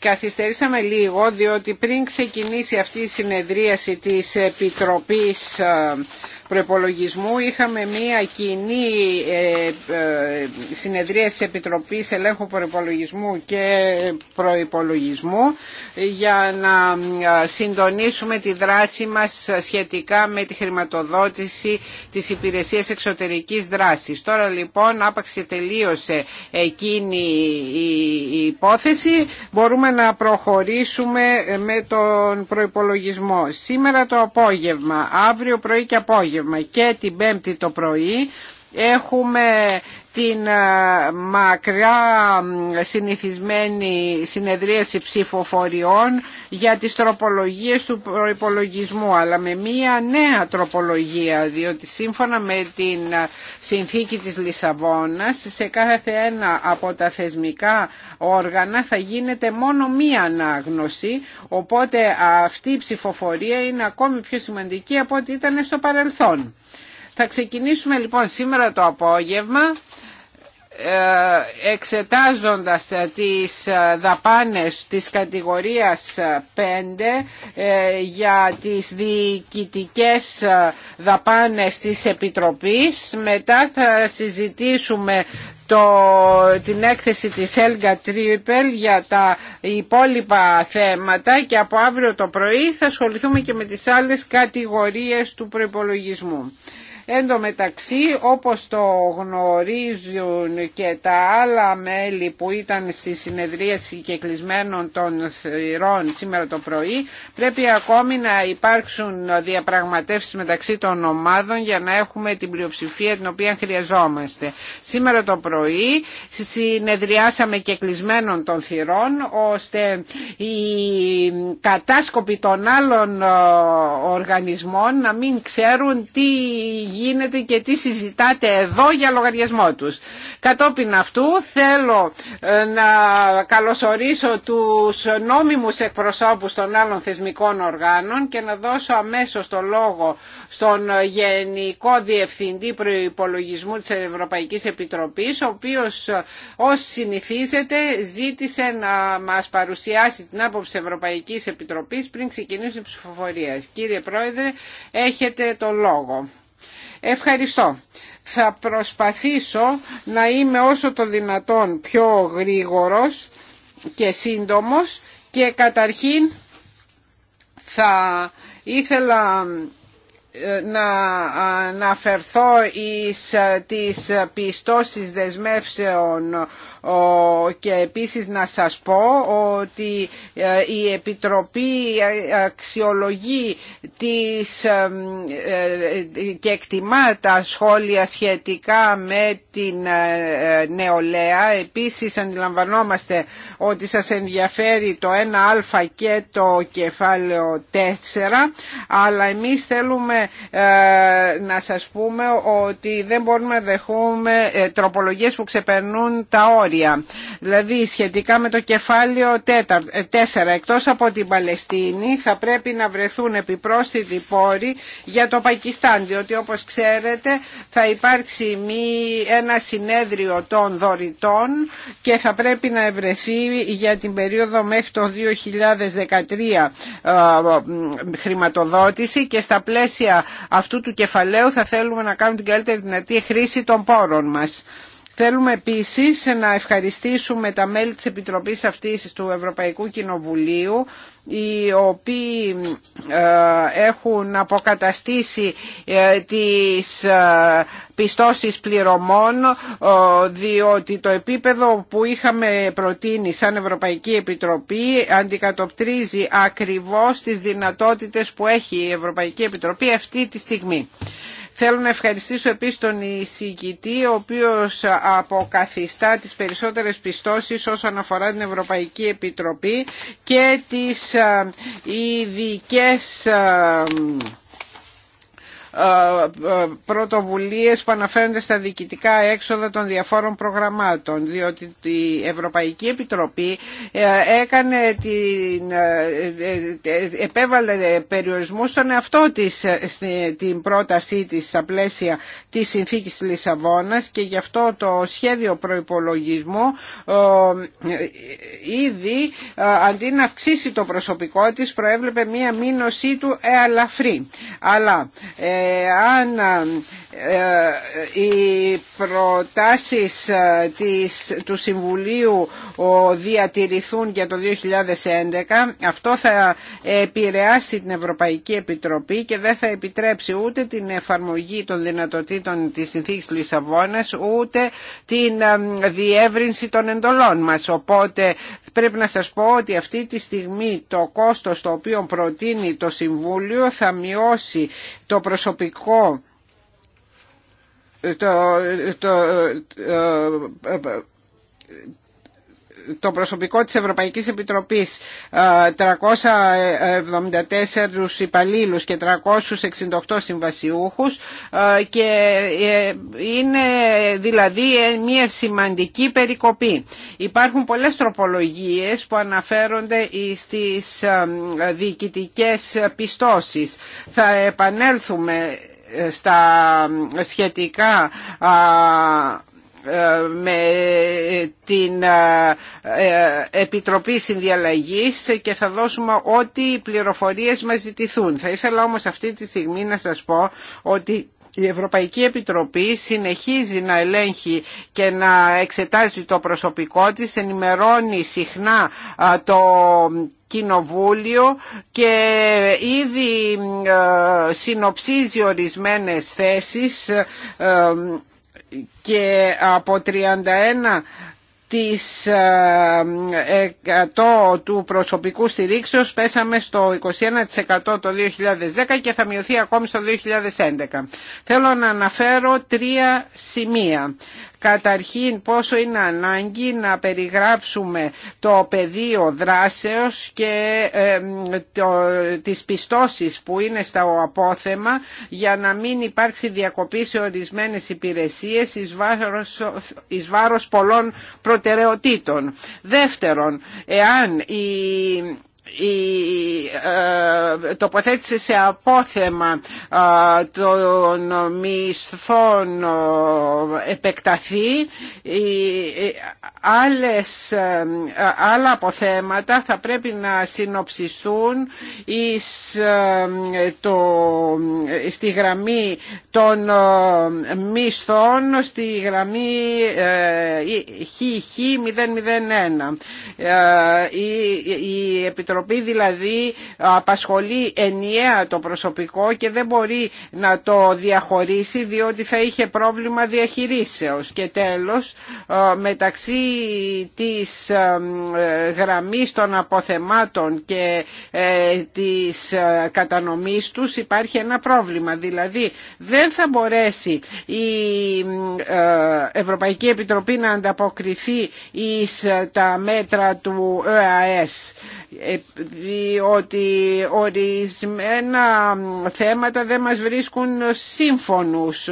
Καθυστερήσαμε λίγο διότι πριν ξεκινήσει αυτή η συνεδρίαση της Επιτροπής ε, προπολογισμού είχαμε μία κοινή ε, ε, συνεδρία της Επιτροπής Ελέγχου Προπολογισμού και Προϋπολογισμού για να ε, συντονίσουμε τη δράση μας σχετικά με τη χρηματοδότηση της υπηρεσίας εξωτερικής δράσης. Τώρα λοιπόν άπαξε τελείωσε εκείνη η υπόθεση μπορούμε να προχωρήσουμε με τον προϋπολογισμό. Σήμερα το απόγευμα, αύριο πρωί και απόγευμα απόγευμα και την πέμπτη το πρωί έχουμε την μακριά συνηθισμένη συνεδρίαση ψηφοφοριών για τις τροπολογίες του προϋπολογισμού αλλά με μία νέα τροπολογία διότι σύμφωνα με την συνθήκη της Λισαβόνας σε κάθε ένα από τα θεσμικά όργανα θα γίνεται μόνο μία ανάγνωση οπότε αυτή η ψηφοφορία είναι ακόμη πιο σημαντική από ό,τι ήταν στο παρελθόν. Θα ξεκινήσουμε λοιπόν σήμερα το απόγευμα ε, εξετάζοντας ε, τις ε, δαπάνες της κατηγορίας 5 για τις διοικητικές δαπάνες της Επιτροπής. Μετά θα συζητήσουμε το, την έκθεση της Έλγα Τρίπελ για τα υπόλοιπα θέματα και από αύριο το πρωί θα ασχοληθούμε και με τις άλλες κατηγορίες του προϋπολογισμού. Εν τω μεταξύ όπως το γνωρίζουν και τα άλλα μέλη που ήταν στη συνεδρία συγκεκρισμένων των θυρών σήμερα το πρωί πρέπει ακόμη να υπάρξουν διαπραγματεύσεις μεταξύ των ομάδων για να έχουμε την πλειοψηφία την οποία χρειαζόμαστε. Σήμερα το πρωί συνεδριάσαμε και κλεισμένων των θυρών ώστε οι κατάσκοποι των άλλων ε, οργανισμών να μην ξέρουν τι γίνεται και τι συζητάτε εδώ για λογαριασμό τους. Κατόπιν αυτού θέλω ε, να καλωσορίσω τους νόμιμους εκπροσώπους των άλλων θεσμικών οργάνων και να δώσω αμέσως το λόγο στον Γενικό Διευθυντή Προϋπολογισμού της Ευρωπαϊκής Επιτροπής, ο οποίος ως συνηθίζεται ζήτησε να μας παρουσιάσει την άποψη της Ευρωπαϊκής Επιτροπής πριν ξεκινήσει η ψηφοφορία. Κύριε Πρόεδρε, έχετε το λόγο. Ευχαριστώ. Θα προσπαθήσω να είμαι όσο το δυνατόν πιο γρήγορος και σύντομος και καταρχήν θα ήθελα ε, να αναφερθώ εις ε, τις πιστώσεις δεσμεύσεων και επίσης να σας πω ότι ε, η Επιτροπή ε, αξιολογεί τις ε, και εκτιμά τα σχόλια σχετικά με την νεολαία. Επίσης αντιλαμβανόμαστε ότι σας ενδιαφέρει το 1α και το κεφάλαιο 4 αλλά εμείς θέλουμε να σας πούμε ότι δεν μπορούμε να δεχούμε τροπολογίες που ξεπερνούν τα όρια Δηλαδή σχετικά με το κεφάλαιο 4, ε, εκτός από την Παλαιστίνη θα πρέπει να βρεθούν επιπρόσθετοι πόροι για το Πακιστάν, διότι όπως ξέρετε θα υπάρξει ένα συνέδριο των δωρητών και θα πρέπει να ευρεθεί για την περίοδο μέχρι το 2013 ε, χρηματοδότηση και στα πλαίσια αυτού του κεφαλαίου θα θέλουμε να κάνουμε την καλύτερη δυνατή χρήση των πόρων μας. Θέλουμε επίσης να ευχαριστήσουμε τα μέλη της Επιτροπής αυτής του Ευρωπαϊκού Κοινοβουλίου οι οποίοι ε, έχουν αποκαταστήσει ε, τις ε, πιστώσεις πληρωμών διότι το επίπεδο που είχαμε προτείνει σαν Ευρωπαϊκή Επιτροπή αντικατοπτρίζει ακριβώς τις δυνατότητες που έχει η Ευρωπαϊκή Επιτροπή αυτή τη στιγμή. Θέλω να ευχαριστήσω επίσης τον εισηγητή, ο οποίος αποκαθιστά τις περισσότερες πιστώσεις όσον αφορά την Ευρωπαϊκή Επιτροπή και τις ε, ειδικέ. Ε, ε, ε, πρωτοβουλίες που αναφέρονται στα διοικητικά έξοδα των διαφόρων προγραμμάτων διότι η Ευρωπαϊκή Επιτροπή ε, έκανε την, επέβαλε περιορισμού στον εαυτό της την πρότασή της στα πλαίσια της συνθήκης της Λισαβόνας και γι' αυτό το σχέδιο προϋπολογισμού ήδη αντί να αυξήσει το προσωπικό της προέβλεπε μία μείνωσή του ελαφρύ. Αλλά αν ε, ε, οι προτάσεις ε, της, του Συμβουλίου διατηρηθούν για το 2011 αυτό θα επηρεάσει την Ευρωπαϊκή Επιτροπή και δεν θα επιτρέψει ούτε την εφαρμογή των δυνατοτήτων της συνθήκης Λισαβόνας ούτε την διεύρυνση των εντολών μας οπότε πρέπει να σας πω ότι αυτή τη στιγμή το κόστος το οποίο προτείνει το Συμβούλιο θα μειώσει το προσωπικό το, το, το, το προσωπικό της Ευρωπαϊκής Επιτροπής 374 ε, υπαλλήλους και 368 συμβασιούχους ε, και ε, είναι δηλαδή μια σημαντική περικοπή. Υπάρχουν πολλές τροπολογίες που αναφέρονται στις διοικητικές πιστώσεις. Θα επανέλθουμε στα σχετικά ε, με την ε, ε, Επιτροπή Συνδιαλλαγής και θα δώσουμε ό,τι πληροφορίες μας ζητηθούν. Θα ήθελα όμως αυτή τη στιγμή να σας πω ότι η Ευρωπαϊκή Επιτροπή συνεχίζει να ελέγχει και να εξετάζει το προσωπικό της, ενημερώνει συχνά το Κοινοβούλιο και ήδη συνοψίζει ορισμένες θέσεις και από 31 της ε, του προσωπικού στηρίξεως πέσαμε στο 21% το 2010 και θα μειωθεί ακόμη στο 2011. Θέλω να αναφέρω τρία σημεία. Καταρχήν πόσο είναι ανάγκη να περιγράψουμε το πεδίο δράσεως και το, τις πιστώσεις που είναι στα απόθεμα για να μην υπάρξει διακοπή σε ορισμένες υπηρεσίες εις βάρος, εις βάρος πολλών προτεραιοτήτων. Δεύτερον, εάν η η ε, τοποθέτηση σε απόθεμα ε, των μισθών ε, επεκταθεί άλλες, άλλα αποθέματα θα πρέπει να συνοψιστούν εις, το, στη γραμμή των μισθών στη γραμμη χχ χ001 η, η Επιτροπή Επιτροπή δηλαδή απασχολεί ενιαία το προσωπικό και δεν μπορεί να το διαχωρίσει διότι θα είχε πρόβλημα διαχειρίσεως. Και τέλος, ε, μεταξύ της ε, γραμμής των αποθεμάτων και ε, της κατανομής τους υπάρχει ένα πρόβλημα. Δηλαδή δεν θα μπορέσει η Ευρωπαϊκή Επιτροπή να ανταποκριθεί εις τα μέτρα του ΕΑΕΣ διότι ορισμένα θέματα δεν μας βρίσκουν σύμφωνους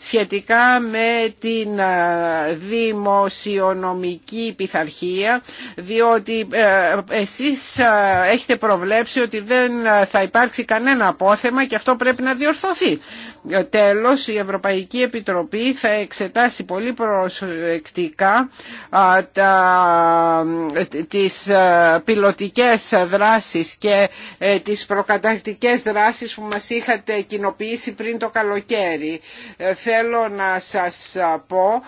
σχετικά με την δημοσιονομική πειθαρχία διότι ε, εσείς ε, έχετε προβλέψει ότι δεν θα υπάρξει κανένα απόθεμα και αυτό πρέπει να διορθωθεί. Τέλος, η Ευρωπαϊκή Επιτροπή θα εξετάσει πολύ προσεκτικά τα, τις ε, πιλωτικές δράσεις και ε, τις προκαταρκτικές δράσεις που μας είχατε κοινοποιήσει πριν το καλοκαίρι. Ε, θέλω να σας πω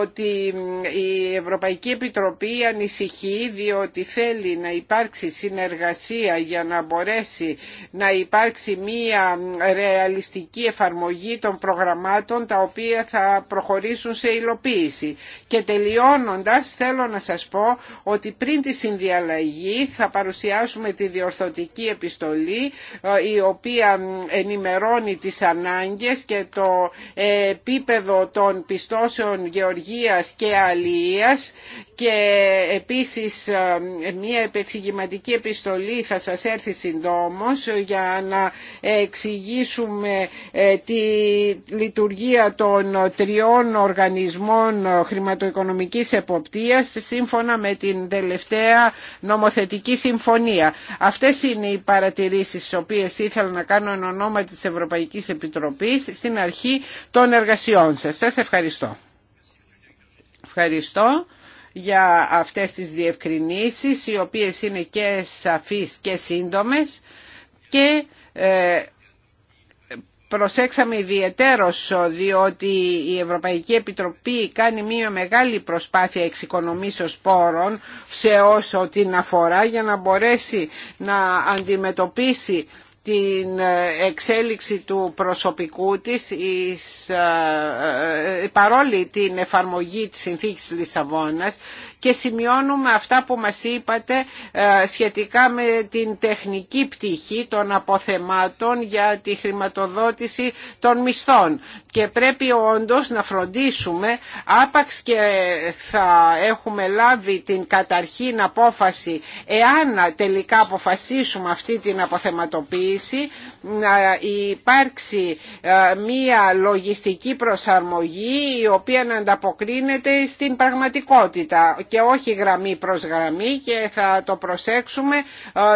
ότι η Ευρωπαϊκή Επιτροπή ανησυχεί διότι θέλει να υπάρξει συνεργασία για να μπορέσει να υπάρξει μία ρεαλιστική εφαρμογή εφαρμογή των προγραμμάτων τα οποία θα προχωρήσουν σε υλοποίηση. Και τελειώνοντας θέλω να σας πω ότι πριν τη συνδιαλλαγή θα παρουσιάσουμε τη διορθωτική επιστολή ε, η οποία ενημερώνει τις ανάγκες και το επίπεδο των πιστώσεων γεωργίας και αλληλείας και επίσης ε, μια επεξηγηματική επιστολή θα σας έρθει συντόμως για να εξηγήσουμε ε, τη λειτουργία των τριών οργανισμών χρηματοοικονομικής εποπτείας σύμφωνα με την τελευταία νομοθετική συμφωνία. Αυτές είναι οι παρατηρήσεις τις οποίες ήθελα να κάνω εν ονόματι της Ευρωπαϊκής Επιτροπής στην αρχή των εργασιών σας. Σας ευχαριστώ. Ευχαριστώ για αυτές τις διευκρινήσεις οι οποίες είναι και σαφείς και σύντομες και ε, προσέξαμε ιδιαιτέρως διότι η Ευρωπαϊκή Επιτροπή κάνει μια μεγάλη προσπάθεια εξοικονομήσεως πόρων σε όσο την αφορά για να μπορέσει να αντιμετωπίσει την ε, εξέλιξη του προσωπικού της ε, ε, παρόλη την εφαρμογή της συνθήκης Λισαβόνας και σημειώνουμε αυτά που μας είπατε σχετικά με την τεχνική πτυχή των αποθεμάτων για τη χρηματοδότηση των μισθών και πρέπει όντως να φροντίσουμε άπαξ και θα έχουμε λάβει την καταρχήν απόφαση εάν τελικά αποφασίσουμε αυτή την αποθεματοποίηση να υπάρξει ε, μία λογιστική προσαρμογή η οποία να ανταποκρίνεται στην πραγματικότητα και όχι γραμμή προς γραμμή και θα το προσέξουμε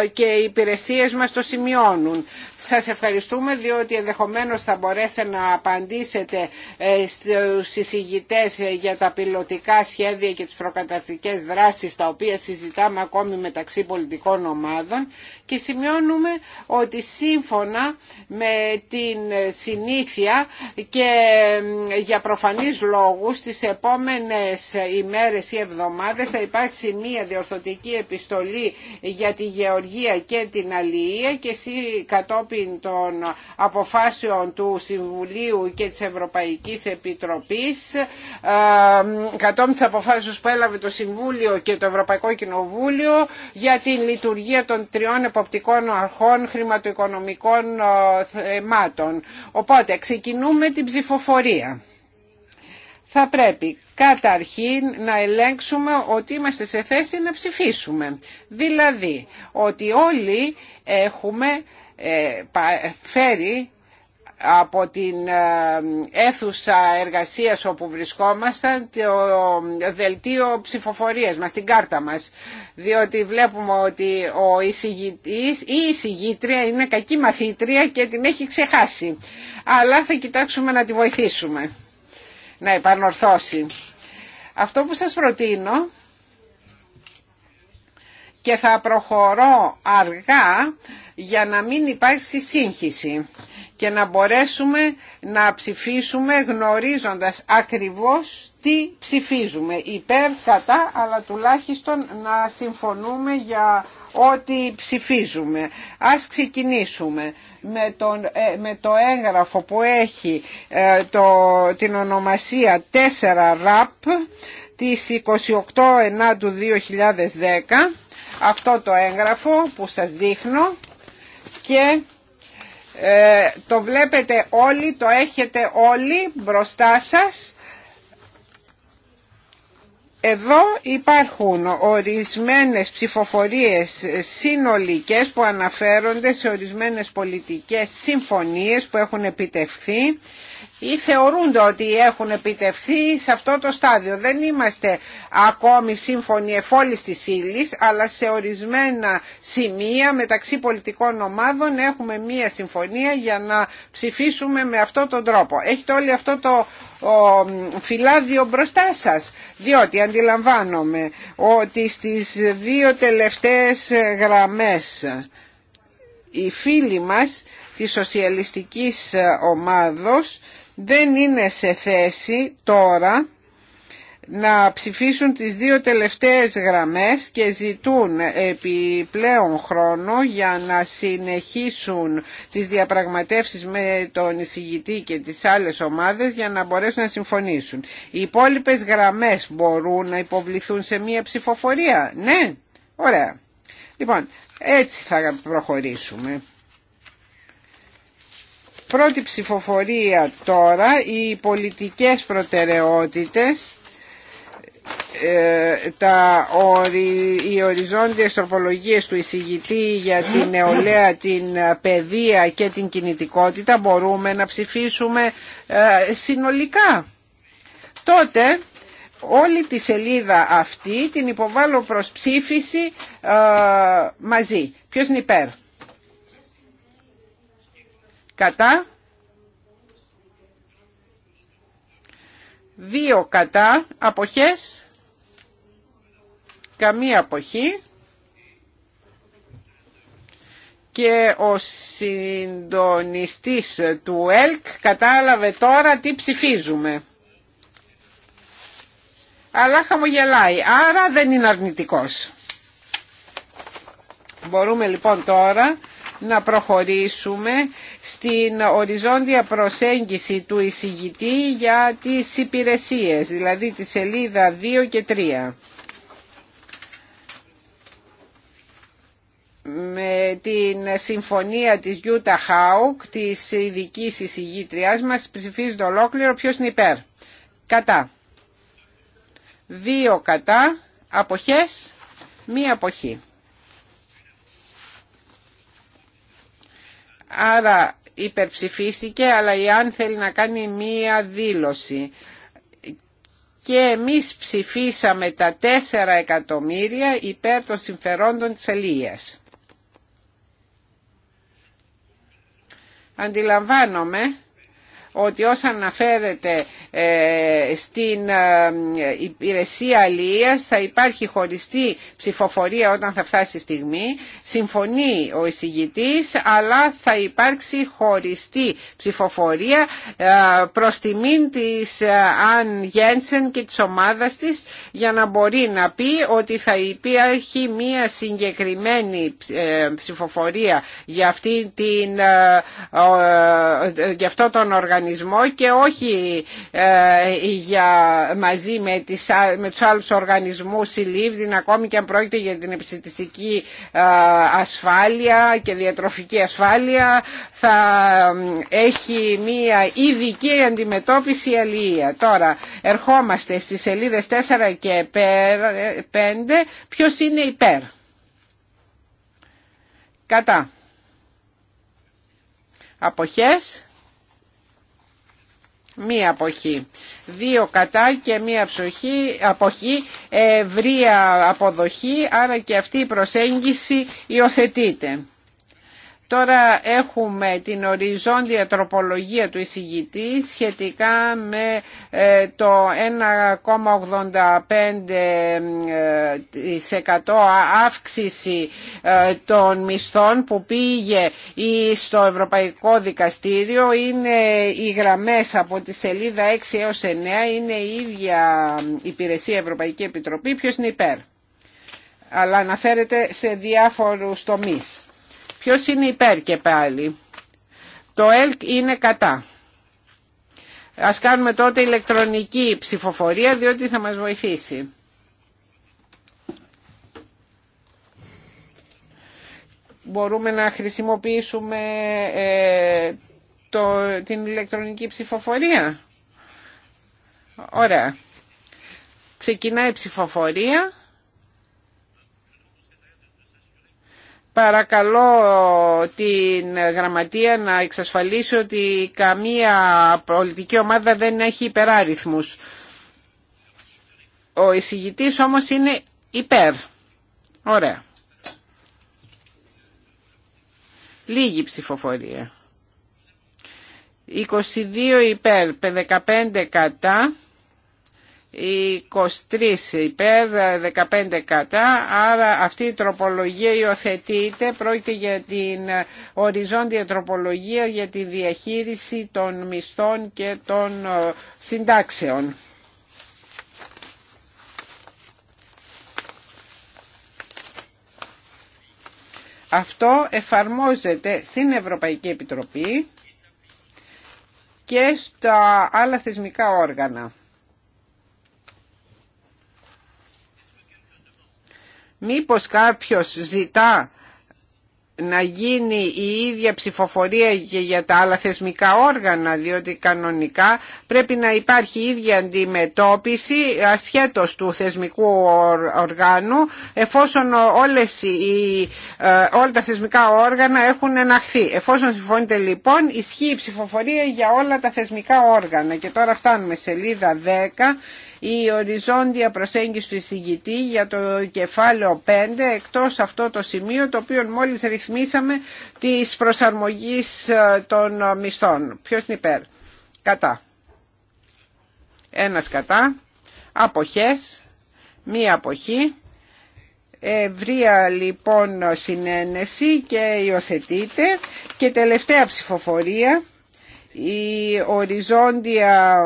ε, και οι υπηρεσίες μας το σημειώνουν. Σας ευχαριστούμε διότι ενδεχομένως θα μπορέσετε να απαντήσετε ε, στους εισηγητές ε, για τα πιλωτικά σχέδια και τις προκαταρτικές δράσεις τα οποία συζητάμε ακόμη μεταξύ πολιτικών ομάδων και σημειώνουμε ότι σύμφωνα με την συνήθεια και για προφανείς λόγους τις επόμενες ημέρες ή εβδομάδες θα υπάρξει μία διορθωτική επιστολή για τη γεωργία και την αλληλεία και εσύ κατόπιν των αποφάσεων του Συμβουλίου και της Ευρωπαϊκής Επιτροπής κατόπιν της αποφάσεως που έλαβε το Συμβούλιο και το Ευρωπαϊκό Κοινοβούλιο για την λειτουργία των τριών εποπτικών αρχών χρηματοοικονομικών ε, θεμάτων. Οπότε ξεκινούμε την ψηφοφορία. Θα πρέπει καταρχήν να ελέγξουμε ότι είμαστε σε θέση να ψηφίσουμε. Δηλαδή ότι όλοι έχουμε ε, φέρει από την ε, αίθουσα εργασίας όπου βρισκόμασταν το δελτίο ψηφοφορίας μας, την κάρτα μας. Διότι βλέπουμε ότι ο εισηγητής ή η εισηγήτρια είναι κακή μαθήτρια και την έχει ξεχάσει. Αλλά θα κοιτάξουμε να τη βοηθήσουμε να επανορθώσει. Αυτό που σας προτείνω και θα προχωρώ αργά για να μην υπάρξει σύγχυση και να μπορέσουμε να ψηφίσουμε γνωρίζοντας ακριβώς τι ψηφίζουμε υπέρ, κατά, αλλά τουλάχιστον να συμφωνούμε για ό,τι ψηφίζουμε. Ας ξεκινήσουμε με, ε, το έγγραφο που έχει ε, το, την ονομασία 4 RAP της 28 Ενάτου 2010, αυτό το έγγραφο που σας δείχνω και ε, το βλέπετε όλοι, το έχετε όλοι μπροστά σας. Εδώ υπάρχουν ορισμένες ψηφοφορίες συνολικές που αναφέρονται σε ορισμένες πολιτικές συμφωνίες που έχουν επιτευχθεί ή θεωρούνται ότι έχουν επιτευχθεί σε αυτό το στάδιο. Δεν είμαστε ακόμη σύμφωνοι εφόλης της ύλη, αλλά σε ορισμένα σημεία μεταξύ πολιτικών ομάδων έχουμε μία συμφωνία για να ψηφίσουμε με αυτόν τον τρόπο. Έχετε όλοι αυτό το φυλάδιο μπροστά σας διότι αντιλαμβάνομαι ότι στις δύο τελευταίες γραμμές οι φίλοι μας της σοσιαλιστικής ομάδος δεν είναι σε θέση τώρα να ψηφίσουν τις δύο τελευταίες γραμμές και ζητούν επιπλέον χρόνο για να συνεχίσουν τις διαπραγματεύσεις με τον εισηγητή και τις άλλες ομάδες για να μπορέσουν να συμφωνήσουν. Οι υπόλοιπες γραμμές μπορούν να υποβληθούν σε μία ψηφοφορία. Ναι, ωραία. Λοιπόν, έτσι θα προχωρήσουμε. Πρώτη ψηφοφορία τώρα, οι πολιτικές προτεραιότητες, ε, τα, οι οριζόντιες τροπολογίες του εισηγητή για την νεολαία, την παιδεία και την κινητικότητα μπορούμε να ψηφίσουμε ε, συνολικά. Τότε όλη τη σελίδα αυτή την υποβάλλω προς ψήφιση ε, μαζί. Ποιος είναι υπέρ κατά, δύο κατά, αποχές, καμία αποχή και ο συντονιστής του ΕΛΚ κατάλαβε τώρα τι ψηφίζουμε. Αλλά χαμογελάει, άρα δεν είναι αρνητικός. Μπορούμε λοιπόν τώρα να προχωρήσουμε στην οριζόντια προσέγγιση του εισηγητή για τις υπηρεσίες, δηλαδή τη σελίδα 2 και 3. με την συμφωνία της Γιούτα Χάουκ, της ειδική εισηγήτριάς μας, ψηφίζεται ολόκληρο ποιος είναι υπέρ. Κατά. Δύο κατά, αποχές, μία αποχή. άρα υπερψηφίστηκε, αλλά η Αν θέλει να κάνει μία δήλωση. Και εμείς ψηφίσαμε τα 4 εκατομμύρια υπέρ των συμφερόντων της Ελίας. Αντιλαμβάνομαι ότι όσα αναφέρεται ε, στην ε, υπηρεσία αλληλείας θα υπάρχει χωριστή ψηφοφορία όταν θα φτάσει η στιγμή. Συμφωνεί ο εισηγητής αλλά θα υπάρξει χωριστή ψηφοφορία ε, προς τιμήν της Αν Γένσεν και της ομάδας της για να μπορεί να πει ότι θα υπήρχε μία συγκεκριμένη ψηφοφορία για, αυτή την, για αυτό τον οργανισμό οργανισμό και όχι ε, για, μαζί με, τις, με τους άλλους οργανισμούς συλλήβδιν ακόμη και αν πρόκειται για την επιστημιστική ε, ασφάλεια και διατροφική ασφάλεια θα έχει μία ειδική αντιμετώπιση αλληλεία. Τώρα ερχόμαστε στις σελίδες 4 και 5 ποιος είναι υπέρ. Κατά. Αποχές μία αποχή. Δύο κατά και μία ψοχή, αποχή, βρία αποδοχή, άρα και αυτή η προσέγγιση υιοθετείται. Τώρα έχουμε την οριζόντια τροπολογία του εισηγητή σχετικά με ε, το 1,85% ε, αύξηση ε, των μισθών που πήγε στο Ευρωπαϊκό Δικαστήριο. Είναι οι γραμμές από τη σελίδα 6 έως 9, είναι η ίδια υπηρεσία Ευρωπαϊκή Επιτροπή. Ποιος είναι υπέρ, αλλά αναφέρεται σε διάφορους τομείς. Ποιος είναι υπέρ και πάλι. Το ΕΛΚ είναι κατά. Ας κάνουμε τότε ηλεκτρονική ψηφοφορία διότι θα μας βοηθήσει. Μπορούμε να χρησιμοποιήσουμε ε, το, την ηλεκτρονική ψηφοφορία. Ωραία. Ξεκινάει η ψηφοφορία. Παρακαλώ την γραμματεία να εξασφαλίσει ότι καμία πολιτική ομάδα δεν έχει υπεράριθμους. Ο εισηγητής όμως είναι υπέρ. Ωραία. Λίγη ψηφοφορία. 22 υπέρ, 15 κατά 23 υπέρ, 15 κατά, άρα αυτή η τροπολογία υιοθετείται, πρόκειται για την οριζόντια τροπολογία για τη διαχείριση των μισθών και των ε, συντάξεων. Αυτό εφαρμόζεται στην Ευρωπαϊκή Επιτροπή και στα άλλα θεσμικά όργανα. Μήπως κάποιος ζητά να γίνει η ίδια ψηφοφορία και για τα άλλα θεσμικά όργανα, διότι κανονικά πρέπει να υπάρχει η ίδια αντιμετώπιση ασχέτως του θεσμικού οργάνου, εφόσον όλες οι, ε, όλα τα θεσμικά όργανα έχουν εναχθεί. Εφόσον συμφωνείτε λοιπόν, ισχύει η ψηφοφορία για όλα τα θεσμικά όργανα. Και τώρα φτάνουμε σελίδα 10 η οριζόντια προσέγγιση του εισηγητή για το κεφάλαιο 5 εκτός αυτό το σημείο το οποίο μόλις ρυθμίσαμε της προσαρμογής ε, των μισθών. Ποιος είναι υπέρ. Κατά. Ένας κατά. Αποχές. Μία αποχή. βρία λοιπόν συνένεση και υιοθετείται και τελευταία ψηφοφορία η οριζόντια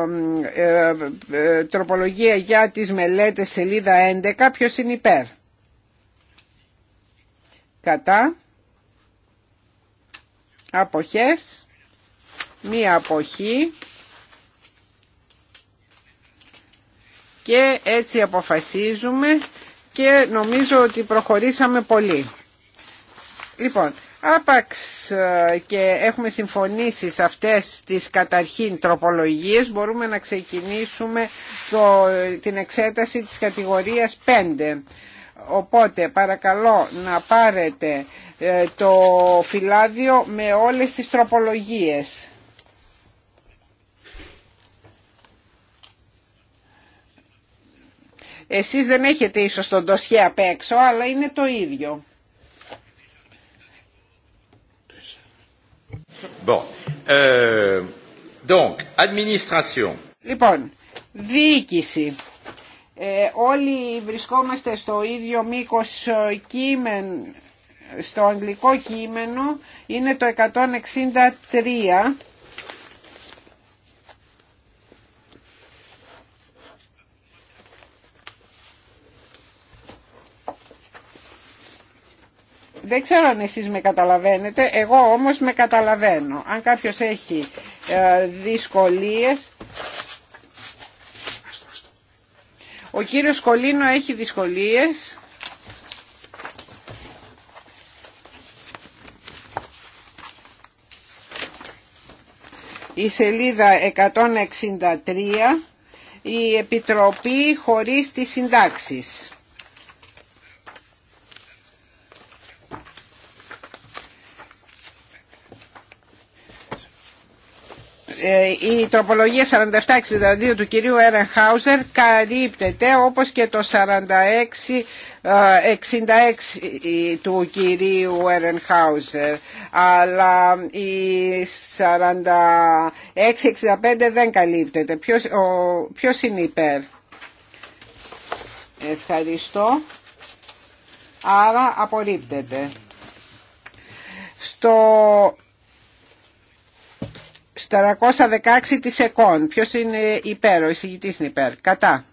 ε, ε, τροπολογία για τις μελέτες σελίδα 11 ποιος είναι υπέρ κατά αποχές μία αποχή και έτσι αποφασίζουμε και νομίζω ότι προχωρήσαμε πολύ. Λοιπόν, Άπαξ ε, και έχουμε συμφωνήσει σε αυτές τις καταρχήν τροπολογίες μπορούμε να ξεκινήσουμε το, ε, την εξέταση της κατηγορίας 5. Οπότε παρακαλώ να πάρετε ε, το φυλάδιο με όλες τις τροπολογίες. Εσείς δεν έχετε ίσως τον τοσχέ απ' έξω, αλλά είναι το ίδιο. Bon. Euh, λοιπόν, διοίκηση. Ε, όλοι βρισκόμαστε στο ίδιο μήκος ε, κείμενο, στο αγγλικό κείμενο, είναι το 163 Δεν ξέρω αν εσείς με καταλαβαίνετε, εγώ όμως με καταλαβαίνω. Αν κάποιος έχει ε, δυσκολίες... Ο κύριος Κολίνο έχει δυσκολίες. Η σελίδα 163, η Επιτροπή χωρίς τις συντάξεις. Ε, η τροπολογία 4762 του κυρίου Ερενχάουζερ καλύπτεται όπως και το 46 66 ε, ε, του κυρίου Ερενχάουζερ αλλά η 46-65 δεν καλύπτεται ποιος, ο, ποιος είναι υπέρ ευχαριστώ άρα απορρίπτεται στο 416 της ΕΚΟΝ. Ποιος είναι υπέρ, ο εισηγητής είναι υπέρ. Κατά.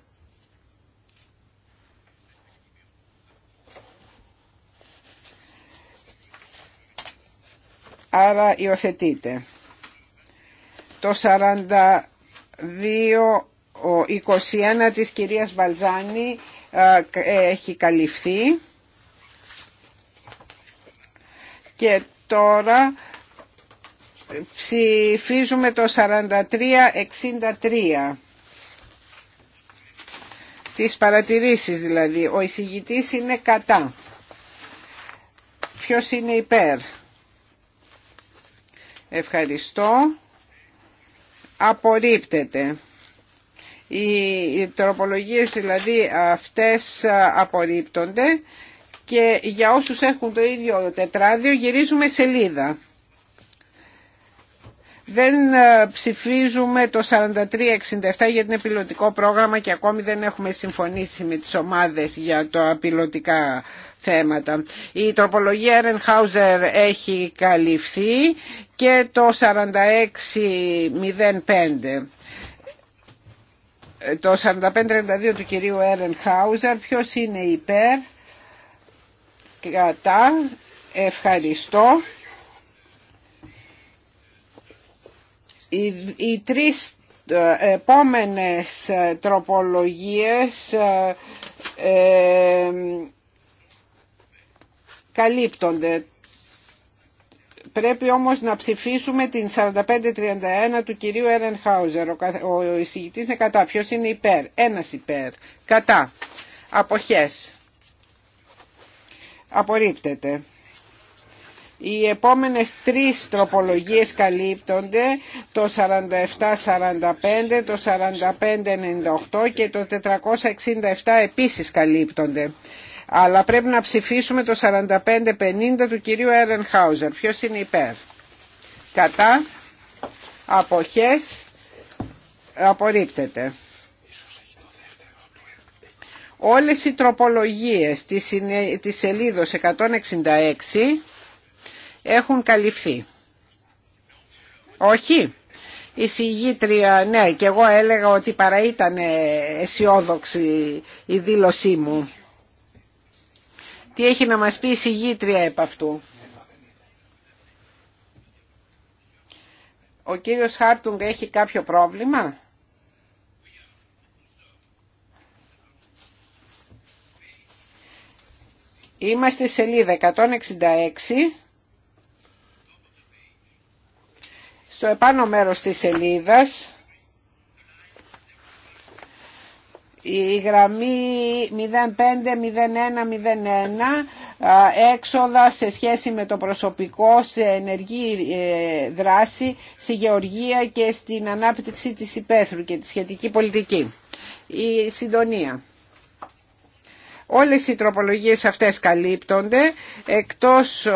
Άρα υιοθετείτε. Το 42 21 της κυρίας Βαλζάνη ε, έχει καλυφθεί και τώρα Ψηφίζουμε το 63 Τις παρατηρήσεις δηλαδή. Ο εισηγητής είναι κατά. Ποιος είναι υπέρ. Ευχαριστώ. Απορρίπτεται. Οι τροπολογίες δηλαδή αυτές απορρίπτονται και για όσους έχουν το ίδιο τετράδιο γυρίζουμε σελίδα. Δεν ε, ψηφίζουμε το 4367 για την πιλωτικό πρόγραμμα και ακόμη δεν έχουμε συμφωνήσει με τις ομάδες για τα πιλωτικά θέματα. Η τροπολογία Ερενχάουζερ έχει καλυφθεί και το 4605 το 4532 του κυρίου Ερεν Χάουζερ. ποιος είναι υπέρ κατά ευχαριστώ Οι, οι τρεις ε, επόμενες ε, τροπολογίες ε, ε, καλύπτονται. Πρέπει όμως να ψηφίσουμε την 4531 του κυρίου Ερενχάουζερ. Ο, ο εισηγητής είναι κατά. Ποιος είναι υπέρ. Ένας υπέρ. Κατά. Αποχές. Απορρίπτεται. Οι επόμενες τρεις τροπολογίες καλύπτονται, το 47-45, το 45-98 και το 467 επίσης καλύπτονται. Αλλά πρέπει να ψηφίσουμε το 45-50 του κυρίου Έρενχάουζερ. Ποιος είναι υπέρ. Κατά. Αποχές. Απορρίπτεται. Όλες οι τροπολογίες της σελίδος 166 έχουν καλυφθεί. Όχι. Η συγγήτρια, ναι, και εγώ έλεγα ότι παρά ήταν αισιόδοξη η δήλωσή μου. Τι έχει να μας πει η συγγήτρια επ' αυτού. Ο κύριος Χάρτουγκ έχει κάποιο πρόβλημα. Είμαστε σελίδα 166. στο επάνω μέρος της σελίδας η γραμμή 050101 έξοδα σε σχέση με το προσωπικό σε ενεργή ε, δράση στη γεωργία και στην ανάπτυξη της υπαίθρου και τη σχετική πολιτική. Η συντονία. Όλες οι τροπολογίες αυτές καλύπτονται εκτός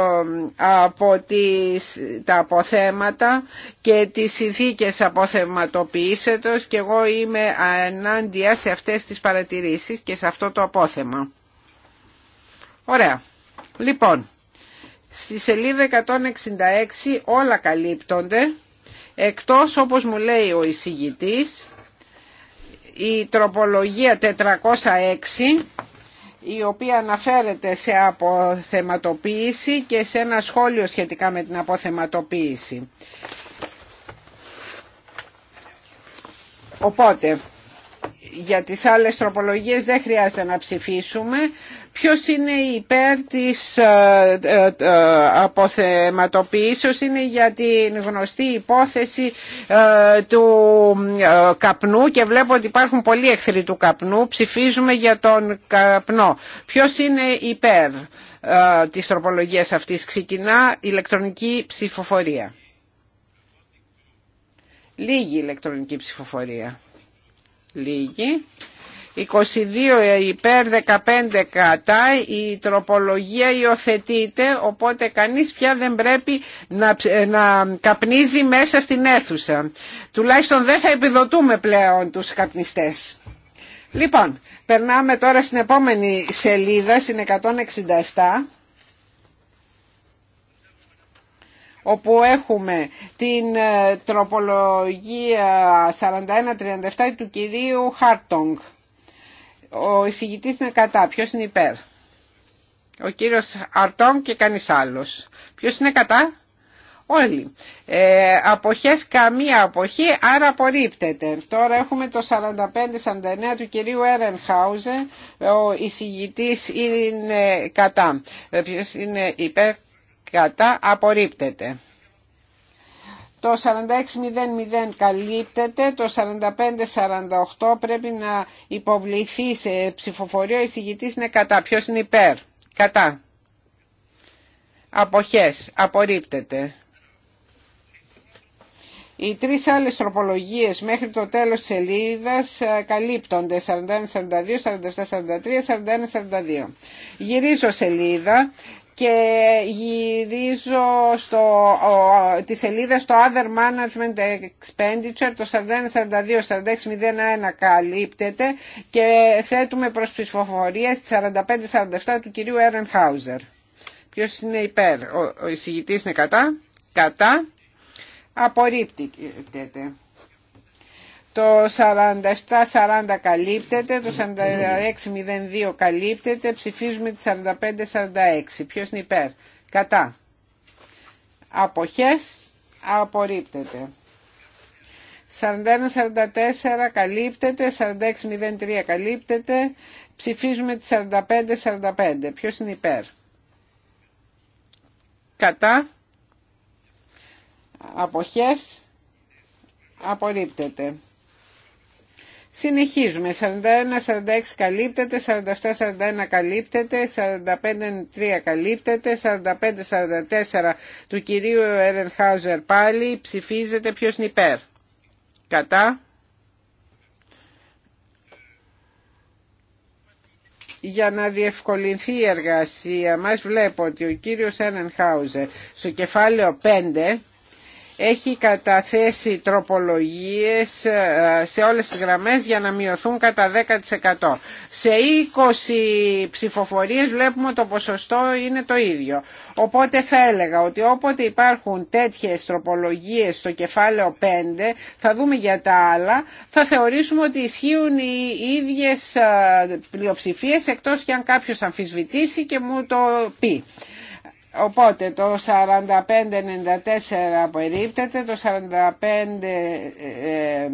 από τις, τα αποθέματα και τις συνθήκες αποθεματοποιήσετος και εγώ είμαι ενάντια σε αυτές τις παρατηρήσεις και σε αυτό το απόθεμα. Ωραία. Λοιπόν, στη σελίδα 166 όλα καλύπτονται εκτός όπως μου λέει ο εισηγητής η τροπολογία 406 η οποία αναφέρεται σε αποθεματοποίηση και σε ένα σχόλιο σχετικά με την αποθεματοποίηση. Οπότε, για τις άλλες τροπολογίες δεν χρειάζεται να ψηφίσουμε, Ποιος είναι υπέρ της ε, ε, ε, αποθεματοποιήσεως είναι για την γνωστή υπόθεση του καπνού και βλέπω ότι υπάρχουν πολλοί εχθροί του καπνού. Ψηφίζουμε για τον καπνό. Ποιος είναι υπέρ της τροπολογίας αυτής. Ξεκινά ηλεκτρονική ψηφοφορία. Λίγη ηλεκτρονική ψηφοφορία. Λίγη. 22 υπέρ 15 κατά η τροπολογία υιοθετείται οπότε κανείς πια δεν πρέπει να, να καπνίζει μέσα στην αίθουσα. Τουλάχιστον δεν θα επιδοτούμε πλέον τους καπνιστές. Λοιπόν, περνάμε τώρα στην επόμενη σελίδα, στην 167 όπου έχουμε την ε, τροπολογία 4137 του κυρίου Χάρτονγκ. Ο εισηγητής είναι κατά. Ποιος είναι υπέρ. Ο κύριος Αρτόν και κανείς άλλος. Ποιος είναι κατά. Όλοι. Ε, αποχές καμία αποχή, άρα απορρίπτεται. Τώρα έχουμε το 45-49 του κυρίου Έρενχάουζε. Ο εισηγητής είναι κατά. Ε, ποιος είναι υπέρ κατά απορρίπτεται. Το 46.00 καλύπτεται, το 45.48 πρέπει να υποβληθεί σε ψηφοφορία, εισηγητής είναι κατά. Ποιος είναι υπέρ, κατά. Αποχές, απορρίπτεται. Οι τρεις άλλες τροπολογίες μέχρι το τέλος της σελίδας 4142, 41-42, 47-43, 41-42. Γυρίζω σελίδα και γυρίζω στο, τη σελίδα στο Other Management Expenditure το 4142-4601 καλυπτεται και θέτουμε προς ψηφοφορία στη 45.47 του κυρίου Ερεν Χάουζερ. Ποιος είναι υπέρ, ο, ο εισηγητής είναι κατά, κατά, απορρίπτεται. Το 47-40 καλύπτεται, το 46-02 καλύπτεται, ψηφίζουμε τη 45-46. Ποιος είναι υπέρ. Κατά. Αποχές απορρίπτεται. 41-44 καλύπτεται, 46-03 καλύπτεται, ψηφίζουμε τη 45-45. Ποιος είναι υπέρ. Κατά. Αποχές απορρίπτεται. Συνεχίζουμε. 41-46 καλύπτεται, 47-41 καλύπτεται, 45-3 καλύπτεται, 45-44 του κυρίου Ερενχάουζερ πάλι ψηφίζεται ποιος είναι Κατά. για να διευκολυνθεί η εργασία μας βλέπω ότι ο κύριος Ερενχάουζερ στο κεφάλαιο 5 έχει καταθέσει τροπολογίες ε, σε όλες τις γραμμές για να μειωθούν κατά 10%. Σε 20 ψηφοφορίες βλέπουμε το ποσοστό είναι το ίδιο. Οπότε θα έλεγα ότι όποτε υπάρχουν τέτοιες τροπολογίες στο κεφάλαιο 5, θα δούμε για τα άλλα, θα θεωρήσουμε ότι ισχύουν οι ίδιες ε, πλειοψηφίες εκτός και αν κάποιος αμφισβητήσει και μου το πει. Οπότε το 45-94 απορρίπτεται, το 45-43 ε, ε,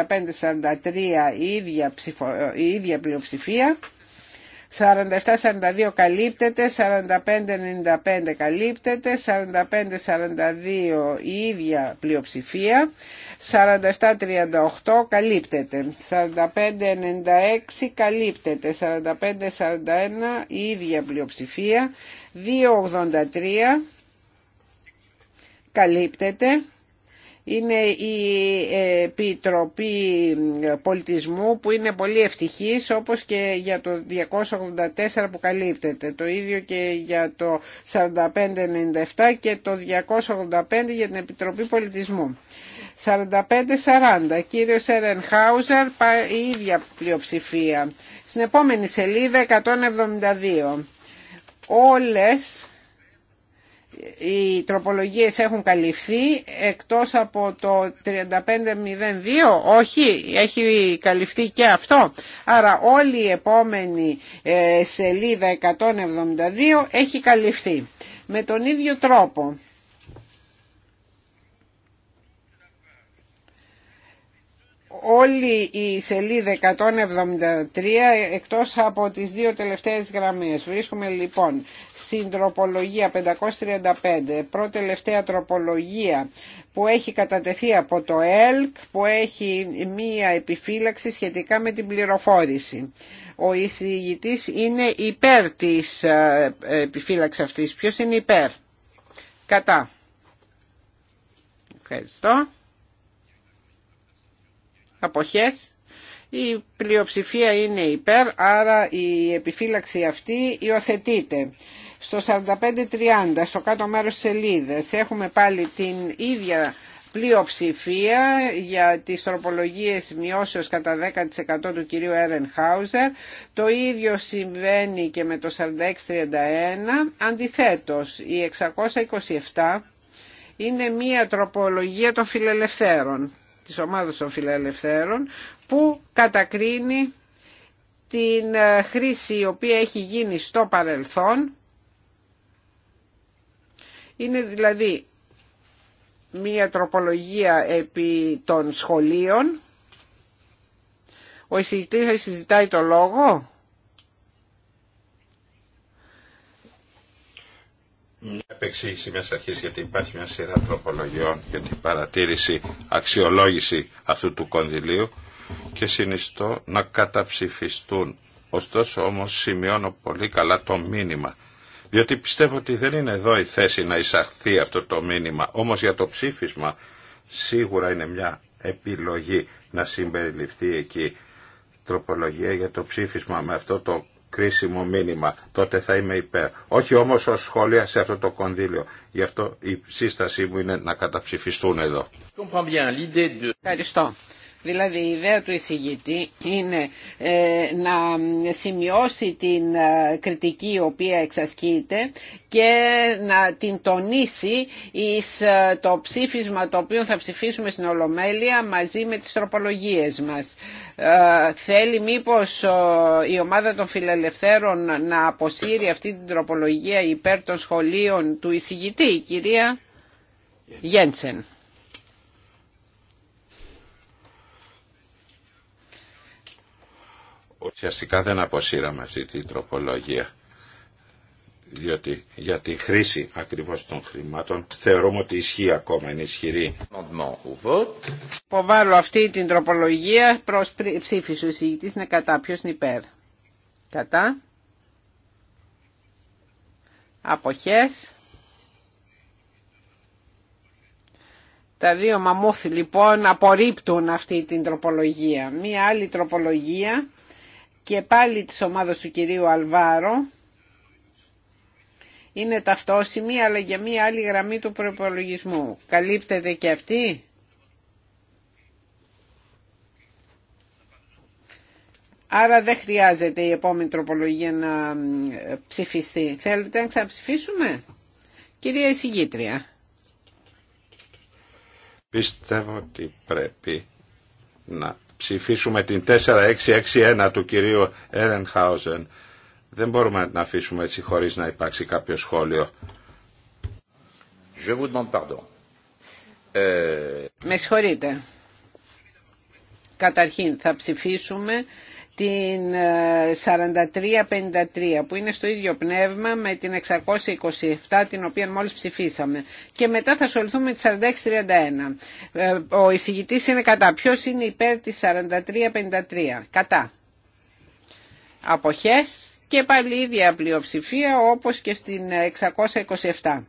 ε, η ίδια, ψηφο, η ίδια πλειοψηφία, 47-42 καλύπτεται, 45-95 καλύπτεται, 45-42 η ίδια πλειοψηφία, 47-38 καλύπτεται, 45-96 καλύπτεται, 45-41 η ίδια πλειοψηφία, 2-83 καλύπτεται, είναι η Επιτροπή Πολιτισμού που είναι πολύ ευτυχής όπως και για το 284 που καλύπτεται. Το ίδιο και για το 4597 και το 285 για την Επιτροπή Πολιτισμού. 45-40. Κύριος Ερενχάουζερ, η ίδια πλειοψηφία. Στην επόμενη σελίδα 172. Όλες οι τροπολογίες έχουν καλυφθεί εκτός από το 3502 όχι έχει καλυφθεί και αυτό άρα όλη η επόμενη ε, σελίδα 172 έχει καλυφθεί με τον ίδιο τρόπο όλη η σελίδα 173 εκτός από τις δύο τελευταίες γραμμές. Βρίσκουμε λοιπόν στην τροπολογία 535, πρώτη τελευταία τροπολογία που έχει κατατεθεί από το ΕΛΚ, που έχει μία επιφύλαξη σχετικά με την πληροφόρηση. Ο εισηγητής είναι υπέρ της ε, επιφύλαξη αυτής. Ποιος είναι υπέρ. Κατά. Ευχαριστώ αποχές η πλειοψηφία είναι υπέρ, άρα η επιφύλαξη αυτή υιοθετείται. Στο 4530, στο κάτω μέρος της σελίδας, έχουμε πάλι την ίδια πλειοψηφία για τις τροπολογίες μειώσεως κατά 10% του κυρίου Έρεν Χάουζερ. Το ίδιο συμβαίνει και με το 4631. Αντιθέτως, η 627 είναι μία τροπολογία των φιλελευθέρων της ομάδας των φιλελευθέρων που κατακρίνει την ε, χρήση η οποία έχει γίνει στο παρελθόν. Είναι δηλαδή μία τροπολογία επί των σχολείων. Ο εισηγητής θα συζητάει το λόγο. μια επεξήγηση μια αρχή γιατί υπάρχει μια σειρά τροπολογιών για την παρατήρηση, αξιολόγηση αυτού του κονδυλίου και συνιστώ να καταψηφιστούν. Ωστόσο όμως σημειώνω πολύ καλά το μήνυμα διότι πιστεύω ότι δεν είναι εδώ η θέση να εισαχθεί αυτό το μήνυμα. Όμως για το ψήφισμα σίγουρα είναι μια επιλογή να συμπεριληφθεί εκεί τροπολογία για το ψήφισμα με αυτό το κρίσιμο μήνυμα, τότε θα είμαι υπέρ. Όχι όμω ω σχόλια σε αυτό το κονδύλιο. Γι' αυτό η σύστασή μου είναι να καταψηφιστούν εδώ. Ευχαριστώ. Δηλαδή η ιδέα του εισηγητή είναι ε, να σημειώσει την ε, κριτική η οποία εξασκείται και να την τονίσει εις ε, το ψήφισμα το οποίο θα ψηφίσουμε στην Ολομέλεια μαζί με τις τροπολογίες μας. Θέλει μήπως η ομάδα των φιλελευθέρων να αποσύρει αυτή την τροπολογία υπέρ των σχολείων του εισηγητή, κυρία Γέντσεν. Ουσιαστικά δεν αποσύραμε αυτή την τροπολογία διότι για τη χρήση ακριβώς των χρημάτων θεωρούμε ότι ισχύει ακόμα, είναι ισχυρή. Υποβάλλω αυτή την τροπολογία προς ψήφιση. Ο είναι κατά. Ποιος είναι Κατά. Αποχές. Τα δύο μαμούθη λοιπόν απορρίπτουν αυτή την τροπολογία. Μία άλλη τροπολογία και πάλι της ομάδας του κυρίου Αλβάρο είναι ταυτόσιμη αλλά για μία άλλη γραμμή του προπολογισμού. Καλύπτεται και αυτή. Άρα δεν χρειάζεται η επόμενη τροπολογία να ε, ψηφιστεί. Θέλετε να ξαναψηφίσουμε. Κυρία εισηγήτρια. Πιστεύω ότι πρέπει να ψηφίσουμε την 4661 του κυρίου Έρενχάουζεν. Δεν μπορούμε να την αφήσουμε έτσι χωρίς να υπάρξει κάποιο σχόλιο. Je vous demande pardon. Ε, Με συγχωρείτε. Καταρχήν θα ψηφίσουμε την 4353 ε, που είναι στο ίδιο πνεύμα με την 627 την οποία μόλις ψηφίσαμε και μετά θα ασχοληθούμε με τη 4631. Ε, ο εισηγητής είναι κατά. Ποιος είναι υπέρ της 4353. Κατά. Αποχές και πάλι ίδια πλειοψηφία όπως και στην 627.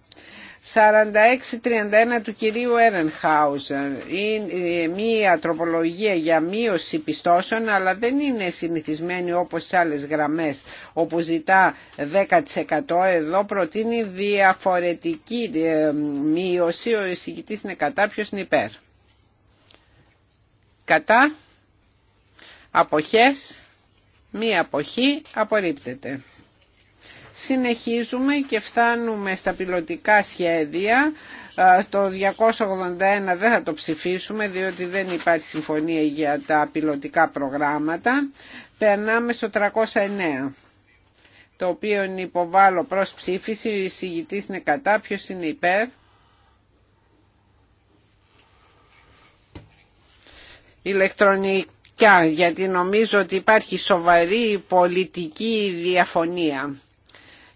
4631 του κυρίου Έρενχάουζεν. Είναι ε, μία τροπολογία για μείωση πιστώσεων αλλά δεν είναι συνηθισμένη όπως σε άλλες γραμμές όπου ζητά 10% εδώ προτείνει διαφορετική ε, μείωση. Ο εισηγητής είναι κατά, ποιος είναι υπέρ. Κατά, αποχές, μία αποχή απορρίπτεται συνεχίζουμε και φτάνουμε στα πιλωτικά σχέδια. Το 281 δεν θα το ψηφίσουμε διότι δεν υπάρχει συμφωνία για τα πιλωτικά προγράμματα. Περνάμε στο 309 το οποίο υποβάλλω προς ψήφιση, ο εισηγητής είναι κατά, ποιος είναι υπέρ. Ηλεκτρονικά, γιατί νομίζω ότι υπάρχει σοβαρή πολιτική διαφωνία.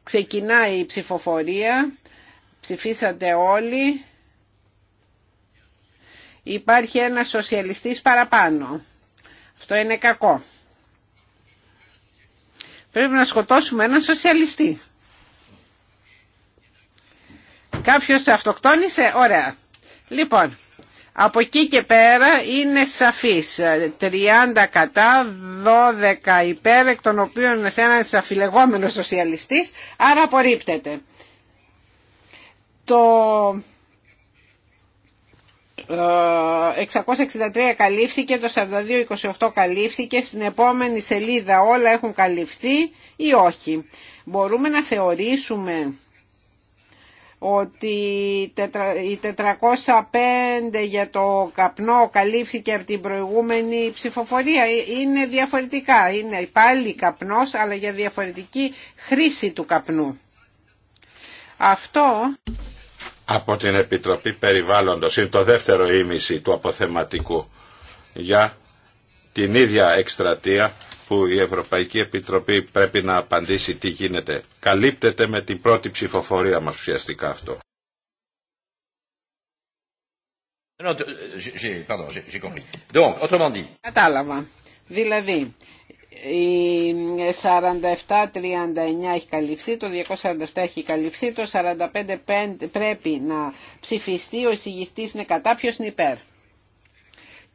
Ξεκινάει η ψηφοφορία. Ψηφίσατε όλοι. Υπάρχει ένα σοσιαλιστής παραπάνω. Αυτό είναι κακό. Πρέπει να σκοτώσουμε έναν σοσιαλιστή. Κάποιος αυτοκτόνησε. Ωραία. Λοιπόν, από εκεί και πέρα είναι σαφής 30 κατά, 12 υπέρ, εκ των οποίων ένα αφιλεγόμενος σοσιαλιστής, άρα απορρίπτεται. Το 663 ε, καλύφθηκε, το 4228 καλύφθηκε, στην επόμενη σελίδα όλα έχουν καλυφθεί ή όχι. Μπορούμε να θεωρήσουμε ότι η 405 για το καπνό καλύφθηκε από την προηγούμενη ψηφοφορία. Ε, είναι διαφορετικά. Είναι πάλι καπνός, αλλά για διαφορετική χρήση του καπνού. Αυτό... Από την Επιτροπή Περιβάλλοντος είναι το δεύτερο ήμιση του αποθεματικού για την ίδια εκστρατεία που η Ευρωπαϊκή Επιτροπή πρέπει να απαντήσει τι γίνεται. Καλύπτεται με την πρώτη ψηφοφορία μας ουσιαστικά αυτό. Κατάλαβα. Δηλαδή, η 47-39 έχει καλυφθεί, το 247 έχει καλυφθεί, το 45 πρέπει να ψηφιστεί, ο εισηγητής είναι κατά, ποιος είναι υπέρ.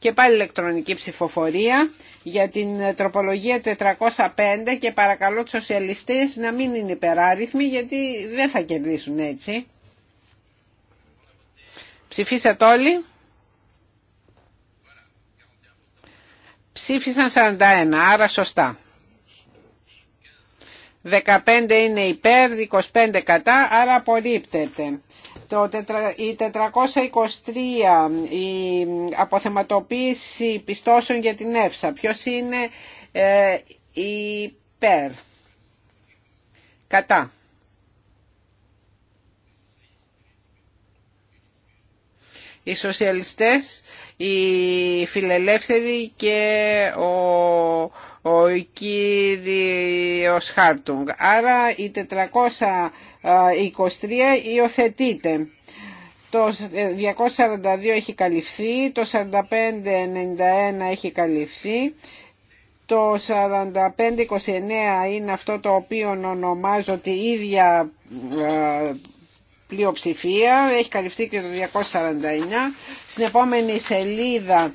Και πάλι ηλεκτρονική ψηφοφορία για την ε, τροπολογία 405 και παρακαλώ τους σοσιαλιστές να μην είναι υπεράριθμοι γιατί δεν θα κερδίσουν έτσι. Ψηφίσατε όλοι. Ψήφισαν 41, άρα σωστά. 15 είναι υπέρ, 25 κατά, άρα απορρίπτεται. Το, η 423, η αποθεματοποίηση πιστώσεων για την ΕΦΣΑ. Ποιος είναι ε, υπέρ. Κατά. Οι σοσιαλιστές, οι φιλελεύθεροι και ο ο κύριος Χάρτουγκ. Άρα η 423 υιοθετείται. Το 242 έχει καλυφθεί, το 4591 έχει καλυφθεί, το 4529 είναι αυτό το οποίο ονομάζω τη ίδια ε, πλειοψηφία, έχει καλυφθεί και το 249. Στην επόμενη σελίδα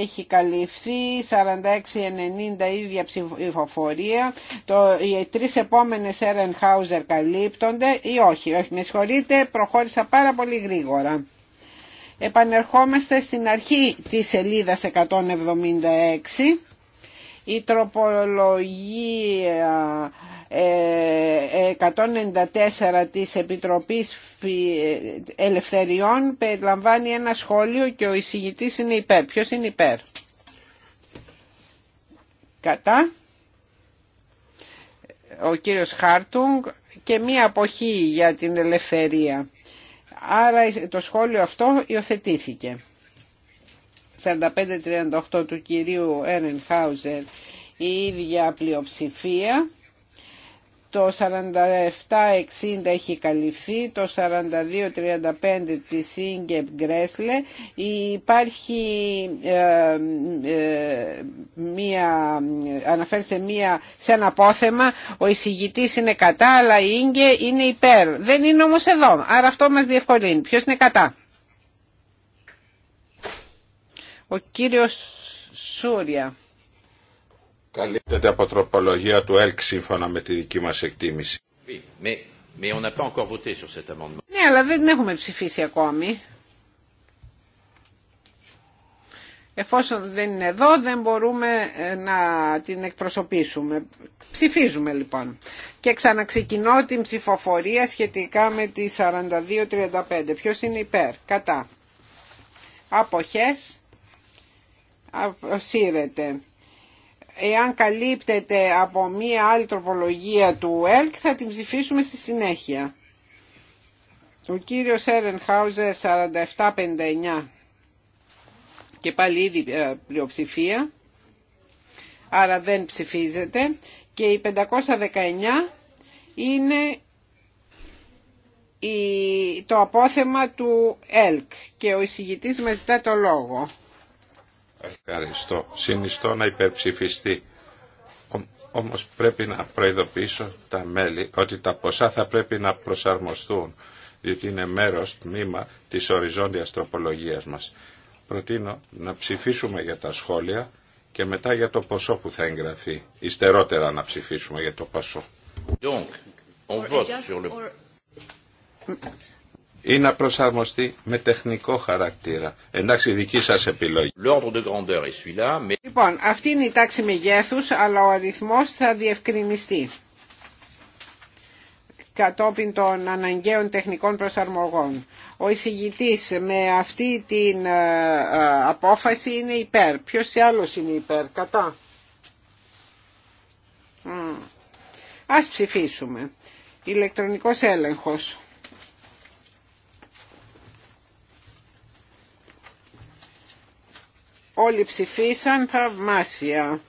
έχει καλυφθεί, 46-90 ίδια ψηφοφορία. Το, οι τρει επόμενε Ερενχάουζερ καλύπτονται ή όχι, όχι, με συγχωρείτε, προχώρησα πάρα πολύ γρήγορα. Επανερχόμαστε στην αρχή της σελίδας 176. Η τροπολογία 194 της Επιτροπής Ελευθεριών περιλαμβάνει ένα σχόλιο και ο εισηγητής είναι υπέρ. Ποιος είναι υπέρ. Κατά. Ο κύριος Χάρτουγκ και μία αποχή για την ελευθερία. Άρα το σχόλιο αυτό υιοθετήθηκε. 45-38 του κυρίου Έρενχάουζερ η ίδια πλειοψηφία το 47-60 έχει καλυφθεί, το 42-35 τη Ίγκεπ Γκρέσλε. Υπάρχει ε, ε, μία, αναφέρεται μία, σε ένα απόθεμα, ο εισηγητής είναι κατά, αλλά η Ίγκε είναι υπέρ. Δεν είναι όμως εδώ, άρα αυτό μας διευκολύνει. Ποιος είναι κατά. Ο κύριος Σούρια. Καλύπτεται από τροπολογία του ΕΛΚ σύμφωνα με τη δική μας εκτίμηση. Ναι, αλλά δεν έχουμε ψηφίσει ακόμη. Εφόσον δεν είναι εδώ δεν μπορούμε ε, να την εκπροσωπήσουμε. Ψηφίζουμε λοιπόν. Και ξαναξεκινώ την ψηφοφορία σχετικά με τη 42-35. Ποιος είναι υπέρ. Κατά. Αποχές. Αποσύρεται εάν καλύπτεται από μία άλλη τροπολογία του ΕΛΚ θα την ψηφίσουμε στη συνέχεια. Ο κύριος Έρενχάουζερ 4759 και πάλι ήδη ε, πλειοψηφία, άρα δεν ψηφίζεται και η 519 είναι το απόθεμα του ΕΛΚ και ο εισηγητής με ζητά το λόγο. Ευχαριστώ. Συνιστώ να υπερψηφιστεί. Όμως πρέπει να προειδοποιήσω τα μέλη ότι τα ποσά θα πρέπει να προσαρμοστούν, διότι είναι μέρος, τμήμα της οριζόντιας τροπολογίας μας. Προτείνω να ψηφίσουμε για τα σχόλια και μετά για το ποσό που θα εγγραφεί. Ιστερότερα να ψηφίσουμε για το ποσό. Donc, on vote ή να προσαρμοστεί με τεχνικό χαρακτήρα. Εντάξει, δική σας επιλογή. Λοιπόν, αυτή είναι η τάξη μεγέθους, αλλά ο αριθμός θα διευκρινιστεί κατόπιν των αναγκαίων τεχνικών προσαρμογών. Ο εισηγητής με αυτή την ε, ε, απόφαση είναι υπέρ. Ποιος άλλος είναι υπέρ, κατά. Ας ψηφίσουμε. Ηλεκτρονικός έλεγχος. όλοι ψηφίσαν θαυμάσια.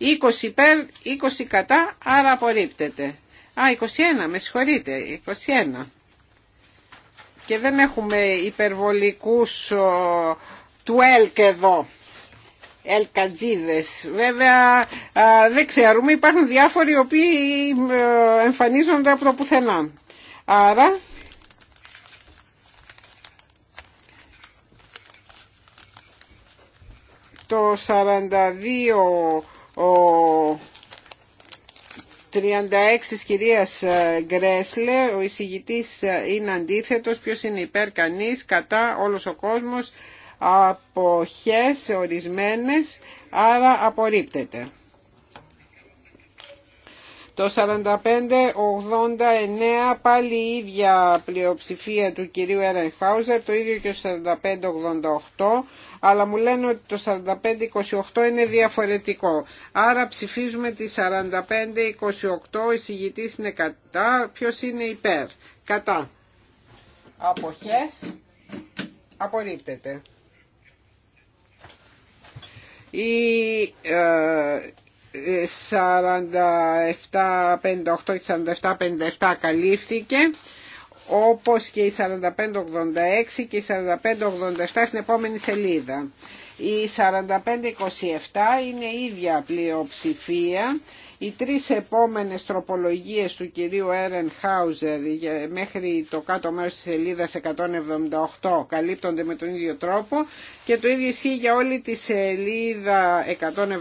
20 υπέρ, 20 κατά, άρα απορρίπτεται. Α, 21, με συγχωρείτε, 21. Και δεν έχουμε υπερβολικούς ο, του ΕΛΚ εδώ. Ελκατζίδες. Βέβαια α, δεν ξέρουμε, υπάρχουν διάφοροι οι οποίοι ε, εμφανίζονται από το πουθενά. Άρα το 42 ο 36 της κυρίας ε, Γκρέσλε, ο εισηγητής ε, είναι αντίθετος, ποιος είναι υπέρ κανείς, κατά όλος ο κόσμος, αποχές ορισμένες, άρα απορρίπτεται. Το 45-89 πάλι η ίδια πλειοψηφία του κυρίου Ερενχάουζερ, το ίδιο και το 45-88 αλλά μου λένε ότι το 45-28 είναι διαφορετικό. Άρα ψηφίζουμε τη 45-28, ο είναι κατά, ποιος είναι υπέρ. Κατά. Αποχές. Απορρίπτεται. Η ε, 47-58 ε, και 47-57 καλύφθηκε όπως και η 4586 και η 4587 στην επόμενη σελίδα. Η 4527 είναι ίδια πλειοψηφία. Οι τρεις επόμενες τροπολογίες του κυρίου Έρεν Χάουζερ μέχρι το κάτω μέρος της σελίδας 178 καλύπτονται με τον ίδιο τρόπο και το ίδιο ισχύει για όλη τη σελίδα 179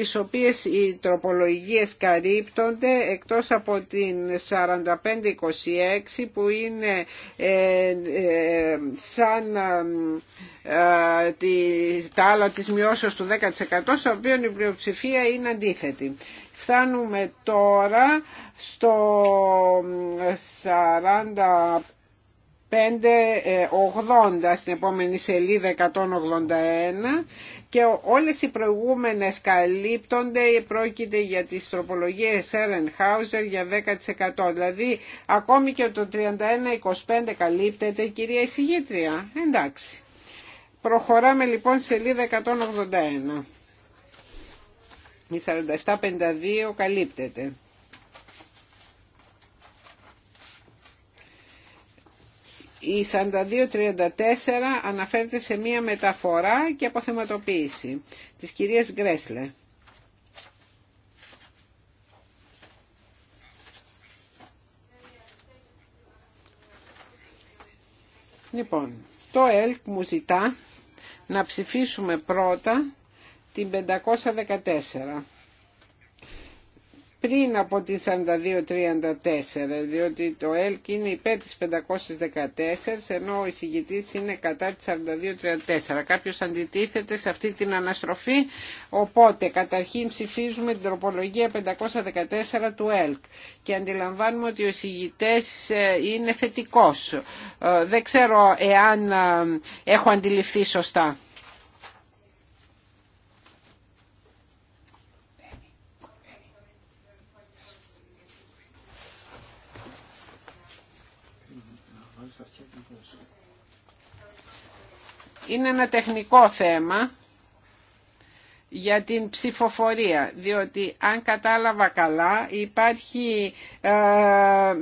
τις οποίες οι τροπολογίες καρύπτονται εκτός από την 4526 που είναι ε, ε, σαν ε, τα άλλα της μειώσεως του 10% στο οποίο η πλειοψηφία είναι αντίθετη. Φτάνουμε τώρα στο 45 στην επόμενη σελίδα 181 και όλες οι προηγούμενες καλύπτονται, πρόκειται για τις τροπολογίες Χάουζερ για 10%. Δηλαδή ακόμη και το 31-25 καλύπτεται κυρία εισηγήτρια. Εντάξει. Προχωράμε λοιπόν σε σελίδα 181. Η 47-52 καλύπτεται. Η 34 αναφέρεται σε μία μεταφορά και αποθεματοποίηση της κυρίας Γκρέσλε. Λοιπόν, το ΕΛΚ μου ζητά να ψηφίσουμε πρώτα την 514 πριν από τη 42-34, διότι το ΕΛΚ είναι υπέρ της 514, ενώ ο εισηγητής είναι κατά τη 42-34. Κάποιος αντιτίθεται σε αυτή την αναστροφή, οπότε καταρχήν ψηφίζουμε την τροπολογία 514 του ΕΛΚ και αντιλαμβάνουμε ότι ο εισηγητές ε, είναι θετικός. Ε, δεν ξέρω εάν ε, έχω αντιληφθεί σωστά. είναι ένα τεχνικό θέμα για την ψηφοφορία, διότι αν κατάλαβα καλά υπάρχει ε,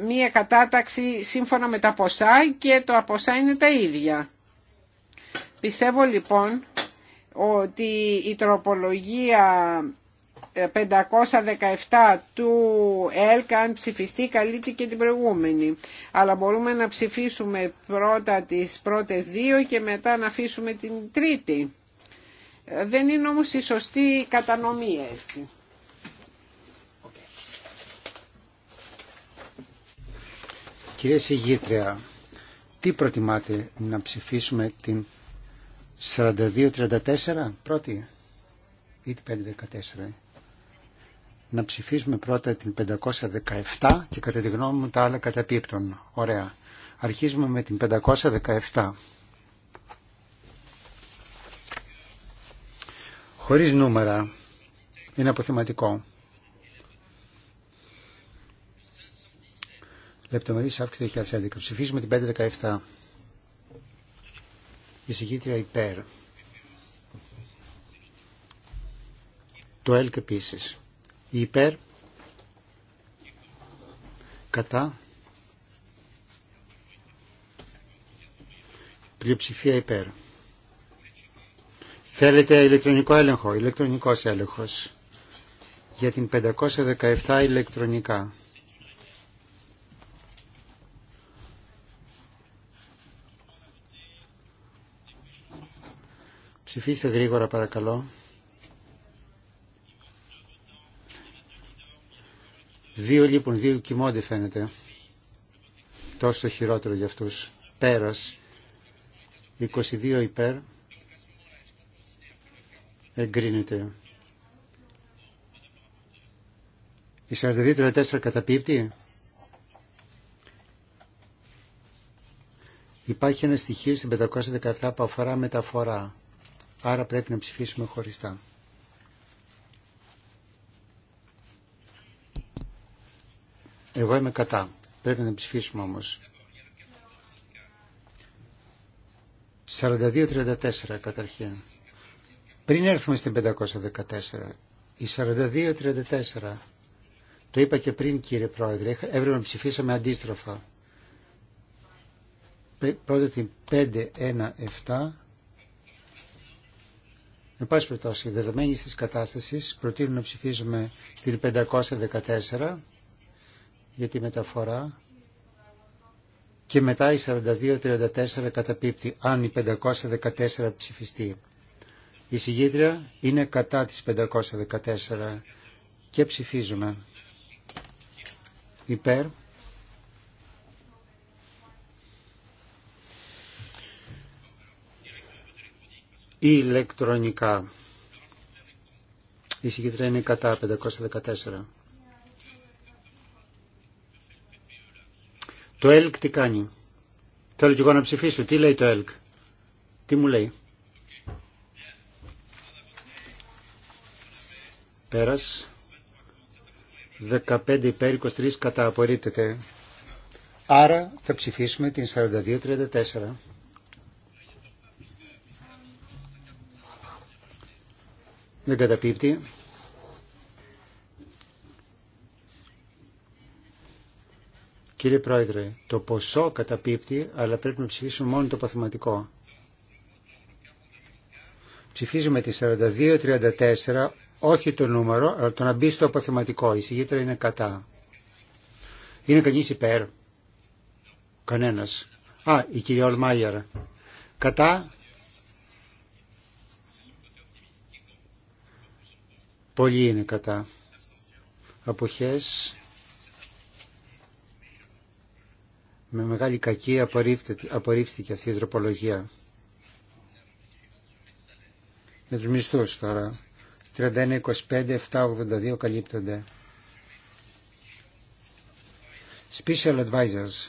μία κατάταξη σύμφωνα με τα ποσά και το ποσά είναι τα ίδια. Πιστεύω λοιπόν ότι η τροπολογία 517 του ΕΛΚ αν ψηφιστεί καλύπτει και την προηγούμενη. Αλλά μπορούμε να ψηφίσουμε πρώτα τις πρώτες δύο και μετά να αφήσουμε την τρίτη. Δεν είναι όμως η σωστή κατανομή έτσι. Κυρία Συγγήτρια, τι προτιμάτε να ψηφίσουμε την 42-34 πρώτη ή την 514 να ψηφίσουμε πρώτα την 517 και κατά τη γνώμη μου τα άλλα καταπίπτουν. Ωραία. Αρχίζουμε με την 517. Χωρίς νούμερα. Είναι αποθεματικό. Λεπτομερής αύξηση 2011. Ψηφίζουμε την 517. Εισηγήτρια υπέρ. Το ΕΛΚ επίσης υπέρ κατά πλειοψηφία υπέρ. Θέλετε ηλεκτρονικό έλεγχο, ηλεκτρονικός έλεγχος για την 517 ηλεκτρονικά. Ψηφίστε γρήγορα παρακαλώ. Δύο λοιπόν, δύο κοιμώνται φαίνεται. Τόσο χειρότερο για αυτούς. Πέρας. 22 υπέρ. Εγκρίνεται. Η 42-34 καταπίπτει. Υπάρχει ένα στοιχείο στην 517 που αφορά μεταφορά. Άρα πρέπει να ψηφίσουμε χωριστά. Εγώ είμαι κατά. Πρέπει να ψηφίσουμε όμως. 42-34 καταρχήν. Πριν έρθουμε στην 514, η 42-34, το είπα και πριν κύριε Πρόεδρε, έπρεπε να ψηφίσαμε αντίστροφα. Πρώτα την 5-1-7, με πάση περιπτώσει, δεδομένη τη κατάσταση, προτείνω να ψηφίζουμε την 514 για τη μεταφορά και μετά η 42-34 καταπίπτει αν η 514 ψηφιστεί. Η συγγήτρια είναι κατά της 514 και ψηφίζουμε υπέρ ηλεκτρονικά. Η συγκεκριμένη είναι κατά 514. Το ΕΛΚ τι κάνει. Θέλω κι εγώ να ψηφίσω. Τι λέει το ΕΛΚ. Τι μου λέει. Πέρας. 15 υπέρ 23 κατά απορρίπτεται. Άρα θα ψηφίσουμε την 42-34. Δεν καταπίπτει. Κύριε Πρόεδρε, το ποσό καταπίπτει, αλλά πρέπει να ψηφίσουμε μόνο το παθηματικό. Ψηφίζουμε τη 42-34, όχι το νούμερο, αλλά το να μπει στο αποθεματικό. Η συγγήτρα είναι κατά. Είναι κανείς υπέρ. Κανένας. Α, η κυρία Ολμάγερ. Κατά. Πολλοί είναι κατά. Αποχές. Με μεγάλη κακή απορρίφθηκε αυτή η τροπολογία. Για τους μισθούς τώρα. 31, 25, 7, 82 καλύπτονται. Special Advisors.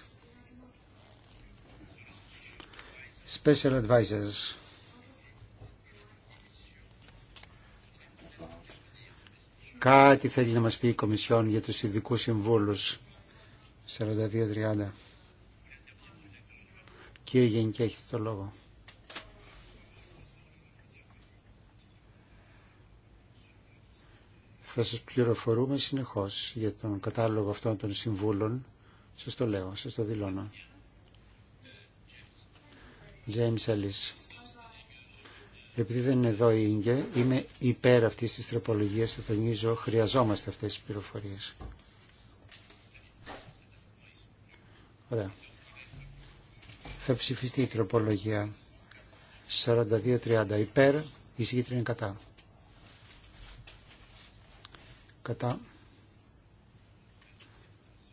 Special Advisors. Κάτι θέλει να μας πει η Κομισιόν για τους ειδικούς συμβούλους. 42-30. Κύριε Γενική, έχετε το λόγο. Θα σας πληροφορούμε συνεχώς για τον κατάλογο αυτών των συμβούλων. Σας το λέω, σας το δηλώνω. James Ellis. Επειδή δεν είναι εδώ η είμαι υπέρ αυτής της τροπολογίας, το τονίζω, χρειαζόμαστε αυτές τις πληροφορίες. Ωραία θα ψηφιστεί η τροπολογία 42-30 υπέρ, η συγκίτρια κατά. Κατά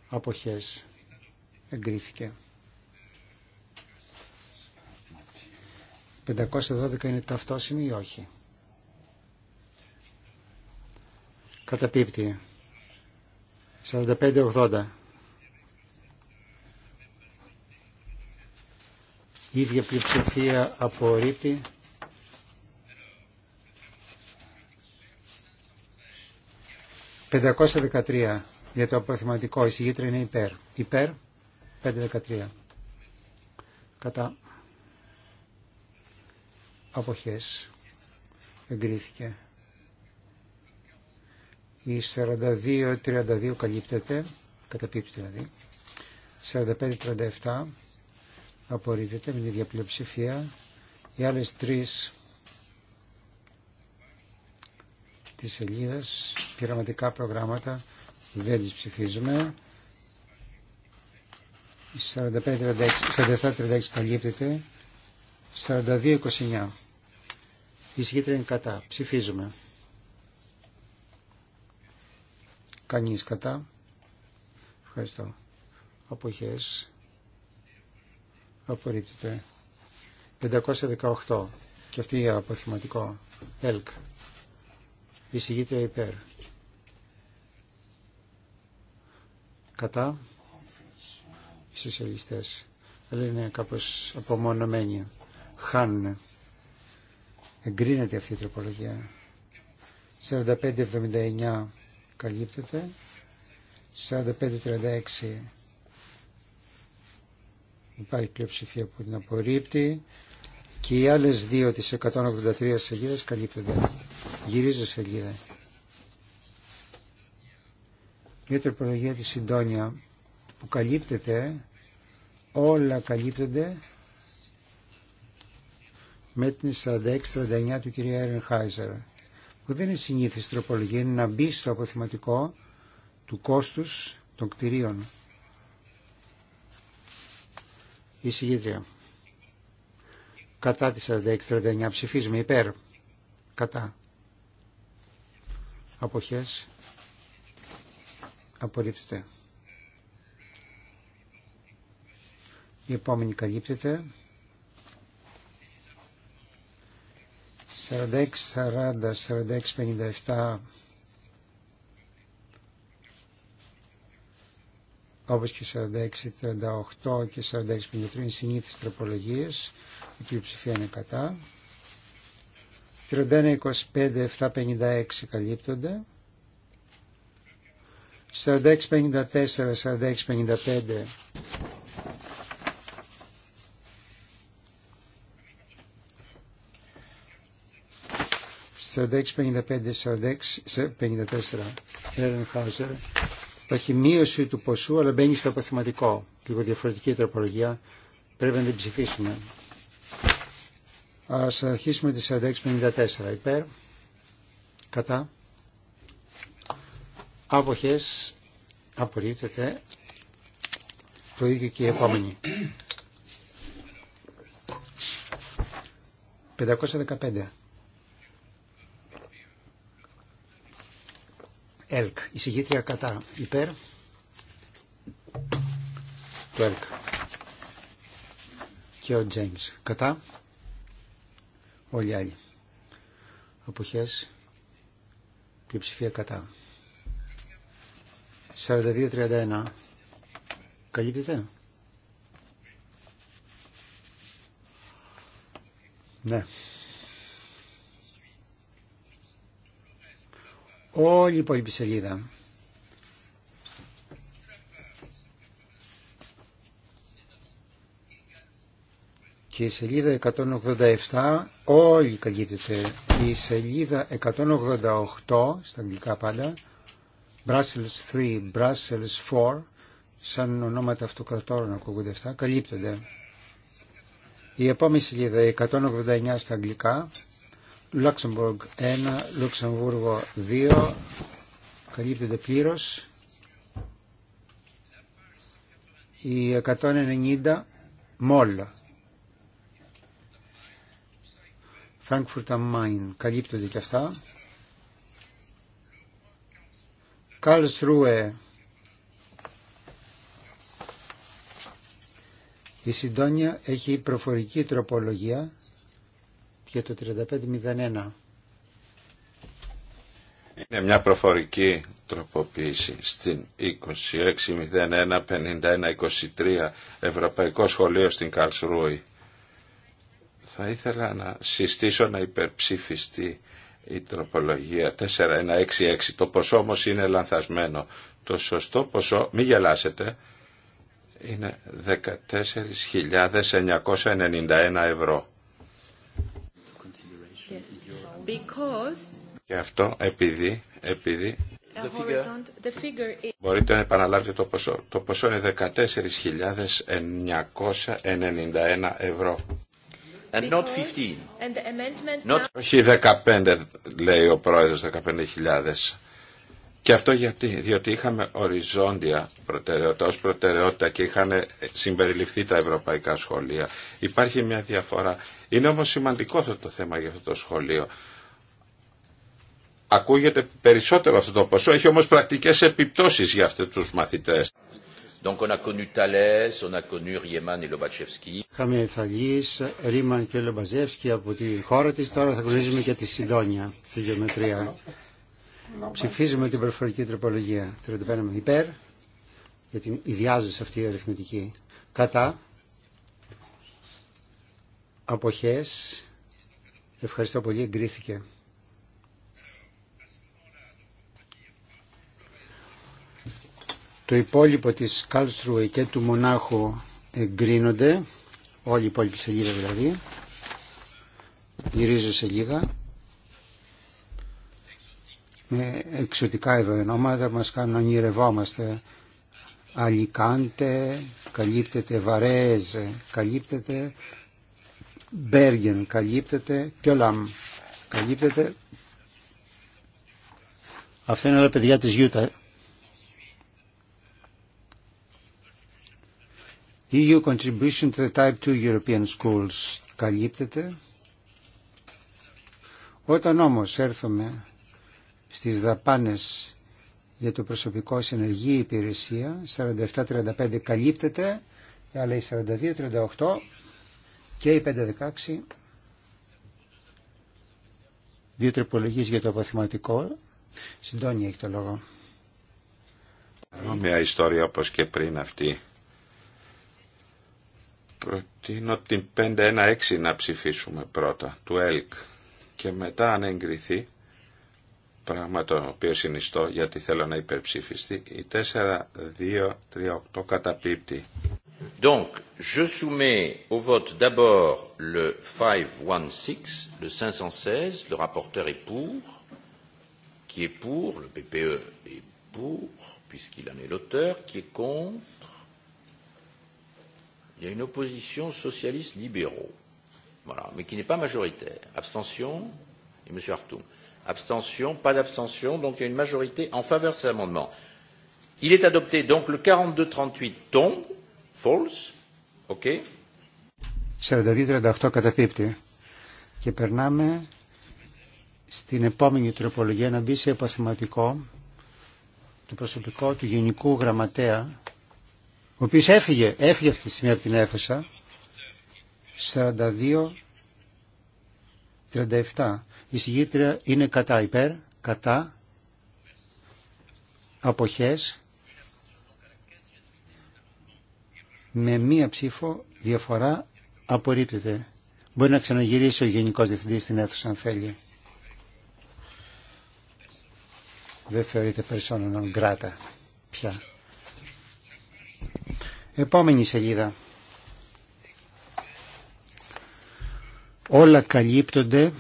αποχές εγκρίθηκε. 512 είναι ταυτόσιμη ή όχι. Καταπίπτει. 45-80 η ίδια πλειοψηφία απορρίπτει. «513» για το αποθεματικό Η είναι υπέρ. Υπέρ 513. Κατά αποχές εγκρίθηκε. Η 42-32 καλύπτεται, καταπίπτει δηλαδή. 45-37 απορρίπτεται με την ίδια πλειοψηφία. Οι άλλε τρει τη σελίδα, πειραματικά προγράμματα, δεν τι ψηφίζουμε. 47-36 καλύπτεται. 42-29. Η συγκέντρια είναι κατά. Ψηφίζουμε. Κανείς κατά. Ευχαριστώ. αποχέ απορρίπτεται. 518 και αυτή η αποθυματικό ΕΛΚ εισηγήτρια υπέρ κατά οι σοσιαλιστές αλλά είναι κάπως απομονωμένοι χάνουν εγκρίνεται αυτή η τροπολογία 45-79 καλύπτεται Υπάρχει πλειοψηφία που την απορρίπτει και οι άλλες δύο τις 183 σελίδες καλύπτονται. Γυρίζω σελίδα. Μια τροπολογία της Συντόνια που καλύπτεται, όλα καλύπτονται με την 46-39 του κυρία Χάιζερ, που δεν είναι συνήθις τροπολογία, είναι να μπει στο αποθηματικό του κόστους των κτηρίων η συγγήτρια. Κατά τη 46-39 ψηφίζουμε υπέρ. Κατά. Αποχές. Απορρίπτεται. Η επόμενη καλύπτεται. 46, 40, 46, 57 όπως και 46-38 και 46-53 είναι συνήθεις τροπολογίες, η πλειοψηφία είναι κατά. καλυπτονται καλύπτονται. 46-54-46-55 46-55-46-54 Έρεν υπάρχει μείωση του ποσού αλλά μπαίνει στο αποθηματικό. Λίγο διαφορετική τροπολογία. Πρέπει να την ψηφίσουμε. Ας αρχίσουμε τη 4654. Υπέρ. Κατά. Άποχες. Απορρίπτεται. Το ίδιο και η επόμενη. 515. ΕΛΚ. Η συγγήτρια κατά υπέρ του ΕΛΚ. Και ο Τζέιμς κατά όλοι οι άλλοι. Αποχές πλειοψηφία κατά. 42-31 καλύπτεται. Ναι. όλη η υπόλοιπη σελίδα. Και η σελίδα 187 όλη καλύπτεται. Η σελίδα 188 στα αγγλικά πάντα Brussels 3, Brussels 4 σαν ονόματα αυτοκρατόρων ακούγονται αυτά, καλύπτονται. Η επόμενη σελίδα, η 189 στα αγγλικά, Λουξεμβούργ 1, Λουξεμβούργο 2 καλύπτονται πλήρω. Η 190 Μόλ. Frankfurt am Καλύπτονται και αυτά. Καλσρούε. Η Συντόνια έχει προφορική τροπολογία και το Είναι μια προφορική τροποποίηση στην 2601-5123 Ευρωπαϊκό Σχολείο στην Καλσρούη. Θα ήθελα να συστήσω να υπερψηφιστεί η τροπολογία 4166. Το ποσό όμως είναι λανθασμένο. Το σωστό ποσό, μη γελάσετε, είναι 14.991 ευρώ. Και αυτό επειδή, επειδή The figure... Μπορείτε να επαναλάβετε το ποσό. Το ποσό είναι 14.991 ευρώ. And not 15. not... Όχι 15 λέει ο πρόεδρος 15.000. Και αυτό γιατί, διότι είχαμε οριζόντια προτεραιότητα ως προτεραιότητα και είχαν συμπεριληφθεί τα ευρωπαϊκά σχολεία. Υπάρχει μια διαφορά. Είναι όμως σημαντικό αυτό το θέμα για αυτό το σχολείο ακούγεται περισσότερο αυτό το ποσό, έχει όμως πρακτικές επιπτώσεις για αυτούς τους μαθητές. Donc on a connu on a connu Riemann Είχαμε Θαλής, Ρίμαν και Λομπαζεύσκη από τη χώρα της, τώρα θα γνωρίζουμε και τη Σιντόνια στη γεωμετρία. Ψηφίζουμε την προφορική τροπολογία. 35 υπέρ, γιατί την σε αυτή η αριθμητική. Κατά, αποχές, ευχαριστώ πολύ, εγκρίθηκε. Το υπόλοιπο της Καλστρούε και του Μονάχου εγκρίνονται, όλη η υπόλοιπη σελίδα δηλαδή. Γυρίζω σελίδα. Με εξωτικά ευαινόματα μας κάνουν να ονειρευόμαστε. Αλικάντε, καλύπτεται Βαρέζε, καλύπτεται Μπέργεν, καλύπτεται Κιόλαμ, καλύπτεται... Αυτά είναι όλα παιδιά της Γιούτα EU contribution to the type 2 European schools καλύπτεται. Όταν όμως έρθουμε στις δαπάνες για το προσωπικό συνεργή υπηρεσία, 47-35 καλύπτεται, αλλά η 42-38 και η 5-16, δύο τροπολογίες για το αποθηματικό, συντόνια έχει το λόγο. Μια ιστορία όπως και πριν αυτή Προτείνω την 516 να ψηφίσουμε πρώτα, του ΕΛΚ. Και μετά αν εγκριθεί, πράγμα το οποίο συνιστώ γιατί θέλω να υπερψηφιστεί, η 4238 καταπίπτει. Donc, je soumets au vote d'abord le 516, le 516, le rapporteur est pour, qui est pour, le PPE est pour, puisqu'il en est l'auteur, qui est contre, Il y a une opposition socialiste libéraux, voilà, mais qui n'est pas majoritaire. Abstention et M. Hartung. Abstention, pas d'abstention, donc il y a une majorité en faveur de cet amendement. Il est adopté, donc le 42-38 tombe, false, ok. 42-38 καταπίπτει. Και περνάμε στην επόμενη τροπολογία να μπει σε επαθηματικό το προσωπικό του Γενικού Γραμματέα ο οποίο έφυγε, έφυγε αυτή τη στιγμή από την αίθουσα, 42-37. Η συγγήτρια είναι κατά υπέρ, κατά, αποχές, με μία ψήφο διαφορά απορρίπτεται. Μπορεί να ξαναγυρίσει ο Γενικός Διευθυντής στην αίθουσα αν θέλει. Δεν θεωρείται περισσότερο να πια. Επόμενη σελίδα. Όλα καλύπτονται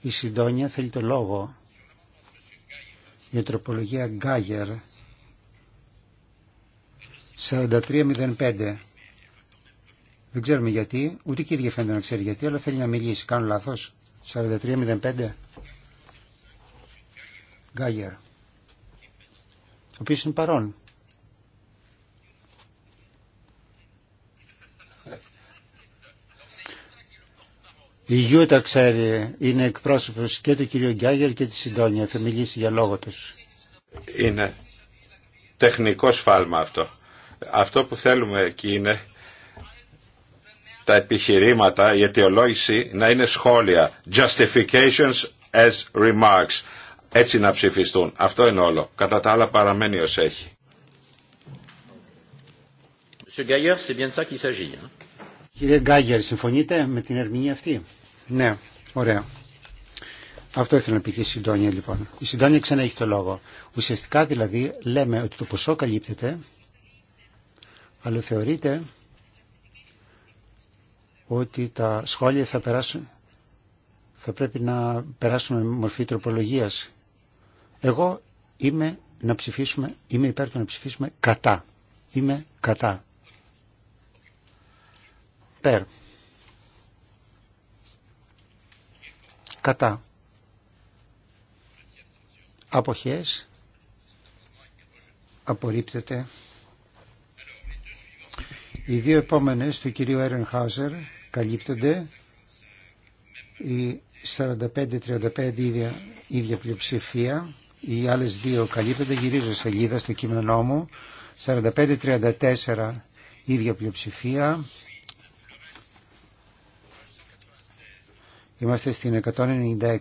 Η Συντόνια θέλει το λόγο η τροπολογία Γκάγερ 4305. Δεν ξέρουμε γιατί, ούτε και η ίδια φαίνεται να ξέρει γιατί, αλλά θέλει να μιλήσει. Κάνω λάθος. 4305. Γκάγερ, ο οποίος είναι παρόν. Η Γιούτα, ξέρει, είναι εκπρόσωπος και του κυρίου Γκάγερ και της Συντόνια. Θα μιλήσει για λόγο τους. Είναι τεχνικό σφάλμα αυτό. Αυτό που θέλουμε εκεί είναι τα επιχειρήματα, η αιτιολόγηση να είναι σχόλια. Justifications as remarks έτσι να ψηφιστούν. Αυτό είναι όλο. Κατά τα άλλα παραμένει ως έχει. Κύριε Γκάγερ, συμφωνείτε με την ερμηνεία αυτή. Ναι, ωραία. Αυτό ήθελα να πει και η Συντόνια λοιπόν. Η Συντόνια ξανά έχει το λόγο. Ουσιαστικά δηλαδή λέμε ότι το ποσό καλύπτεται, αλλά θεωρείται ότι τα σχόλια θα, περάσουν, θα πρέπει να περάσουν με μορφή τροπολογίας εγώ είμαι, να ψηφίσουμε, είμαι υπέρ του να ψηφίσουμε κατά. Είμαι κατά. Πέρ. Κατά. Αποχές. Απορρίπτεται. Οι δύο επόμενες του κυρίου Έρενχάουζερ καλύπτονται. Οι 45-35 ίδια, ίδια πλειοψηφία. Οι άλλε δύο καλύπτονται. Γυρίζω σελίδα στο κείμενό μου. 45-34 ίδια πλειοψηφία. Είμαστε στην 196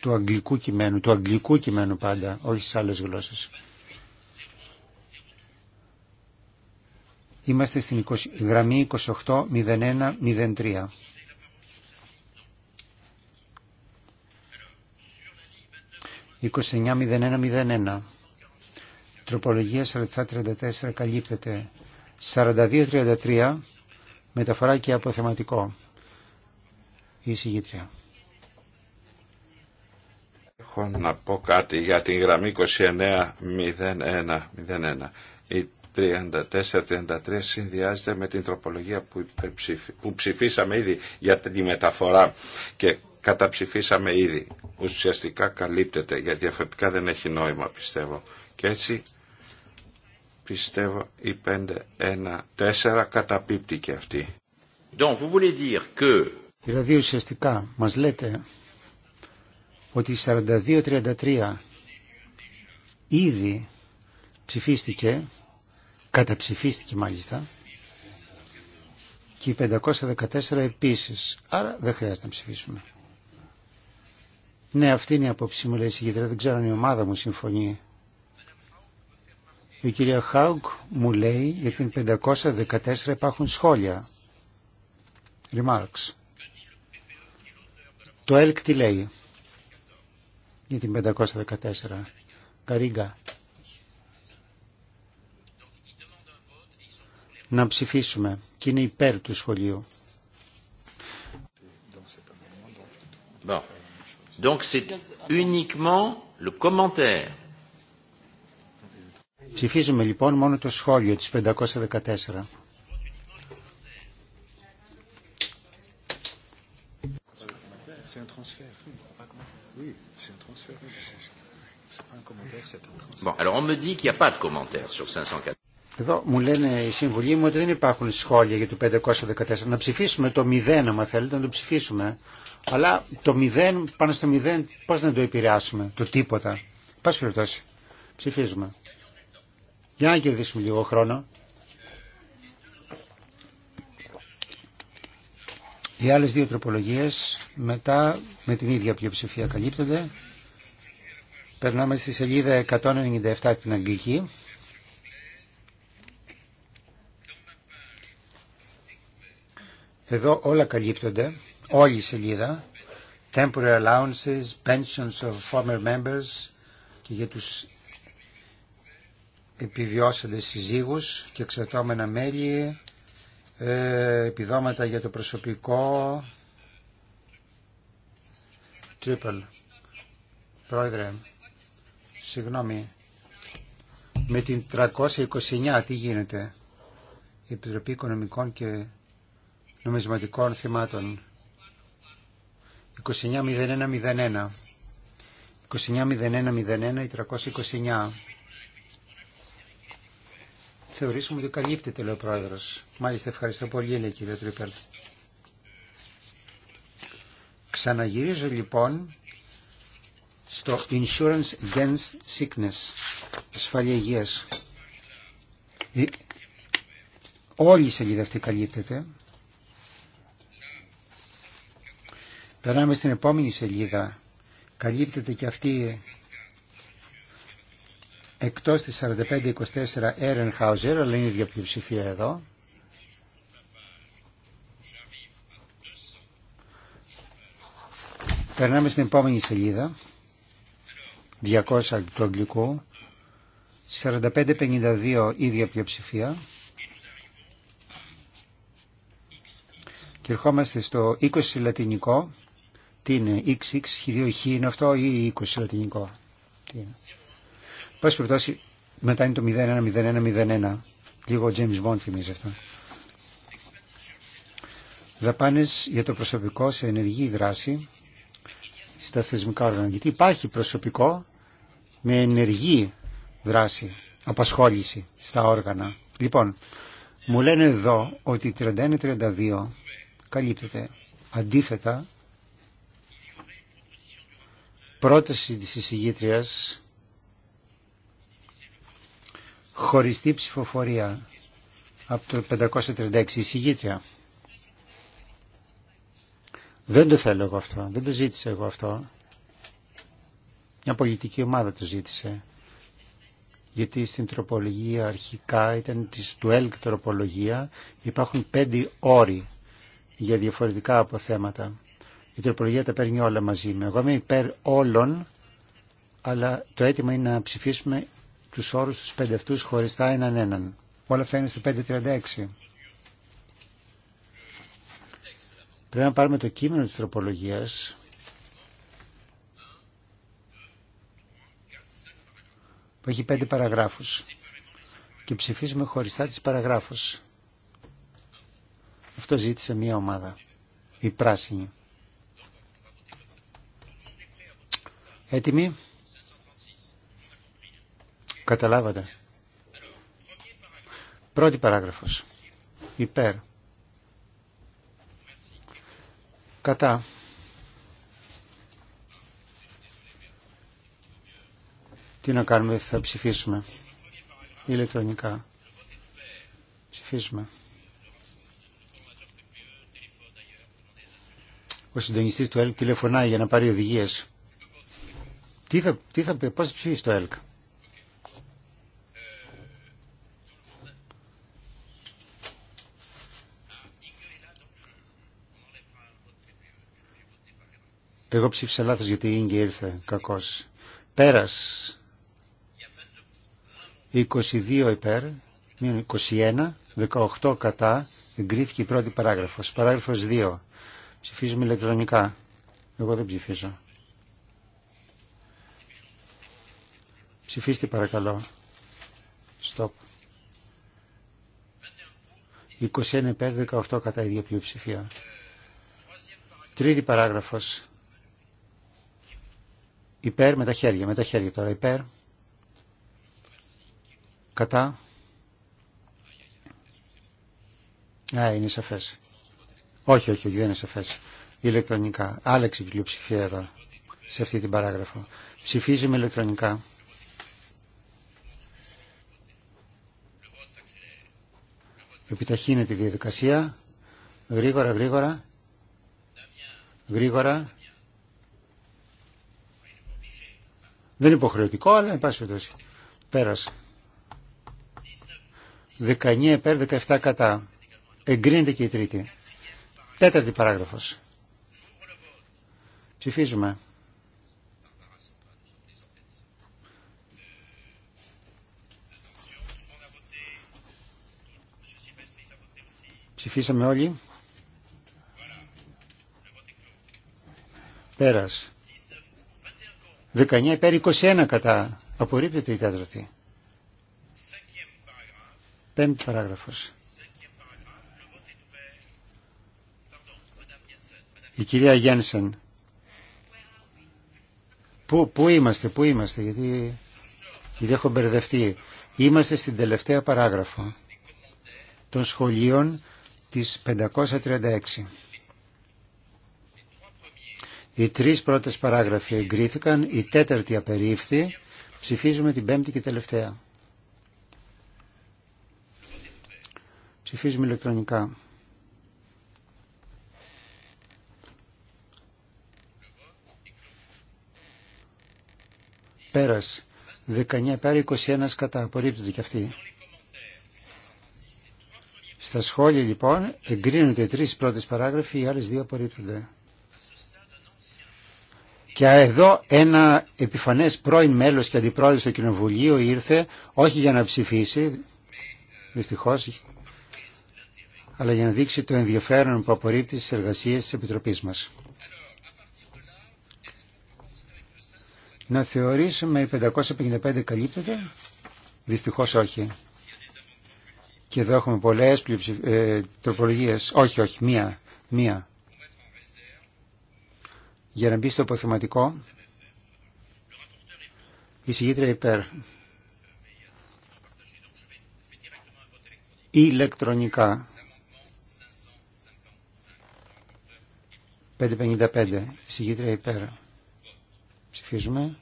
του αγγλικού κειμένου, του αγγλικού κειμένου πάντα, όχι στις άλλες γλώσσες. Είμαστε στην 20, γραμμή 28-01-03. 01 Τροπολογία 34 καλύπτεται. 42 42.33 μεταφορά και αποθεματικό. Η συγγήτρια. Έχω να πω κάτι για την γραμμή 29-01-01. Η 34-33 συνδυάζεται με την τροπολογία που, ψηφίσαμε ήδη για τη μεταφορά και καταψηφίσαμε ήδη. Ουσιαστικά καλύπτεται, γιατί διαφορετικά δεν έχει νόημα πιστεύω. Και έτσι πιστεύω η 5-1-4 καταπίπτει και αυτή. Donc, vous voulez dire que... Δηλαδή ουσιαστικά μας λέτε ότι η 42-33 ήδη ψηφίστηκε, καταψηφίστηκε μάλιστα, και η 514 επίσης. Άρα δεν χρειάζεται να ψηφίσουμε. Ναι, αυτή είναι η απόψη μου, λέει η συγκέντρωση. Δεν ξέρω αν η ομάδα μου συμφωνεί. Η κυρία Χάουκ μου λέει για την 514 υπάρχουν σχόλια. Remarks. Το ΕΛΚ τι λέει για την 514. Καρίγκα. Να ψηφίσουμε και είναι υπέρ του σχολείου. Bon. Donc c'est uniquement le commentaire. Ψηφίζουμε λοιπόν μόνο το σχόλιο της 514. Bon, alors on me dit qu'il n'y a pas de commentaire sur 514. Εδώ μου λένε οι συμβουλοί μου ότι δεν υπάρχουν σχόλια για το 514. Να ψηφίσουμε το 0, αν θέλετε, να το ψηφίσουμε. Αλλά το μηδέν, πάνω στο μηδέν, πώς να το επηρεάσουμε, το τίποτα. Πάση περιπτώσει, ψηφίζουμε. Για να κερδίσουμε λίγο χρόνο. Οι άλλες δύο τροπολογίες μετά με την ίδια πλειοψηφία καλύπτονται. Περνάμε στη σελίδα 197 την Αγγλική. Εδώ όλα καλύπτονται όλη η σελίδα temporary allowances, pensions of former members και για τους επιβιώσαντες συζύγους και εξαρτώμενα μέλη, ε, επιδόματα για το προσωπικό, triple. Πρόεδρε, συγγνώμη, με την 329 τι γίνεται, η Επιτροπή Οικονομικών και Νομισματικών Θυμάτων. 29.01.01 29.01.01 ή 329 Θεωρήσουμε ότι καλύπτεται, λέει ο πρόεδρο. Μάλιστα, ευχαριστώ πολύ, λέει η κυρία Τρίπελ. Ξαναγυρίζω λοιπόν στο Insurance Against Sickness, ασφάλεια υγείας. Όλη η σελίδα αυτή καλύπτεται. Περνάμε στην επόμενη σελίδα. Καλύπτεται και αυτή εκτός της 4524 Ehrenhauser, αλλά είναι η ίδια πλειοψηφία εδώ. Περνάμε στην επόμενη σελίδα. 200 του αγγλικου 4552 ίδια πλειοψηφία. Και ερχόμαστε στο 20 λατινικό. Τι είναι, XX, χ είναι αυτό ή 20 λατινικό. Τι είναι. Πάση περιπτώσει, μετά είναι το 010101. Λίγο ο James Bond θυμίζει αυτό. Δαπάνε για το προσωπικό σε ενεργή δράση στα θεσμικά όργανα. Γιατί υπάρχει προσωπικό με ενεργή δράση, απασχόληση στα όργανα. Λοιπόν, μου λένε εδώ ότι 31-32 καλύπτεται. Αντίθετα, πρόταση της εισηγήτριας χωριστή ψηφοφορία από το 536 εισηγήτρια. Δεν το θέλω εγώ αυτό, δεν το ζήτησα εγώ αυτό. Μια πολιτική ομάδα το ζήτησε. Γιατί στην τροπολογία αρχικά ήταν της του ΕΛΚ τροπολογία, υπάρχουν πέντε όροι για διαφορετικά αποθέματα η τροπολογία τα παίρνει όλα μαζί με. Εγώ είμαι υπέρ όλων, αλλά το αίτημα είναι να ψηφίσουμε τους όρους τους πέντε αυτούς χωριστά έναν έναν. Όλα αυτά είναι στο 536. Πρέπει να πάρουμε το κείμενο της τροπολογίας. που έχει πέντε παραγράφους και ψηφίζουμε χωριστά τις παραγράφους. Αυτό ζήτησε μία ομάδα, η πράσινη. Έτοιμοι. Καταλάβατε. Πρώτη παράγραφος. Υπέρ. Κατά. Τι να κάνουμε, θα ψηφίσουμε. Ηλεκτρονικά. Ψηφίσουμε. Ο συντονιστής του ΕΛΚ τηλεφωνάει για να πάρει οδηγίες. Τι θα, τι θα πει, πώς ψηφίσεις το ΕΛΚ. Εγώ ψήφισα λάθος γιατί η Ίγκη ήρθε κακός. Πέρας. 22 υπέρ, 21, 18 κατά, εγκρίθηκε η πρώτη παράγραφος. Παράγραφος 2. Ψηφίζουμε ηλεκτρονικά. Εγώ δεν ψηφίζω. Ψηφίστε παρακαλώ. Στοπ. 21 5 18 κατά ίδια πλειοψηφία. Τρίτη παράγραφος. Υπέρ με τα χέρια. Με τα χέρια τώρα. Υπέρ. Κατά. Α, είναι σαφές. Όχι, όχι, όχι, δεν είναι σαφές. Ηλεκτρονικά. Άλλαξε η πλειοψηφία εδώ. Σε αυτή την παράγραφο. Ψηφίζουμε ηλεκτρονικά. επιταχύνεται η διαδικασία. Γρήγορα, γρήγορα. Γρήγορα. Δεν είναι υποχρεωτικό, αλλά εν πάση Πέρασε. 19 υπέρ, 17 κατά. Εγκρίνεται και η τρίτη. Τέταρτη παράγραφος. Ψηφίζουμε. Ψηφίσαμε όλοι. Πέρας. 19 υπέρ 21 κατά. Απορρίπτεται η τέταρτη. Πέμπτη παράγραφος. Η κυρία Γένσεν. Πού, πού είμαστε, πού είμαστε, γιατί, γιατί έχω μπερδευτεί. Είμαστε στην τελευταία παράγραφο των σχολείων της 536. Οι τρεις πρώτες παράγραφοι εγκρίθηκαν, η τέταρτη απερίφθη, ψηφίζουμε την πέμπτη και τελευταία. Ψηφίζουμε ηλεκτρονικά. Πέρας. 19 πέρα 21 κατά. Απορρίπτονται και αυτοί. Στα σχόλια λοιπόν εγκρίνονται τρεις πρώτες παράγραφοι, οι άλλες δύο απορρίπτονται. Και εδώ ένα επιφανές πρώην μέλος και αντιπρόεδρος του Κοινοβουλίου ήρθε όχι για να ψηφίσει, δυστυχώς, αλλά για να δείξει το ενδιαφέρον που απορρίπτει στις εργασίες της Επιτροπής μας. Να θεωρήσουμε οι 555 καλύπτεται. Δυστυχώς όχι. Και εδώ έχουμε πολλές ε, τροπολογίες. Όχι, όχι, μία. Μία. Για να μπει στο αποθεματικό. Η συγγήτρια υπέρ. Ηλεκτρονικά. 555. Η συγγήτρια υπέρ. Ψηφίζουμε.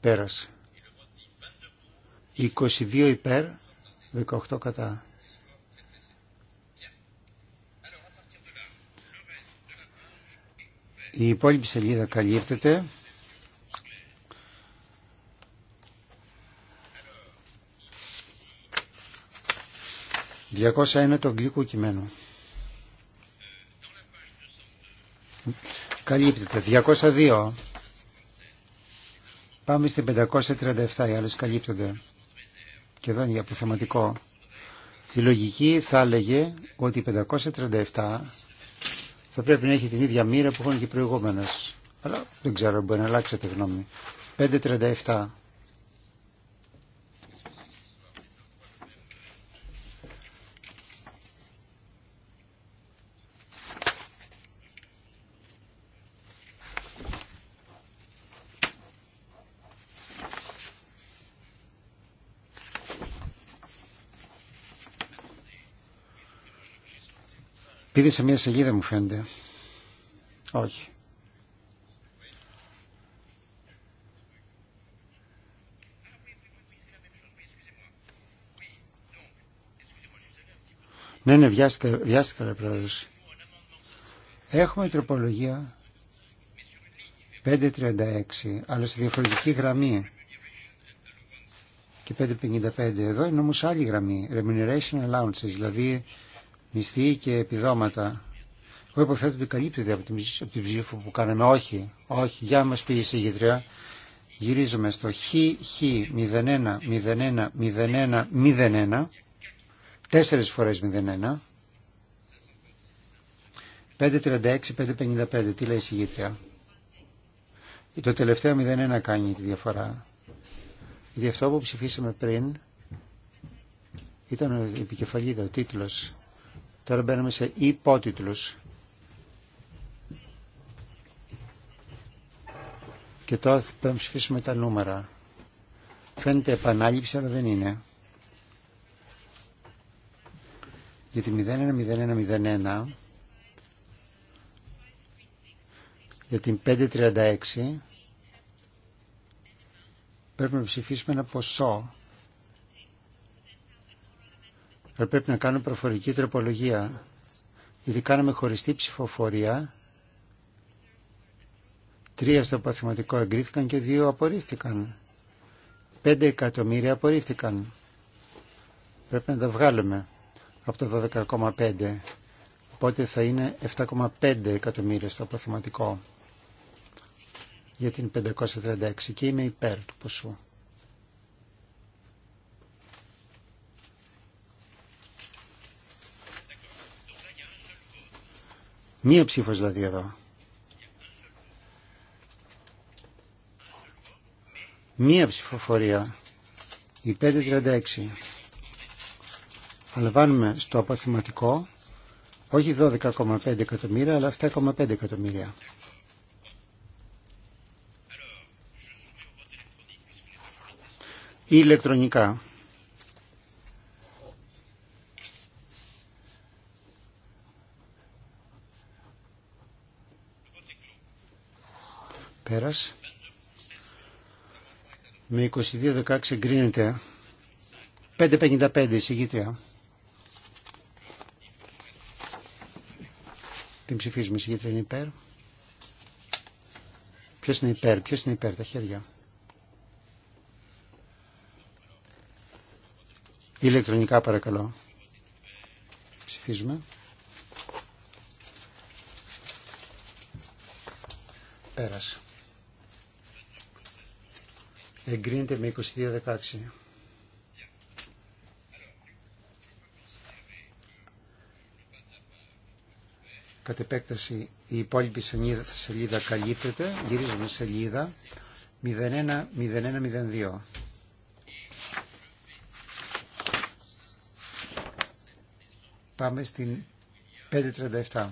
Πέρασε. 22 υπέρ, 18 κατά. Η υπόλοιπη σελίδα καλύπτεται. Διακόσα είναι το αγγλικό κειμένο. Καλύπτεται. 202. Πάμε στην 537, οι άλλες καλύπτονται και εδώ είναι για αποθεματικό, η λογική θα έλεγε ότι 537 θα πρέπει να έχει την ίδια μοίρα που έχουν και οι προηγούμενες. Αλλά δεν ξέρω, μπορεί να αλλάξετε γνώμη. 537. Επειδή σε μια σελίδα μου φαίνεται. Όχι. Ναι, ναι, βιάστηκα, βιάστηκα λέει πρόεδρος. Έχουμε τροπολογία 5.36, αλλά σε διαφορετική γραμμή. Και 5.55 εδώ είναι όμως άλλη γραμμή, remuneration allowances, δηλαδή μισθοί και επιδόματα. Εγώ υποθέτω ότι καλύπτεται από την, από την ψήφο που κάναμε. Όχι, όχι, για μα πει η συγγετρία. Γυρίζουμε στο χ, χ, 01, 01, 01, 01, φορές 01, 536, 555, τι λέει η συγγετρία. Το τελευταίο 01 κάνει τη διαφορά. Γιατί αυτό που ψηφίσαμε πριν ήταν η επικεφαλίδα, ο τίτλος Τώρα μπαίνουμε σε υπότιτλους. Και τώρα πρέπει να ψηφίσουμε τα νούμερα. Φαίνεται επανάληψη, αλλά δεν είναι. Γιατί 010101 για την 536 πρέπει να ψηφίσουμε ένα ποσό θα πρέπει να κάνω προφορική τροπολογία. Γιατί κάναμε χωριστή ψηφοφορία. Τρία στο παθηματικό εγκρίθηκαν και δύο απορρίφθηκαν. Πέντε εκατομμύρια απορρίφθηκαν. Πρέπει να τα βγάλουμε από το 12,5. Οπότε θα είναι 7,5 εκατομμύρια στο παθηματικό για την 536 και είμαι υπέρ του ποσού. Μία ψήφος δηλαδή εδώ. Μία ψηφοφορία. Η 536. Αλλά στο αποθυματικό όχι 12,5 εκατομμύρια αλλά 7,5 εκατομμύρια. ηλεκτρονικά Πέρας. Με 22-16 εγκρίνεται. 5 5-55 εισηγήτρια. Την ψηφίζουμε εισηγήτρια είναι υπέρ. Ποιος είναι υπέρ, ποιος είναι υπέρ, τα χέρια. Ηλεκτρονικά παρακαλώ. Ψηφίζουμε. Πέρασε εγκρίνεται με 22-16. Κατ' επέκταση η υπόλοιπη σελίδα, σελίδα καλύπτεται. Γυρίζουμε σελίδα 01-02. Πάμε στην 537.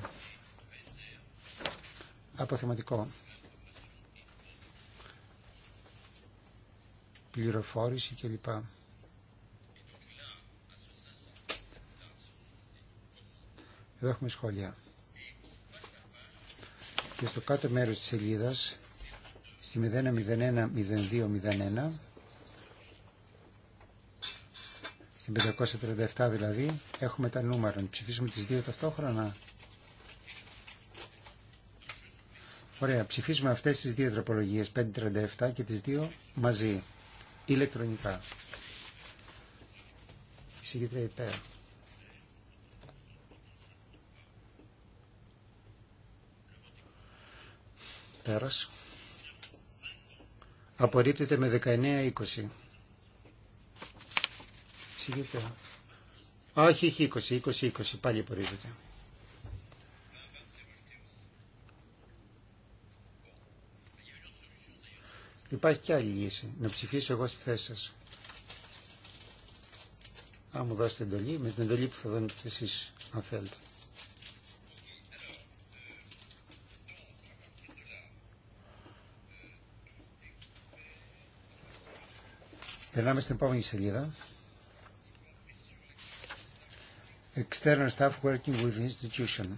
Αποθεματικό. πληροφόρηση κλπ. Εδώ έχουμε σχόλια. Και στο κάτω μέρος της σελίδας, στη 01 02 01 στην 537 δηλαδή, έχουμε τα νούμερα. Ψηφίσουμε τις δύο ταυτόχρονα. Ωραία, ψηφίσουμε αυτές τις δύο τροπολογίες, 537 και τις δύο μαζί ηλεκτρονικά. Εισηγήτρια υπέρ. Πέρας. Απορρίπτεται με 19-20. Εισηγήτρια. Όχι, έχει 20, 20-20, πάλι απορρίπτεται. Υπάρχει και άλλη λύση. Να ψηφίσω εγώ στη θέση σας. Αν μου δώσετε εντολή, με την εντολή που θα δίνετε εσείς, αν θέλετε. Περνάμε στην επόμενη σελίδα. External Staff Working with Institution.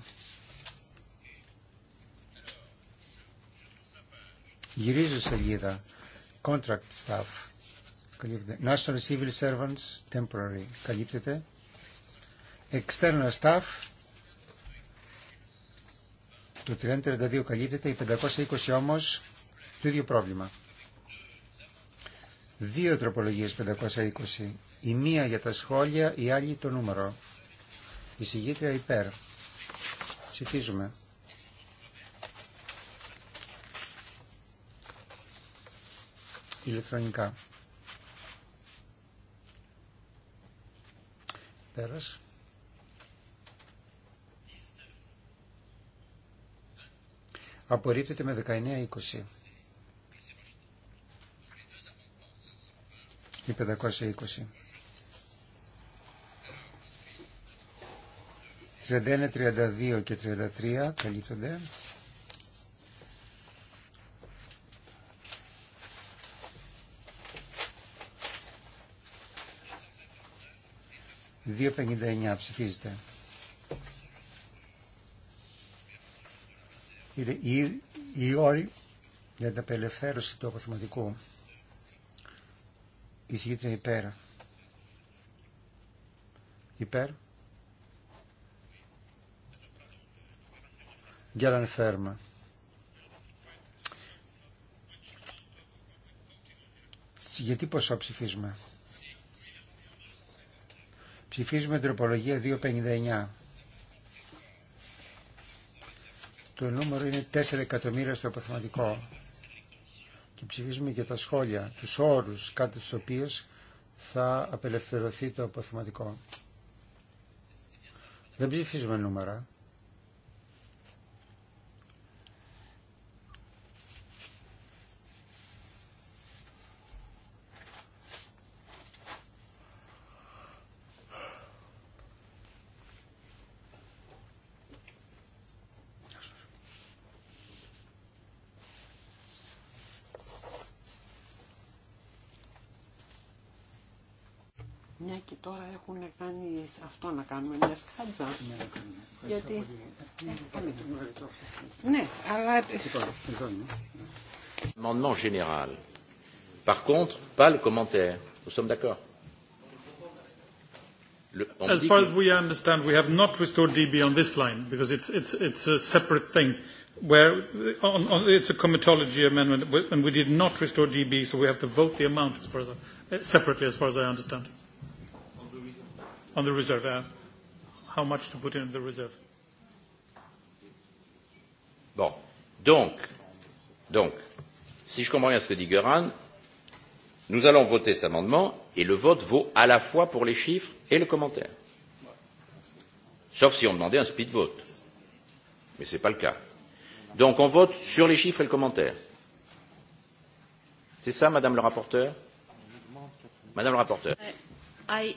Γυρίζω σελίδα. Contract staff. Καλύπτεται. National Civil Servants Temporary. Καλύπτεται. External staff. Το 3032 καλύπτεται. Η 520 όμως το ίδιο πρόβλημα. Δύο τροπολογίες 520. Η μία για τα σχόλια, η άλλη το νούμερο. Η συγγήτρια υπέρ. Ψηφίζουμε. ηλεκτρονικά. Πέρας. Απορρίπτεται με 19-20. Ή 520. 31, 32 και 33 καλύπτονται. 259 ψηφίζεται. Η Η για την απελευθέρωση του αποθυματικού. Η συγκίτρια υπέρ. Υπέρ. Γκέραν φέρμα. Γιατί ποσό ψηφίζουμε. Ψηφίζουμε την τροπολογία 259. Το νούμερο είναι 4 εκατομμύρια στο αποθεματικό. Και ψηφίζουμε και τα σχόλια, τους όρους κάτω του οποίους θα απελευθερωθεί το αποθεματικό. Δεν ψηφίζουμε νούμερα. αυτό να κάνουμε μια σκάτζα. Γιατί... Ναι, αλλά... Amendement général. Par contre, pas le commentaire. Nous sommes d'accord. As far as we understand, we have not restored DB on this line because it's it's it's a separate thing. Where on, on, it's a comitology amendment, and we did not restore DB, so we have to vote the amounts as as I, separately, as far as I understand on the reserve, how much to put in the reserve. Bon. Donc, donc, si je comprends bien ce que dit Göran, nous allons voter cet amendement et le vote vaut à la fois pour les chiffres et le commentaire. Sauf si on demandait un speed vote. Mais ce n'est pas le cas. Donc on vote sur les chiffres et le commentaire. C'est ça, Madame le rapporteur Madame le rapporteur. I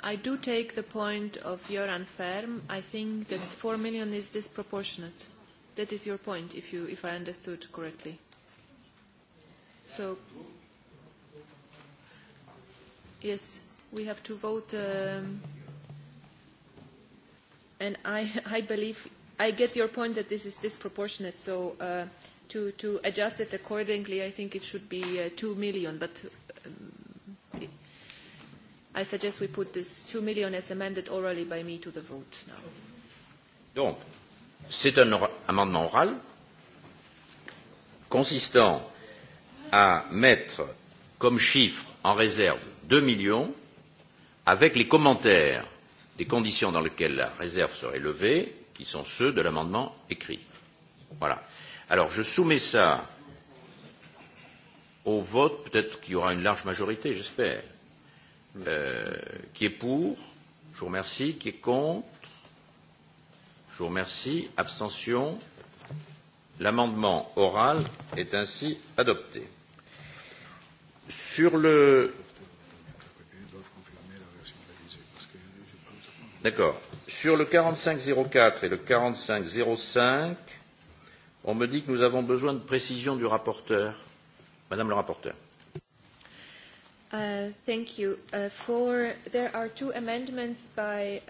I do take the point of your unfair. I think that 4 million is disproportionate. That is your point, if I understood correctly. So, yes, we have to vote. And I believe I get your point that this is disproportionate. So, to to adjust it accordingly, I think it should be 2 million. But I suggest we put this 2 million as amended orally by me to the vote now. Donc, c'est un amendement oral consistant à mettre comme chiffre en réserve 2 millions avec les commentaires des conditions dans lesquelles la réserve serait levée, qui sont ceux de l'amendement écrit. Voilà. Alors, je soumets ça au vote, peut-être qu'il y aura une large majorité, j'espère. Qui est pour Je vous remercie. Qui est contre Je vous remercie. Abstention L'amendement oral est ainsi adopté. Sur le. D'accord. Sur le 4504 et le 4505, on me dit que nous avons besoin de précision du rapporteur. Madame le rapporteur. Thank you. For there are two amendments by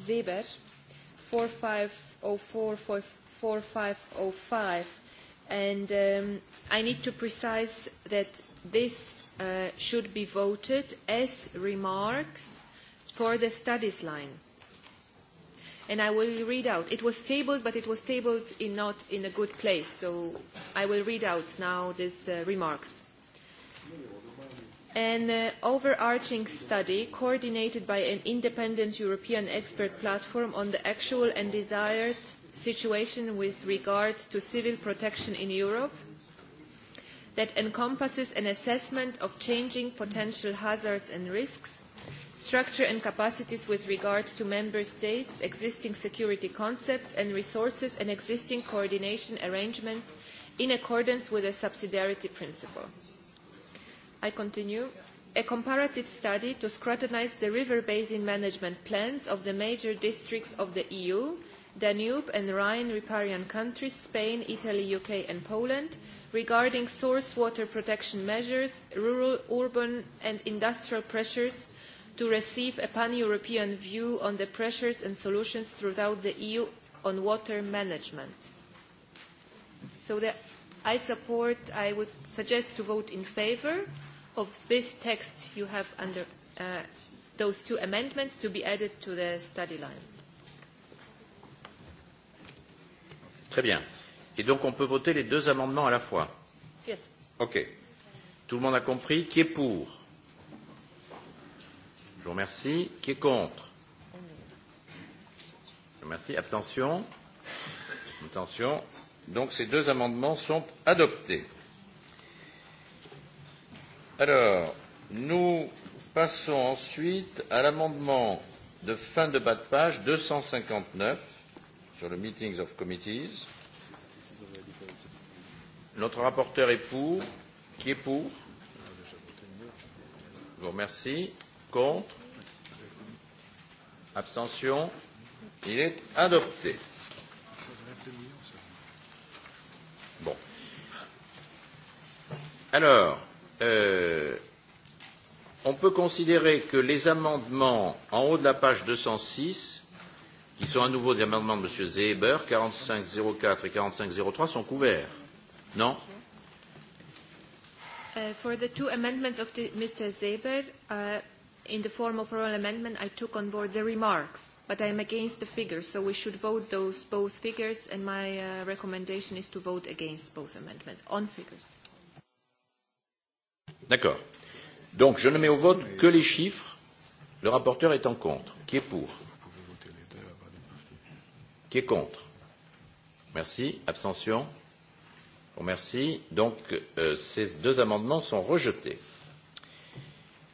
Zeber, 4504, 4505, and I need to precise that this should be voted as remarks for the studies line. And I will read out. It was tabled, but it was tabled in not in a good place, so I will read out now these remarks an overarching study coordinated by an independent European expert platform on the actual and desired situation with regard to civil protection in Europe that encompasses an assessment of changing potential hazards and risks, structure and capacities with regard to Member States, existing security concepts and resources and existing coordination arrangements in accordance with the subsidiarity principle. I continue, a comparative study to scrutinise the river basin management plans of the major districts of the EU, Danube and Rhine riparian countries, Spain, Italy, UK and Poland, regarding source water protection measures, rural, urban and industrial pressures to receive a pan-European view on the pressures and solutions throughout the EU on water management. So I support, I would suggest to vote in favour of this text you have under those two amendments to be added to the study line. Très bien. Et donc on peut voter les deux amendements à la fois. Yes. OK. Tout le monde a compris. Qui est pour Je vous remercie. Qui est contre Je vous remercie. Abstention Abstention. Donc ces deux amendements sont adoptés. Alors, nous passons ensuite à l'amendement de fin de bas de page 259 sur le Meetings of Committees. Notre rapporteur est pour. Qui est pour Je vous remercie. Contre Abstention Il est adopté. Bon. Alors, on peut considérer que les amendements en haut de la page 206, qui sont à nouveau des amendements de M. Zeber, 4504 et 4503, sont couverts. Non For the two amendments of Mr. Zeber, in the form of oral amendment, I took on board the remarks, but I am against the figures, so we should vote those both figures, and my recommendation is to vote against both amendments on figures. D'accord. Donc je ne mets au vote que les chiffres, le rapporteur est en contre. Qui est pour Qui est contre Merci. Abstention Merci. Donc ces deux amendements sont rejetés.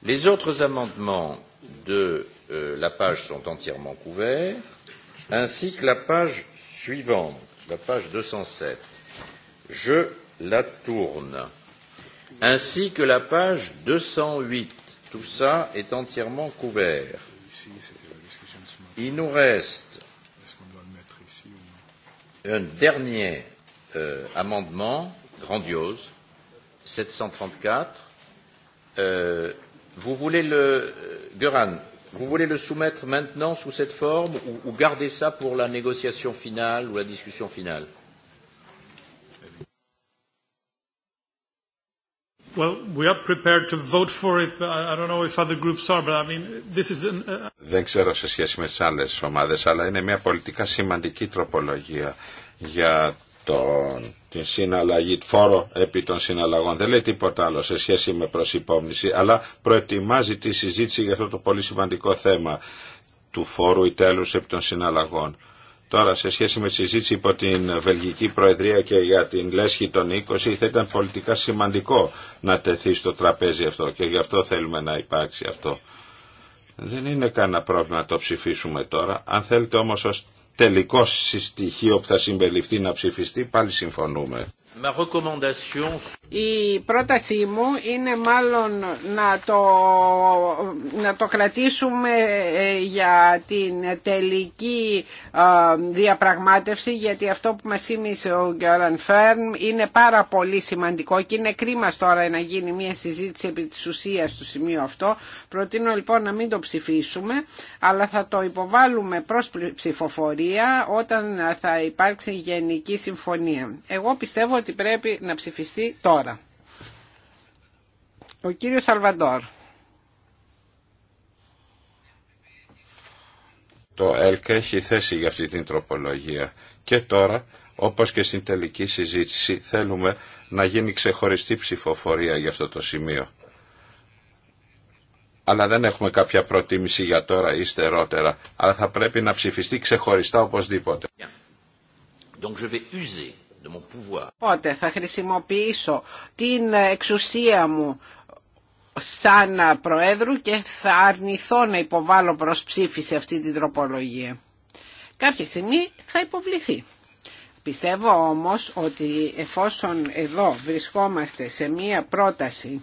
Les autres amendements de la page sont entièrement couverts, ainsi que la page suivante, la page 207. Je la tourne ainsi que la page 208. Tout cela est entièrement couvert. Il nous reste un dernier amendement grandiose, 734. Vous voulez le, Göran, vous voulez le soumettre maintenant sous cette forme ou garder ça pour la négociation finale ou la discussion finale Δεν ξέρω σε σχέση με τι άλλε ομάδε, αλλά είναι μια πολιτικά σημαντική τροπολογία για τον, την συναλλαγή, φόρο επί των συναλλαγών. Δεν λέει τίποτα άλλο σε σχέση με προσυπόμνηση, αλλά προετοιμάζει τη συζήτηση για αυτό το πολύ σημαντικό θέμα του φόρου ή τελου επί των συναλλαγών. Τώρα σε σχέση με τη συζήτηση υπό την Βελγική Προεδρία και για την λέσχη των 20 θα ήταν πολιτικά σημαντικό να τεθεί στο τραπέζι αυτό και γι' αυτό θέλουμε να υπάρξει αυτό. Δεν είναι κανένα πρόβλημα να το ψηφίσουμε τώρα. Αν θέλετε όμως ως τελικό στοιχείο που θα συμπεριληφθεί να ψηφιστεί πάλι συμφωνούμε. Η πρότασή μου είναι μάλλον να το, κρατήσουμε ε, για την τελική ε, διαπραγμάτευση γιατί αυτό που μας σήμισε ο Γκέραν Φέρν είναι πάρα πολύ σημαντικό και είναι κρίμα τώρα να γίνει μια συζήτηση επί της ουσίας του σημείου αυτό. Προτείνω λοιπόν να μην το ψηφίσουμε αλλά θα το υποβάλουμε προς ψηφοφορία όταν θα υπάρξει γενική συμφωνία. Εγώ πιστεύω ότι πρέπει να ψηφιστεί τώρα. Ο κύριος Σαλβαντόρ. Το ΕΛΚ έχει θέση για αυτή την τροπολογία και τώρα όπως και στην τελική συζήτηση θέλουμε να γίνει ξεχωριστή ψηφοφορία για αυτό το σημείο. Αλλά δεν έχουμε κάποια προτίμηση για τώρα ή στερότερα. Αλλά θα πρέπει να ψηφιστεί ξεχωριστά οπωσδήποτε. Donc je vais Οπότε θα χρησιμοποιήσω την εξουσία μου σαν Προέδρου και θα αρνηθώ να υποβάλω προς ψήφιση αυτή την τροπολογία. Κάποια στιγμή θα υποβληθεί. Πιστεύω όμως ότι εφόσον εδώ βρισκόμαστε σε μία πρόταση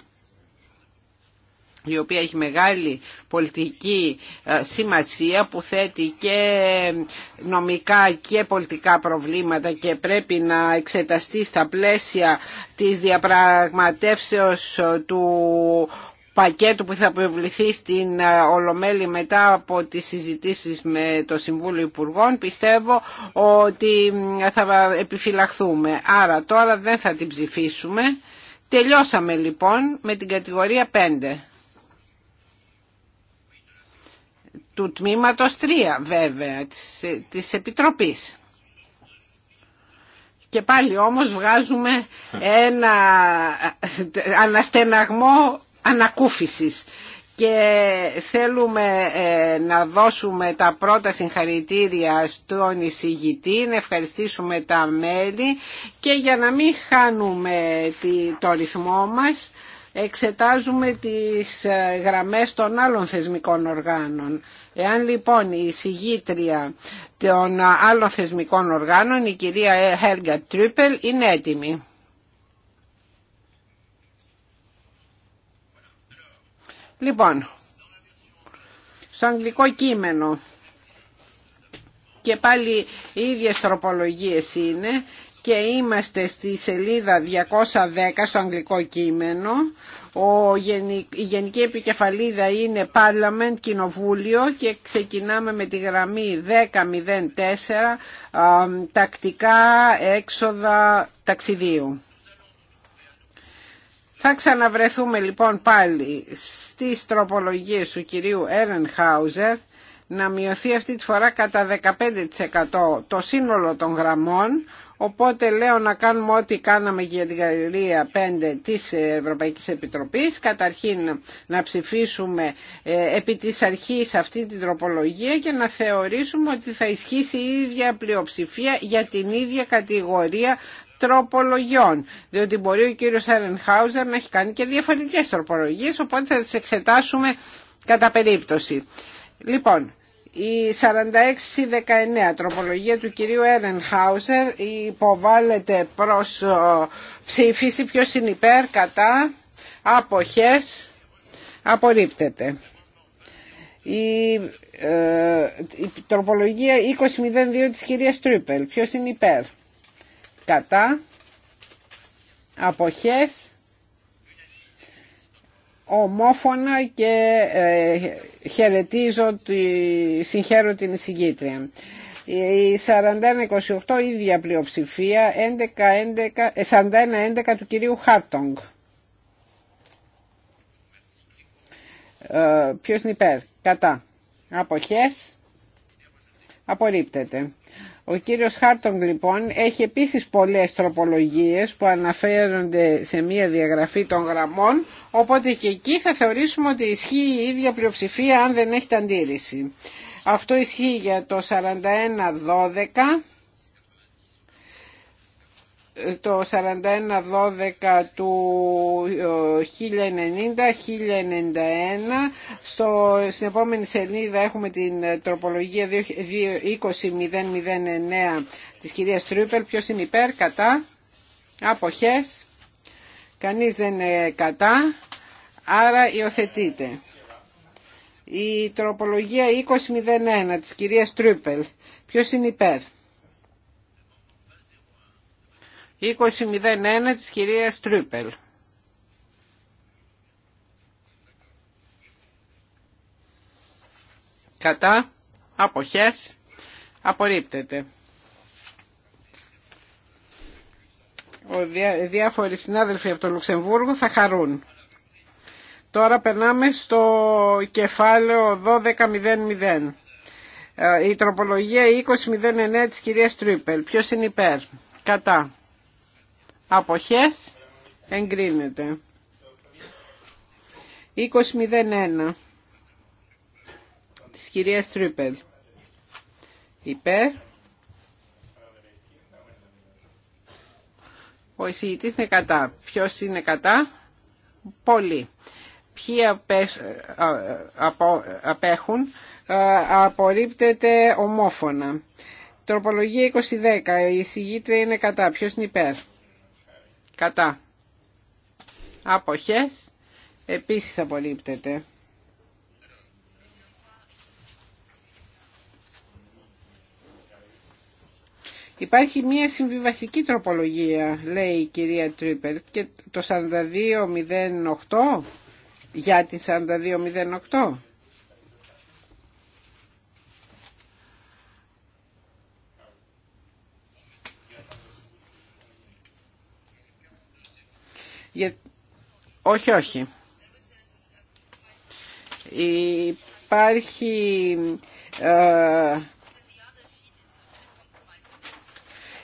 η οποία έχει μεγάλη πολιτική ε, σημασία που θέτει και νομικά και πολιτικά προβλήματα και πρέπει να εξεταστεί στα πλαίσια της διαπραγματεύσεως του πακέτου που θα προβληθεί στην ε, Ολομέλη μετά από τις συζητήσεις με το Συμβούλιο Υπουργών πιστεύω ότι θα επιφυλαχθούμε. Άρα τώρα δεν θα την ψηφίσουμε. Τελειώσαμε λοιπόν με την κατηγορία 5. του τμήματος 3 βέβαια της, της Επιτροπής. Και πάλι όμως βγάζουμε ένα αναστεναγμό ανακούφισης και θέλουμε ε, να δώσουμε τα πρώτα συγχαρητήρια στον εισηγητή, να ευχαριστήσουμε τα μέλη και για να μην χάνουμε το ρυθμό μας εξετάζουμε τις ε, γραμμές των άλλων θεσμικών οργάνων. Εάν λοιπόν η συγγήτρια των άλλων θεσμικών οργάνων, η κυρία Helga Τρίπελ, είναι έτοιμη. Λοιπόν, στο αγγλικό κείμενο και πάλι οι ίδιες τροπολογίες είναι και είμαστε στη σελίδα 210 στο αγγλικό κείμενο. Ο, η γενική επικεφαλίδα είναι Parliament Κοινοβούλιο και ξεκινάμε με τη γραμμή 1004 τακτικά έξοδα ταξιδίου. Θα ξαναβρεθούμε λοιπόν πάλι στις τροπολογίες του κυρίου Έρενχάουζερ να μειωθεί αυτή τη φορά κατά 15% το σύνολο των γραμμών Οπότε λέω να κάνουμε ό,τι κάναμε για την Γαλλία 5 της Ευρωπαϊκής Επιτροπής. Καταρχήν να ψηφίσουμε ε, επί της αρχής αυτή την τροπολογία και να θεωρήσουμε ότι θα ισχύσει η ίδια πλειοψηφία για την ίδια κατηγορία τροπολογιών. Διότι μπορεί ο κύριος Αρενχάουζερ να έχει κάνει και διαφορετικές τροπολογίες, οπότε θα τις εξετάσουμε κατά περίπτωση. Λοιπόν, η 46 4619 τροπολογία του κυρίου Έρενχάουζερ υποβάλλεται προς ψήφιση ποιος είναι υπέρ, κατά, αποχές, απορρίπτεται. Η, ε, η τροπολογία 2002 της κυρίας Τρίπελ, ποιος είναι υπέρ, κατά, αποχές, ομόφωνα και ε, χαιρετίζω, συγχαίρω την εισηγήτρια. Η 41-28 ίδια πλειοψηφία, 41-11 ε, του κυρίου Χάρτογκ. Ε, ποιος είναι υπέρ, κατά, αποχές, απορρίπτεται. Ο κύριος Χάρτονγκ λοιπόν έχει επίσης πολλές τροπολογίες που αναφέρονται σε μία διαγραφή των γραμμών οπότε και εκεί θα θεωρήσουμε ότι ισχύει η ίδια πλειοψηφία αν δεν έχει ταντήρηση. Αυτό ισχύει για το 41-12 το 41-12 του 1090-1091 ε, στο, στην επόμενη σελίδα έχουμε την ε, τροπολογία 20.009 της κυρίας Τρύπελ. ποιος είναι υπέρ, κατά αποχές κανείς δεν είναι κατά άρα υιοθετείται η τροπολογία 20.01 της κυρίας Τρούπελ. ποιος είναι υπέρ 2001 της κυρίας τρύπελ. Κατά αποχές απορρίπτεται. Ο διά, διάφοροι συνάδελφοι από το Λουξεμβούργο θα χαρούν. Τώρα περνάμε στο κεφάλαιο 12.00. Ε, η τροπολογία 20.09 της κυρίας τρύπελ. Ποιος είναι υπέρ. Κατά αποχές εγκρίνεται 20.01 της κυρία Τρίπελ υπέρ ο εισηγητής είναι κατά ποιος είναι κατά Πολλοί. ποιοι απέχουν απορρίπτεται ομόφωνα τροπολογία 2010 η εισηγήτρια είναι κατά ποιος είναι υπέρ κατά αποχές επίσης απολύπτεται. Υπάρχει μια συμβιβαστική τροπολογία, λέει η κυρία Τρίπερ, και το 4208 για την 4208. Όχι, όχι. Υπάρχει... Ε,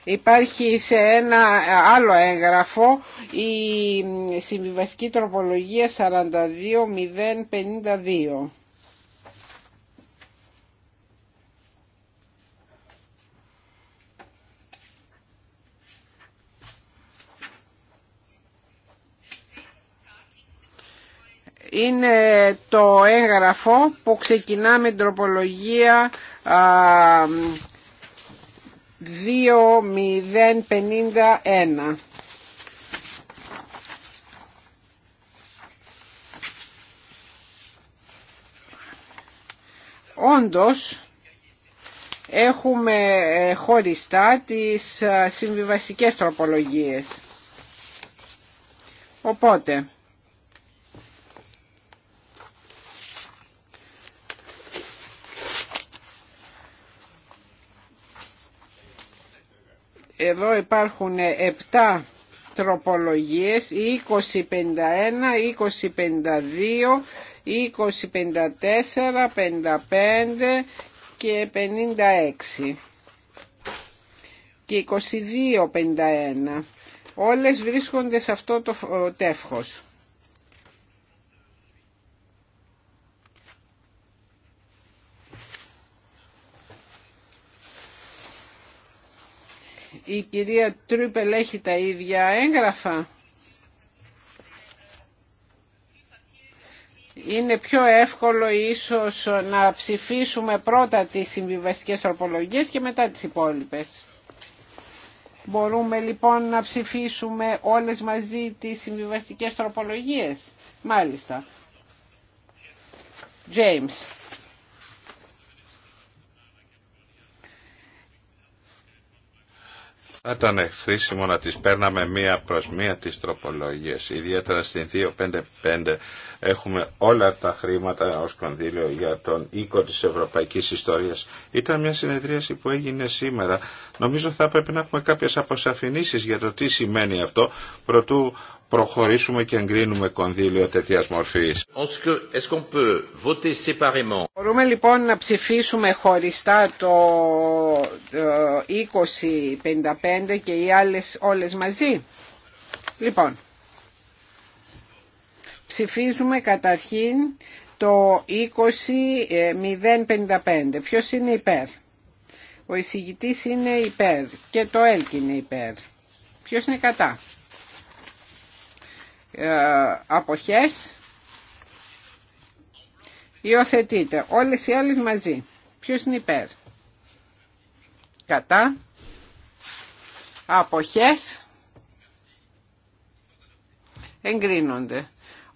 υπάρχει σε ένα άλλο έγγραφο η συμβιβαστική τροπολογία 42052. είναι το έγγραφο που ξεκινά με τροπολογία 2051. Όντως, έχουμε ε, χωριστά τις συμβιβαστικές τροπολογίες. Οπότε, Εδώ υπάρχουν 7 τροπολογίες, 20, 51, 20, 52, 20, 54, 55 και 56 και 22, 51. Όλες βρίσκονται σε αυτό το τεύχος. Η κυρία Τρίπελ έχει τα ίδια έγγραφα. είναι πιο εύκολο ίσως να ψηφίσουμε πρώτα τις συμβιβαστικές τροπολογίες και μετά τις υπόλοιπες. Μπορούμε λοιπόν να ψηφίσουμε όλες μαζί τις συμβιβαστικές τροπολογίες. Μάλιστα. James. Θα ήταν χρήσιμο να τις παίρναμε μία προς μία τις τροπολογίες. Ιδιαίτερα στην 255 έχουμε όλα τα χρήματα ως κονδύλιο για τον οίκο της ευρωπαϊκής ιστορίας. Ήταν μια συνεδρίαση που έγινε σήμερα. Νομίζω θα πρέπει να έχουμε κάποιες αποσαφηνήσεις για το τι σημαίνει αυτό προτού προχωρήσουμε και εγκρίνουμε κονδύλιο τέτοια μορφή. Μπορούμε λοιπόν να ψηφίσουμε χωριστά το 20-55 ε, ε, και οι άλλες όλες μαζί. Λοιπόν, ψηφίζουμε καταρχήν το 20-055. Ε, Ποιος είναι υπέρ. Ο εισηγητής είναι υπέρ και το ΕΛΚ είναι υπέρ. Ποιος είναι κατά. Ε, αποχές. Υιοθετείτε όλες οι άλλες μαζί. Ποιος είναι υπέρ κατά αποχές εγκρίνονται.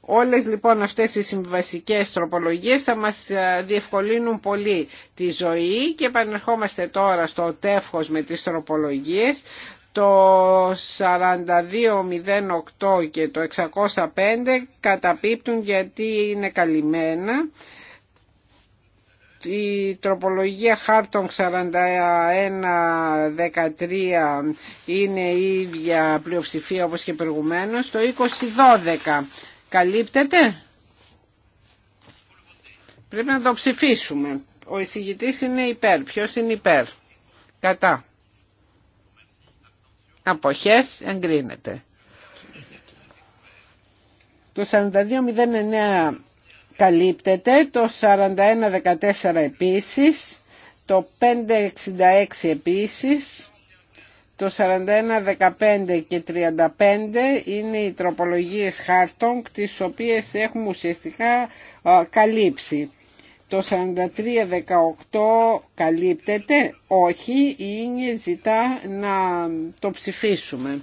Όλες λοιπόν αυτές οι συμβασικές τροπολογίες θα μας ε, διευκολύνουν πολύ τη ζωή και επανερχόμαστε τώρα στο τεύχος με τις τροπολογίες το 4208 και το 605 καταπίπτουν γιατί είναι καλυμμένα η τροπολογία χάρτων 41-13 είναι η ίδια πλειοψηφία όπως και προηγουμένως. Το 2012 καλύπτεται. Πρέπει να το ψηφίσουμε. Ο εισηγητής είναι υπέρ. Ποιος είναι υπέρ. Κατά. Αποχές εγκρίνεται. Το 42-09 καλύπτεται, το 4114 επίσης, το 566 επίσης, το 4115 και 35 είναι οι τροπολογίες χάρτων τις οποίες έχουμε ουσιαστικά καλύψει. Το 4318 καλύπτεται, όχι, είναι ζητά να το ψηφίσουμε.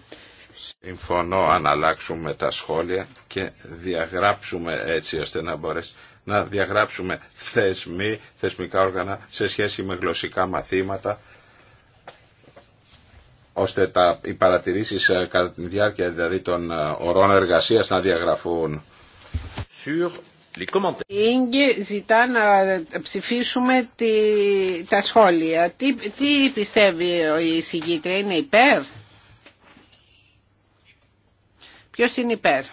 Συμφωνώ αν αλλάξουμε τα σχόλια και διαγράψουμε έτσι ώστε να μπορέσει να διαγράψουμε θεσμοί, θεσμικά όργανα σε σχέση με γλωσσικά μαθήματα ώστε τα, οι παρατηρήσεις ε, κατά τη διάρκεια δηλαδή των ε, ορών εργασίας να διαγραφούν. Sur Ίγκη ζητά να ψηφίσουμε τη, τα σχόλια. Τι, τι πιστεύει η συγκίτρια, είναι υπέρ? Ποιος είναι υπέρ.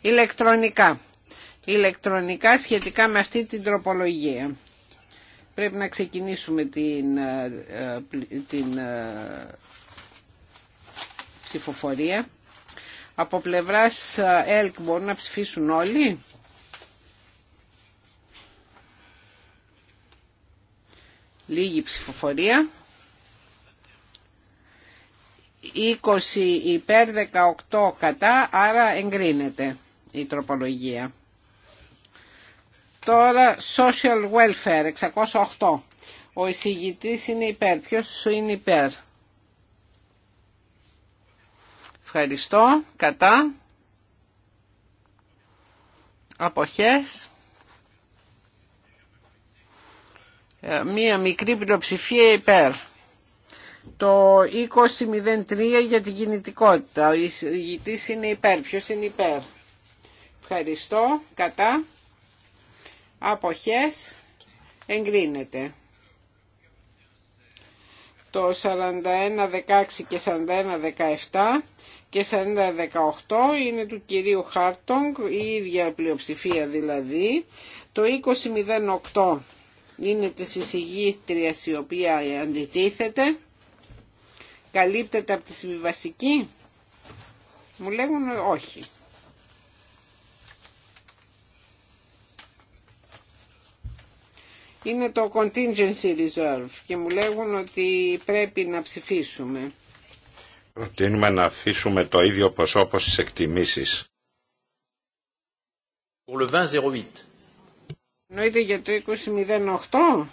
Ηλεκτρονικά. Ηλεκτρονικά σχετικά με αυτή την τροπολογία. Πρέπει να ξεκινήσουμε την, ε, ε, την ε, ψηφοφορία. Από πλευράς ΕΛΚ μπορούν να ψηφίσουν όλοι. Λίγη ψηφοφορία. 20 υπέρ 18 κατά, άρα εγκρίνεται η τροπολογία. Τώρα social welfare 608. Ο εισηγητής είναι υπέρ. Ποιος σου είναι υπέρ. Ευχαριστώ. Κατά. Αποχές. Ε, μία μικρή πλειοψηφία υπέρ το 2003 για την κινητικότητα. Ο εισηγητής είναι υπέρ. Ποιος είναι υπέρ. Ευχαριστώ. Κατά. Αποχές. Εγκρίνεται. Το 41.16 και 41 και 40 είναι του κυρίου Χάρτονγκ, η ίδια πλειοψηφία δηλαδή. Το 20.08 είναι της εισηγήτριας η οποία αντιτίθεται καλύπτεται από τη συμβιβαστική. Μου λέγουν όχι. Είναι το contingency reserve και μου λέγουν ότι πρέπει να ψηφίσουμε. Προτείνουμε να αφήσουμε το ίδιο ποσό όπως στις εκτιμήσεις. Εννοείται για το 2008.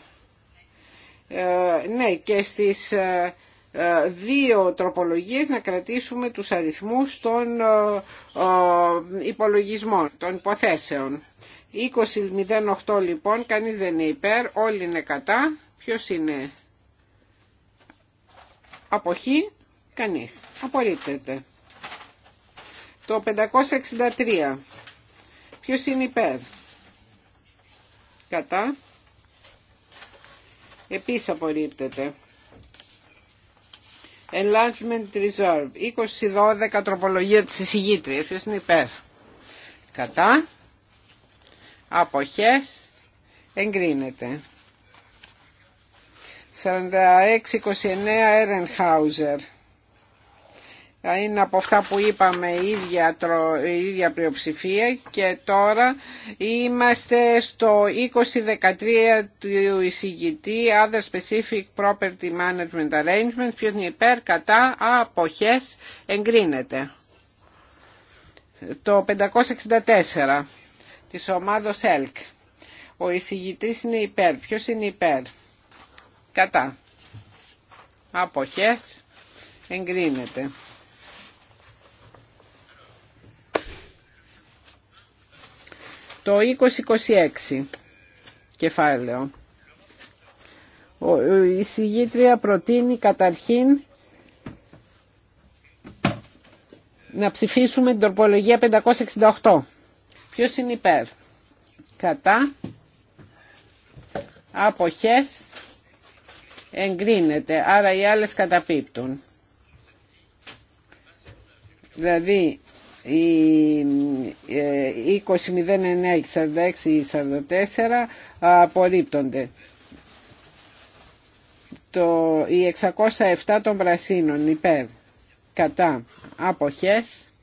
Ε, ναι και στις ε, ε, δύο τροπολογίες να κρατήσουμε τους αριθμούς των ε, ε, υπολογισμών, των υποθέσεων. 20.08 λοιπόν, κανείς δεν είναι υπέρ, όλοι είναι κατά. Ποιος είναι αποχή, κανείς. Απορρίπτεται. Το 563. Ποιος είναι υπέρ. Κατά. Επίσης απορρίπτεται. Enlargement Reserve. 20-12 τροπολογία της εισηγήτριας. Ποιος είναι υπέρ. Κατά. Αποχές. Εγκρίνεται. 46-29 Ερενχάουζερ είναι από αυτά που είπαμε η ίδια, η ίδια πλειοψηφία και τώρα είμαστε στο 2013 του εισηγητή Other Specific Property Management Arrangement ποιος είναι υπέρ, κατά, αποχές, εγκρίνεται. Το 564 της ομάδος ΕΛΚ. Ο εισηγητής είναι υπέρ. Ποιος είναι υπέρ. Κατά. Αποχές εγκρίνεται. Το 2026 κεφάλαιο. Η συγγήτρια προτείνει καταρχήν να ψηφίσουμε την τροπολογία 568. Ποιος είναι υπέρ. Κατά. Αποχές. Εγκρίνεται. Άρα οι άλλες καταπίπτουν. Δηλαδή οι 20.09 46-44 απορρίπτονται. Το, η 607 των πρασίνων υπέρ κατά αποχές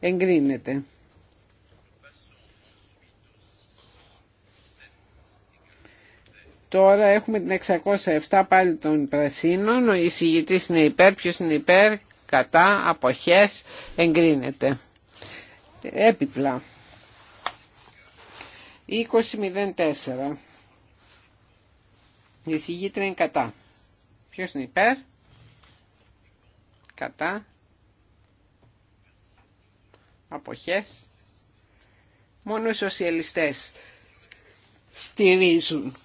εγκρίνεται. Τώρα έχουμε την 607 πάλι των πρασίνων. Ο εισηγητής είναι υπέρ. Ποιος είναι υπέρ κατά αποχές εγκρίνεται έπιπλα 20.04 η είναι κατά ποιος είναι υπέρ κατά αποχές μόνο οι σοσιαλιστές στηρίζουν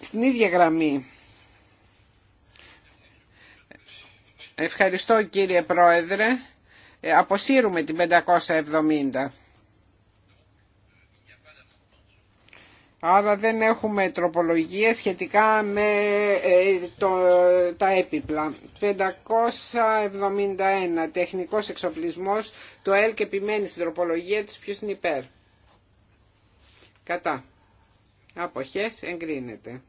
στην ίδια γραμμή Ευχαριστώ κύριε Πρόεδρε. Ε, αποσύρουμε την 570. Άρα δεν έχουμε τροπολογία σχετικά με ε, το, τα έπιπλα. 571. Τεχνικός εξοπλισμός. Το ΕΛΚ επιμένει στην τροπολογία της. Ποιος είναι υπέρ. Κατά. Αποχές εγκρίνεται.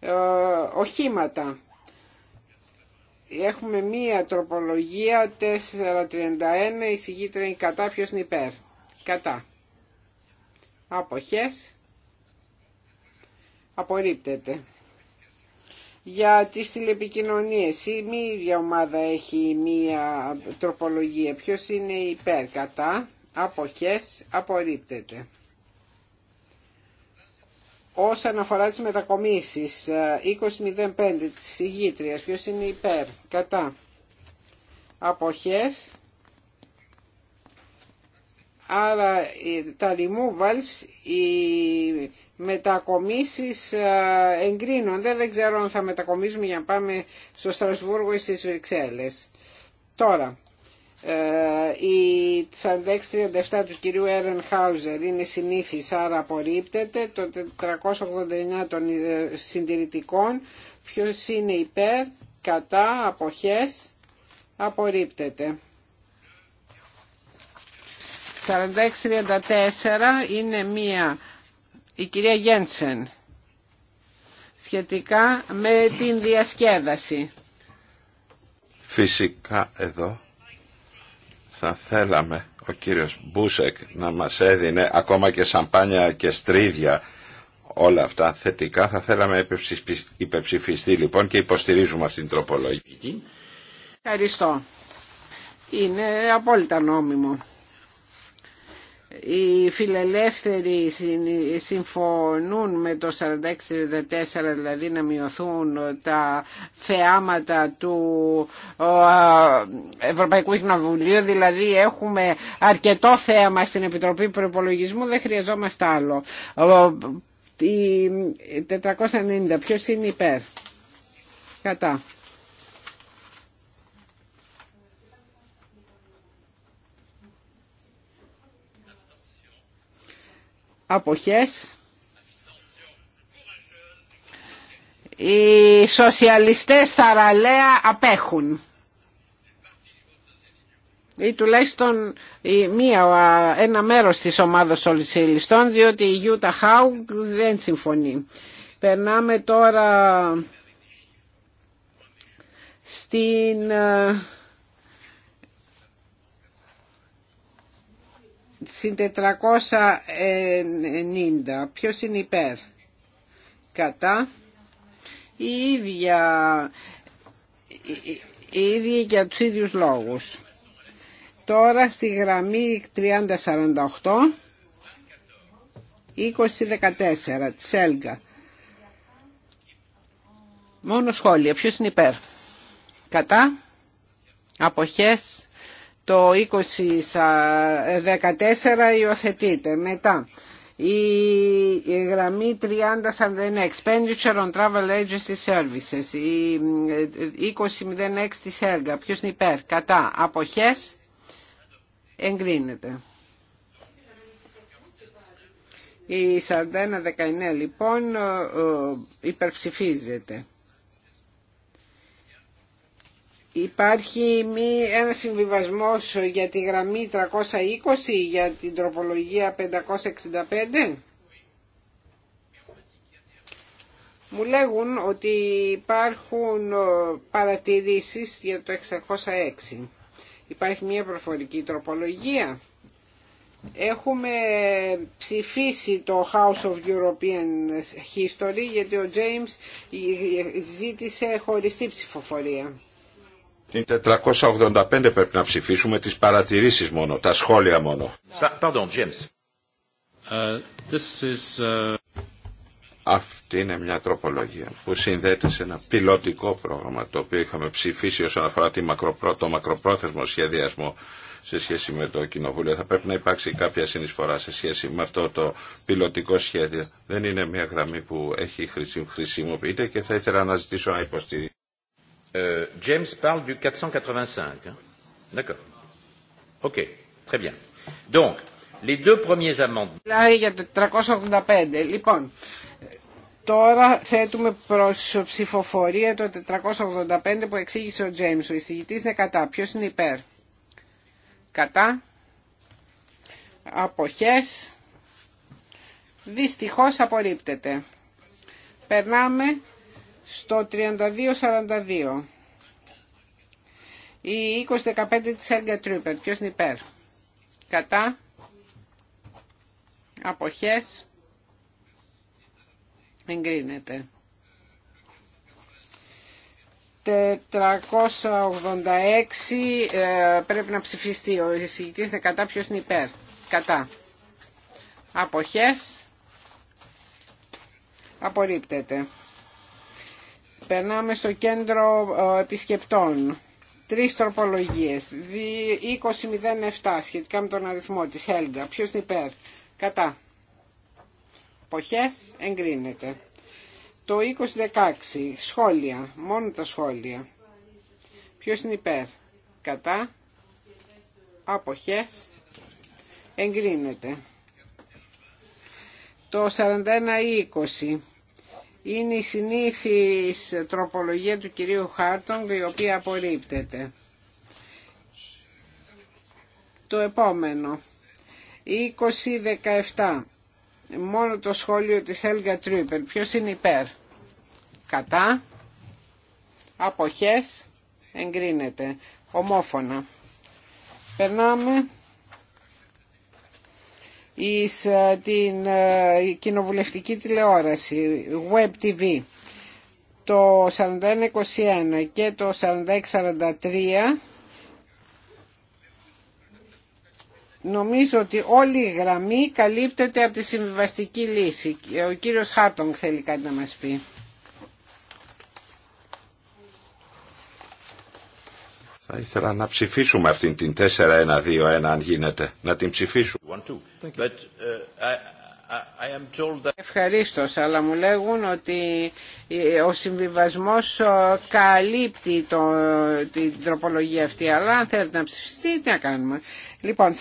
Ε, οχήματα. Έχουμε μία τροπολογία 431 εισηγήτρια είναι κατά ποιος είναι υπέρ. Κατά. Αποχές. Απορρίπτεται. Για τις τηλεπικοινωνίες η μία ομάδα έχει μία τροπολογία. Ποιος είναι υπέρ κατά. Αποχές. Απορρίπτεται όσον αφορά τις μετακομίσεις 20.05 ε, της ηγήτριας ποιος είναι υπέρ κατά αποχές άρα τα removals οι μετακομίσεις ε, εγκρίνονται δεν ξέρω αν θα μετακομίζουμε για να πάμε στο Στρασβούργο ή στις Βρυξέλλες τώρα ε, η 4637 του κυρίου Έρεν Χάουζερ είναι συνήθις άρα απορρίπτεται το 489 των ε, συντηρητικών ποιος είναι υπέρ κατά αποχές απορρίπτεται 4634 είναι μία η κυρία Γένσεν σχετικά με την διασκέδαση Φυσικά εδώ θα θέλαμε ο κύριος Μπούσεκ να μας έδινε ακόμα και σαμπάνια και στρίδια όλα αυτά θετικά θα θέλαμε υπεψηφιστή λοιπόν και υποστηρίζουμε αυτήν την τροπολογία. Ευχαριστώ. Είναι απόλυτα νόμιμο οι φιλελεύθεροι συμφωνούν με το 46-34 δηλαδή να μειωθούν τα θεάματα του Ευρωπαϊκού Κοινοβουλίου δηλαδή έχουμε αρκετό θέαμα στην Επιτροπή Προπολογισμού δεν χρειαζόμαστε άλλο η 490 ποιος είναι υπέρ κατά αποχές οι σοσιαλιστές θαραλέα απέχουν ή τουλάχιστον μία, ένα μέρος της ομάδας σοσιαλιστών διότι η Γιούτα Χάου δεν συμφωνεί. Περνάμε τώρα στην ε, Συν 490. Ποιος είναι υπέρ. Κατά. Η ίδια, για τους ίδιους λόγους. Τώρα στη γραμμή 3048, 2014 της ΕΛΓΑ. Μόνο σχόλια. Ποιος είναι υπέρ. Κατά. Αποχές το 2014 υιοθετείται. Μετά η γραμμή 3041 Expenditure on Travel Agency Services η 2006 της έργα ποιος είναι υπέρ κατά αποχές εγκρίνεται η 19 λοιπόν υπερψηφίζεται Υπάρχει μη, ένα συμβιβασμός για τη γραμμή 320 για την τροπολογία 565. Μου λέγουν ότι υπάρχουν ε, παρατηρήσεις για το 606. Υπάρχει μια προφορική τροπολογία. Έχουμε ψηφίσει το House of European History γιατί ο James ζήτησε χωριστή ψηφοφορία. Την 485 πρέπει να ψηφίσουμε τις παρατηρήσεις μόνο, τα σχόλια μόνο. Pardon, James. Ε, this is, uh... Αυτή είναι μια τροπολογία που συνδέεται σε ένα πιλωτικό πρόγραμμα το οποίο είχαμε ψηφίσει όσον αφορά το μακροπρόθεσμο σχεδιασμό σε σχέση με το Κοινοβούλιο. Θα πρέπει να υπάρξει κάποια συνεισφορά σε σχέση με αυτό το πιλωτικό σχέδιο. Δεν είναι μια γραμμή που έχει χρησιμοποιείται και θα ήθελα να ζητήσω να υποστηρίξω. Euh, James parle du 485. D'accord. OK. Très bien. Donc, les deux premiers amendements. Là, για το 385. Λοιπόν, τώρα θέτουμε προ ψηφοφορία το 485 που εξήγησε ο Τζέιμ. Ο εισηγητή είναι κατά. Ποιο είναι υπέρ. Κατά. αποχέ. Δυστυχώ, απορρίπτεται. Περνάμε στο 32-42. Η 20-15 της Έργα Τρούπερ. Ποιος είναι υπέρ. Κατά. Αποχές. Εγκρίνεται. 486 ε, πρέπει να ψηφιστεί. Ο εισηγητής είναι κατά. Ποιος είναι υπέρ. Κατά. Αποχές. Απορρίπτεται. Περνάμε στο κέντρο ε, επισκεπτών. Τρεις τροπολογίες. 20.07 σχετικά με τον αριθμό της Έλγα. Ποιος είναι υπέρ. Κατά. Αποχές. εγκρίνεται. Το 2016. Σχόλια. Μόνο τα σχόλια. Ποιος είναι υπέρ. Κατά. Αποχές. Εγκρίνεται. Το 41-20 είναι η συνήθις τροπολογία του κυρίου Χάρτονγκ η οποία απορρίπτεται. Το επόμενο, 2017, μόνο το σχόλιο της Έλγα Τρύπερ. ποιος είναι υπέρ, κατά, αποχές, εγκρίνεται, ομόφωνα. Περνάμε εις ε, την ε, κοινοβουλευτική τηλεόραση, Web TV, το 4121 και το 4643 Νομίζω ότι όλη η γραμμή καλύπτεται από τη συμβιβαστική λύση. Ο κύριος Χάρτονγκ θέλει κάτι να μας πει. Θα ήθελα να ψηφίσουμε αυτήν την 4-1-2-1 αν γίνεται. Να την ψηφίσουμε. Uh, Ευχαρίστω, αλλά μου λέγουν ότι ε, ο συμβιβασμός ε, καλύπτει το, την τροπολογία αυτή. Αλλά αν θέλετε να ψηφιστεί, τι να κάνουμε. Λοιπόν, 41-21,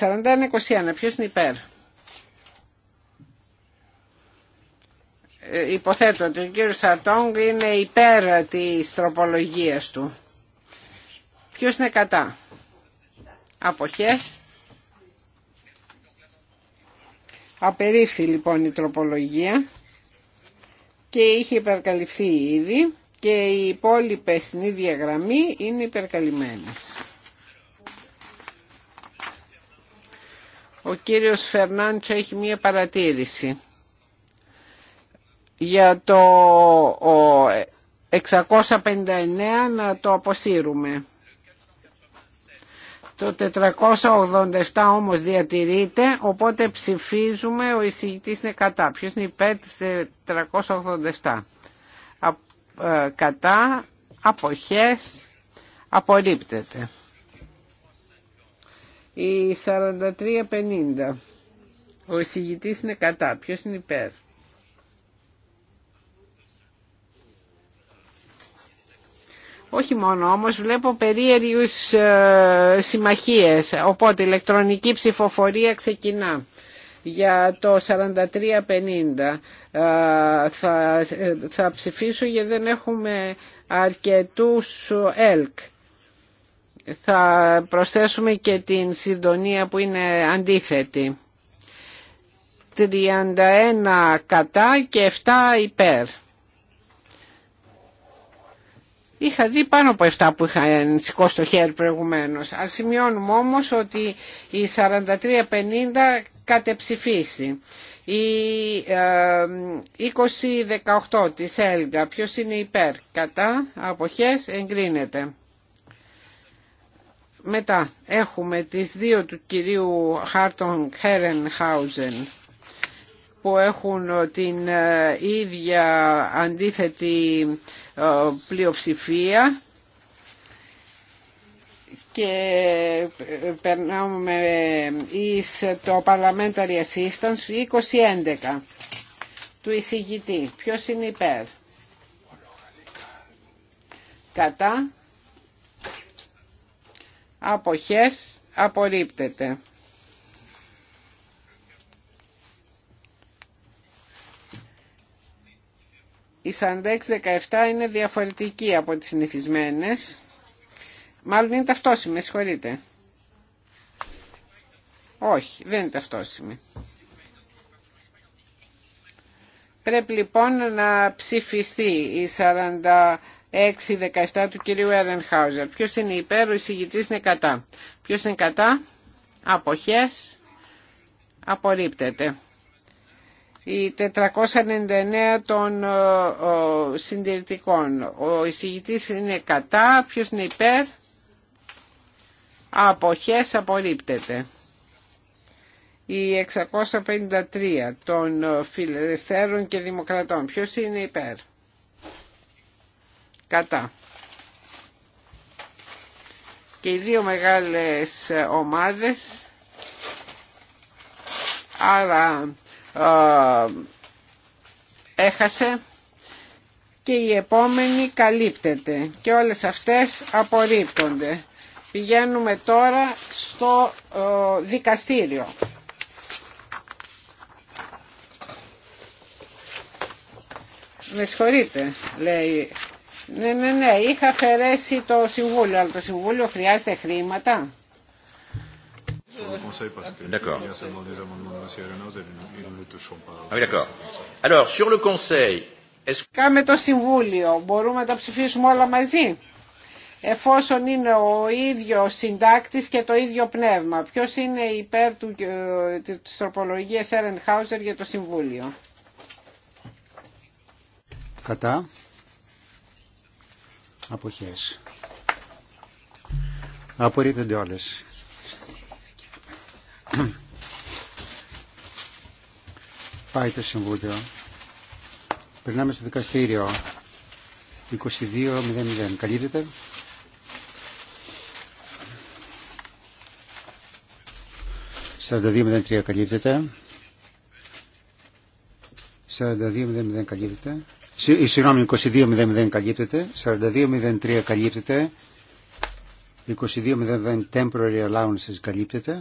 ποιος είναι υπέρ. Ε, υποθέτω ότι ο κύριος Σαρτόγκ είναι υπέρ της τροπολογίας του. Ποιος είναι κατά. Αποχές. Απερίφθη λοιπόν η τροπολογία και είχε υπερκαλυφθεί ήδη και οι υπόλοιπε στην ίδια γραμμή είναι υπερκαλυμμένες. Ο κύριος Φερνάντσο έχει μία παρατήρηση για το 659 να το αποσύρουμε. Το 487 όμως διατηρείται, οπότε ψηφίζουμε, ο εισηγητής είναι κατά. Ποιος είναι υπέρ της 487. Ε, κατά, αποχές, απορρίπτεται. Η 4350. Ο εισηγητής είναι κατά. Ποιος είναι υπέρ. όχι μόνο όμως βλέπω περίεργους ε, συμμαχίες. Οπότε ηλεκτρονική ψηφοφορία ξεκινά. Για το 4350 ε, θα, θα ψηφίσω γιατί δεν έχουμε αρκετούς ΕΛΚ. Θα προσθέσουμε και την συντονία που είναι αντίθετη. 31 κατά και 7 υπέρ. Είχα δει πάνω από 7 που είχα σηκώσει το χέρι προηγουμένως. Α σημειώνουμε όμως ότι η 4350 κατεψηφίσει. Η ε, 2018 της ΕΛΓΑ, ποιος είναι υπέρ, κατά, αποχές, εγκρίνεται. Μετά έχουμε τις δύο του κυρίου Χάρτον Χέρενχάουζεν που έχουν την ε, ίδια αντίθετη ε, πλειοψηφία και ε, περνάμε εις το Parliamentary Assistance 2011 του εισηγητή. Ποιος είναι υπέρ. Κατά. Αποχές απορρίπτεται. Η 46 17 είναι διαφορετική από τις συνηθισμένες. Μάλλον είναι ταυτόσιμη, συγχωρείτε. Όχι, δεν είναι ταυτόσιμη. Πρέπει λοιπόν να ψηφιστεί η 46-17 του κυρίου Ερενχάουζερ. Ποιος είναι υπέρ, ο εισηγητής είναι κατά. Ποιος είναι κατά, αποχές, απορρίπτεται η 499 των ε, συντηρητικών. Ο εισηγητής είναι κατά, ποιος είναι υπέρ. Αποχές απορρίπτεται. Η 653 των ε, φιλελευθέρων και δημοκρατών. Ποιος είναι υπέρ. Κατά. Και οι δύο μεγάλες ομάδες. Άρα έχασε και η επόμενη καλύπτεται και όλες αυτές απορρίπτονται. Πηγαίνουμε τώρα στο ε, δικαστήριο. Με συγχωρείτε, λέει. Ναι, ναι, ναι, είχα αφαιρέσει το Συμβούλιο, αλλά το Συμβούλιο χρειάζεται χρήματα sur Κάμε το Συμβούλιο, μπορούμε να τα ψηφίσουμε όλα μαζί εφόσον είναι ο ίδιος συντάκτης και το ίδιο πνεύμα. Ποιος είναι υπέρ του, ε, της τροπολογίας Χάουζερ για το Συμβούλιο. Κατά. Αποχές. Απορρίπτονται όλες. Πάει το Συμβούλιο. Περνάμε στο δικαστήριο. 22.00. Καλύπτεται. 42.03 καλύπτεται. 42.00 καλύπτεται. Ε, συγγνώμη, 22.00 καλύπτεται. 42.03 καλύπτεται. 22.00 temporary allowances καλύπτεται.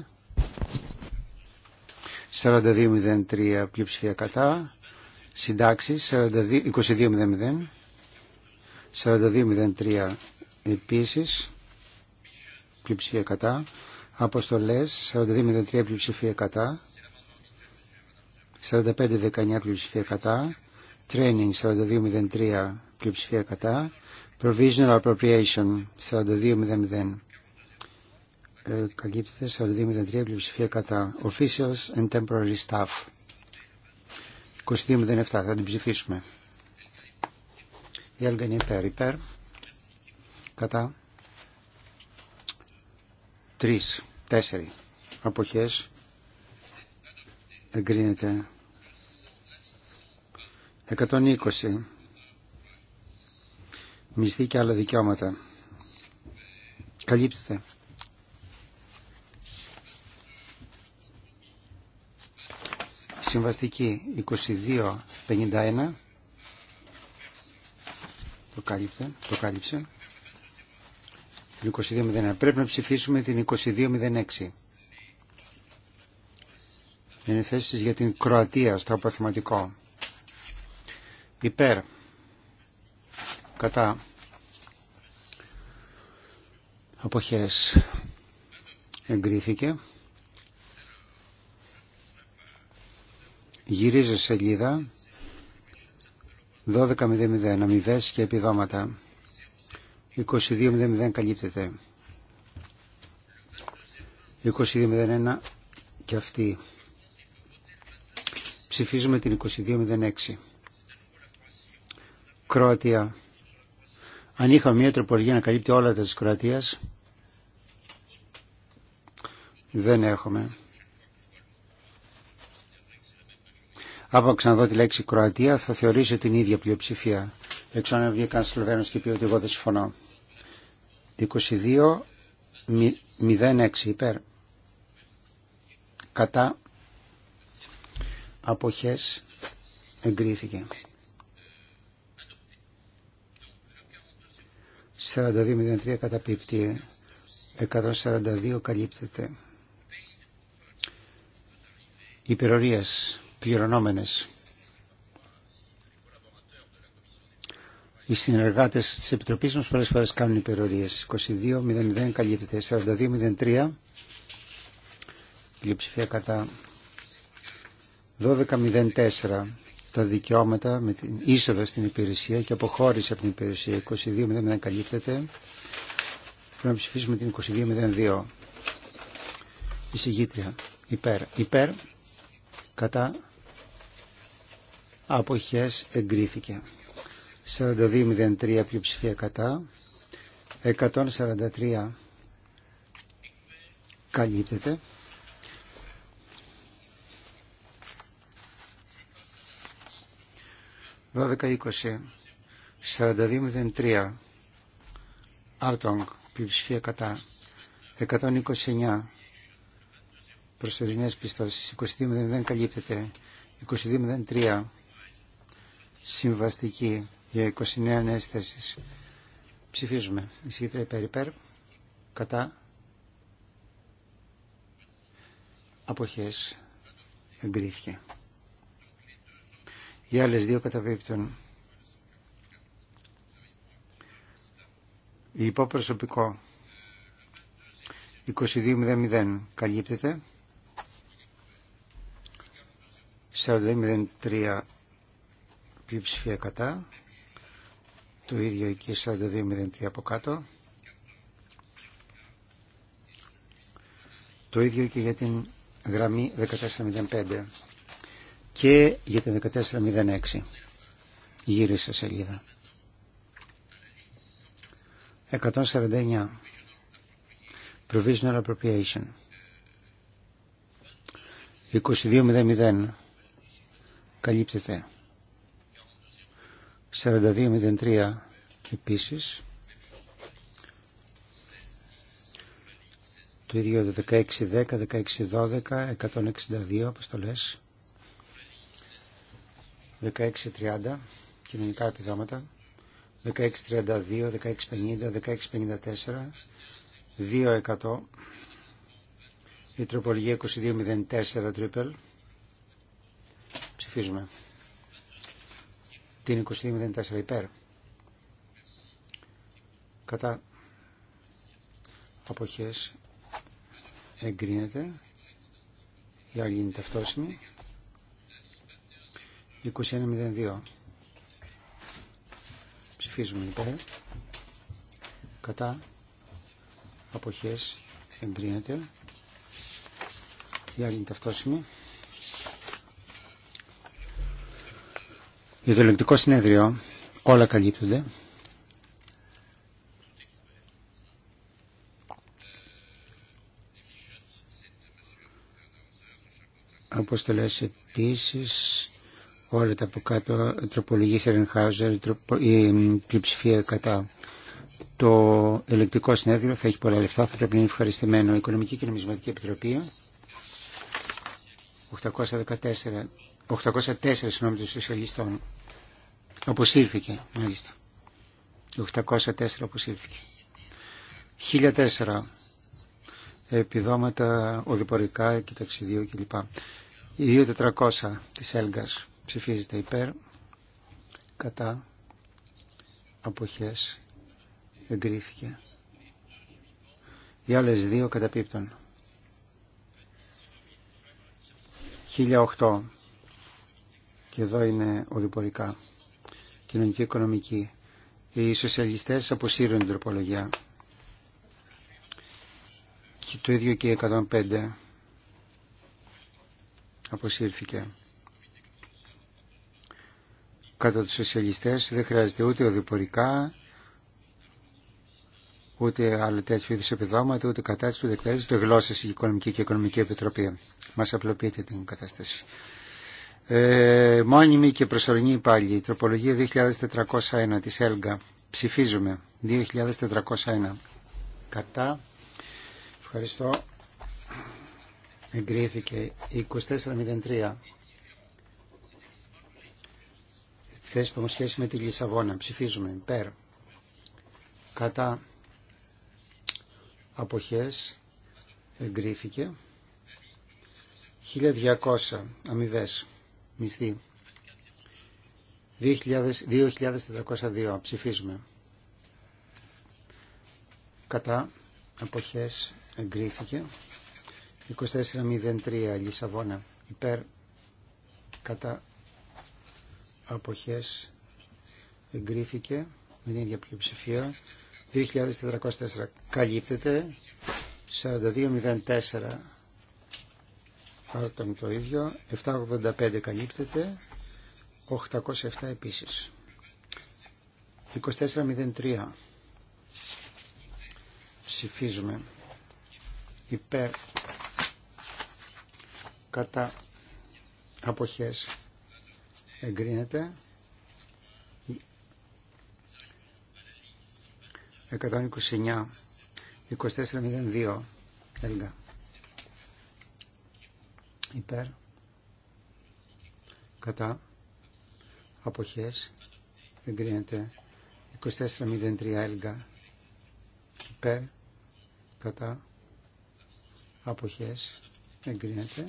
42.03 πλειοψηφία κατά. Συντάξεις 22.00. 42.03 επίσης πλειοψηφία κατά. Αποστολές 42.03 πλειοψηφία κατά. 45.19 πλειοψηφία κατά. Training 42.03 πλειοψηφία κατά. Provisional Appropriation 42.00 καλύπτεται 42.03 πλειοψηφία κατά officials and temporary staff. 22.07 θα την ψηφίσουμε. Η άλλη είναι υπέρ. Υπέρ. Κατά. Τρει, τέσσερι αποχε Εγκρίνεται. 120. Μισθή και άλλα δικαιώματα. Καλύπτεται. Συμβαστική 2251 το κάλυψε, το κάλυψε. Την 2201. Πρέπει να ψηφίσουμε την 2206. Είναι θέσεις για την Κροατία στο αποθεματικό. Υπέρ. Κατά. Αποχές. Εγκρίθηκε. Γυρίζω σελίδα 12.00 αμοιβέ και επιδόματα 22.00 καλύπτεται 22.01 και αυτή ψηφίζουμε την 22.06 Κροατία αν είχαμε μια τροπολογία να καλύπτει όλα τα της Κροατίας δεν έχουμε από ξαναδώ τη λέξη Κροατία θα θεωρήσω την ίδια πλειοψηφία. Εξώ να βγει Σλοβαίνο και πει ότι εγώ δεν συμφωνώ. 22-06 υπέρ. Κατά αποχές εγκρίθηκε. 42-03 καταπίπτει. 142 καλύπτεται. Υπερορίας πληρωνόμενες. Οι συνεργάτε τη Επιτροπή μα πολλέ φορέ κάνουν υπερορίε. 22.00 καλύπτεται. 42.03 πλειοψηφία κατά. 12.04 τα δικαιώματα με την είσοδο στην υπηρεσία και αποχώρηση από την υπηρεσία. 22.00 καλύπτεται. Πρέπει να ψηφίσουμε την 22.02. Εισηγήτρια. Υπέρ. Υπέρ. Κατά αποχές εγκρίθηκε. 42.03 πλειοψηφία κατά, 143 καλύπτεται. 12.20 42.03 σαρανταδύμιδεν Άρτογκ, πλειοψηφία κατά, 129, προσωρινές πιστώσεις, 22.00 καλύπτεται, 22.03, συμβαστική για 29 νέες θέσεις. Ψηφίζουμε. Εισηγήτρια υπέρ υπέρ. Κατά. Αποχές. Εγκρίθηκε. Οι άλλες δύο καταβίπτουν. υπό προσωπικό 22.00 καλύπτεται. 42.03 πλειοψηφία κατά. Το ίδιο εκεί 4203 από κάτω. Το ίδιο και για την γραμμή 1405 και για την 1406. Γύρισε σελίδα. 149. Provisional Appropriation. 22.00. Καλύπτεται. 4203 επίσης. Το ίδιο 1610, 1612, 162 αποστολές. 1630 κοινωνικά επιδόματα. 1632, 1650, 1654, 200. Η τροπολογία 2204 τρίπελ. Ψηφίζουμε την 22.04 υπέρ. Κατά αποχές εγκρίνεται. Η άλλη είναι ταυτόσιμη. 21.02. Ψηφίζουμε υπέρ. Κατά αποχές εγκρίνεται. Η άλλη είναι ταυτόσιμη. Για το ελεγκτικό συνέδριο όλα καλύπτονται. Αποστολές επίσης όλα τα από κάτω τροπολογή Ερενχάουζερ η πλειοψηφία κατά το ελεκτικό συνέδριο θα έχει πολλά λεφτά, θα πρέπει να είναι ευχαριστημένο. Η Οικονομική και Νομισματική Επιτροπή 814, 804 συγγνώμη των Σοσιαλιστών Αποσύρθηκε, μάλιστα. 804 αποσύρθηκε. 1004 επιδόματα οδηπορικά και ταξιδίου κλπ. Οι 2400 της Έλγκας ψηφίζεται υπέρ, κατά, αποχές, εγκρίθηκε. Οι άλλες δύο καταπίπτων. 1008 και εδώ είναι οδηπορικά κοινωνικο-οικονομική. Οι σοσιαλιστές αποσύρουν την τροπολογία. Και το ίδιο και η 105 αποσύρθηκε. Κατά τους σοσιαλιστές δεν χρειάζεται ούτε οδηπορικά, ούτε άλλο τέτοιο είδους επιδόματα, ούτε κατάσταση, ούτε εκπαίδευση, Το γλώσσες η Οικονομική και η Οικονομική Επιτροπή. Μας απλοποιείται την κατάσταση. Ε, μόνιμη και προσωρινή η Τροπολογία 2401 της ΕΛΓΑ. Ψηφίζουμε. 2401. Κατά. Ευχαριστώ. Εγκρίθηκε. 2403. Θέση που σχέση με τη Λισαβόνα. Ψηφίζουμε. Υπέρ. Κατά. Αποχές. Εγκρίθηκε. 1200 αμοιβές μισθή. 2.402 ψηφίζουμε. Κατά αποχές εγκρίθηκε. 24.03 Λισαβόνα υπέρ κατά αποχές εγκρίθηκε με την ίδια πλειοψηφία. 2.404 καλύπτεται. 42.04 Χάρτον το ίδιο. 785 καλύπτεται. 807 επίσης. 2403. Ψηφίζουμε. Υπέρ. Κατά. Αποχές. Εγκρίνεται. 129. 2402. Έλεγα υπέρ κατά αποχές εγκρίνεται 2403 έλγα υπέρ κατά αποχές εγκρίνεται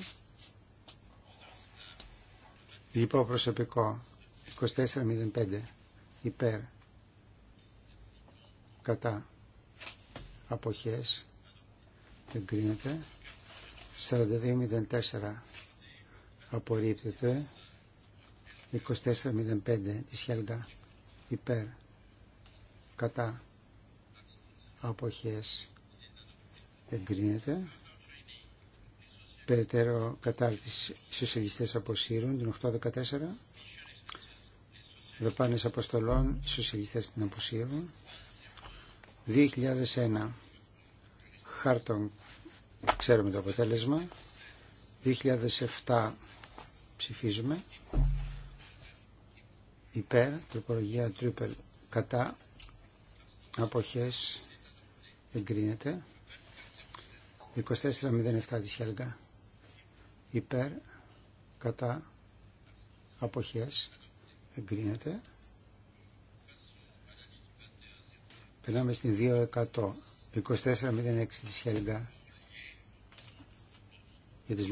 Υπό προσωπικό 2405 υπέρ κατά αποχές εγκρίνεται 42.04 απορρίπτεται 24.05 της Χέλγα υπέρ κατά αποχές εγκρίνεται περαιτέρω τις σοσιαλιστές αποσύρουν την 8.14 δεπάνες αποστολών σοσιαλιστές την αποσύρουν 2001 Χάρτον Ξέρουμε το αποτέλεσμα. 2007 ψηφίζουμε. Υπέρ, τροπολογία τρίπελ κατά. Αποχές εγκρίνεται. 24.07 της Χέλγα. Υπέρ, κατά, αποχές εγκρίνεται. Περνάμε στην 2.100. 24.06 της Χέλγα για τις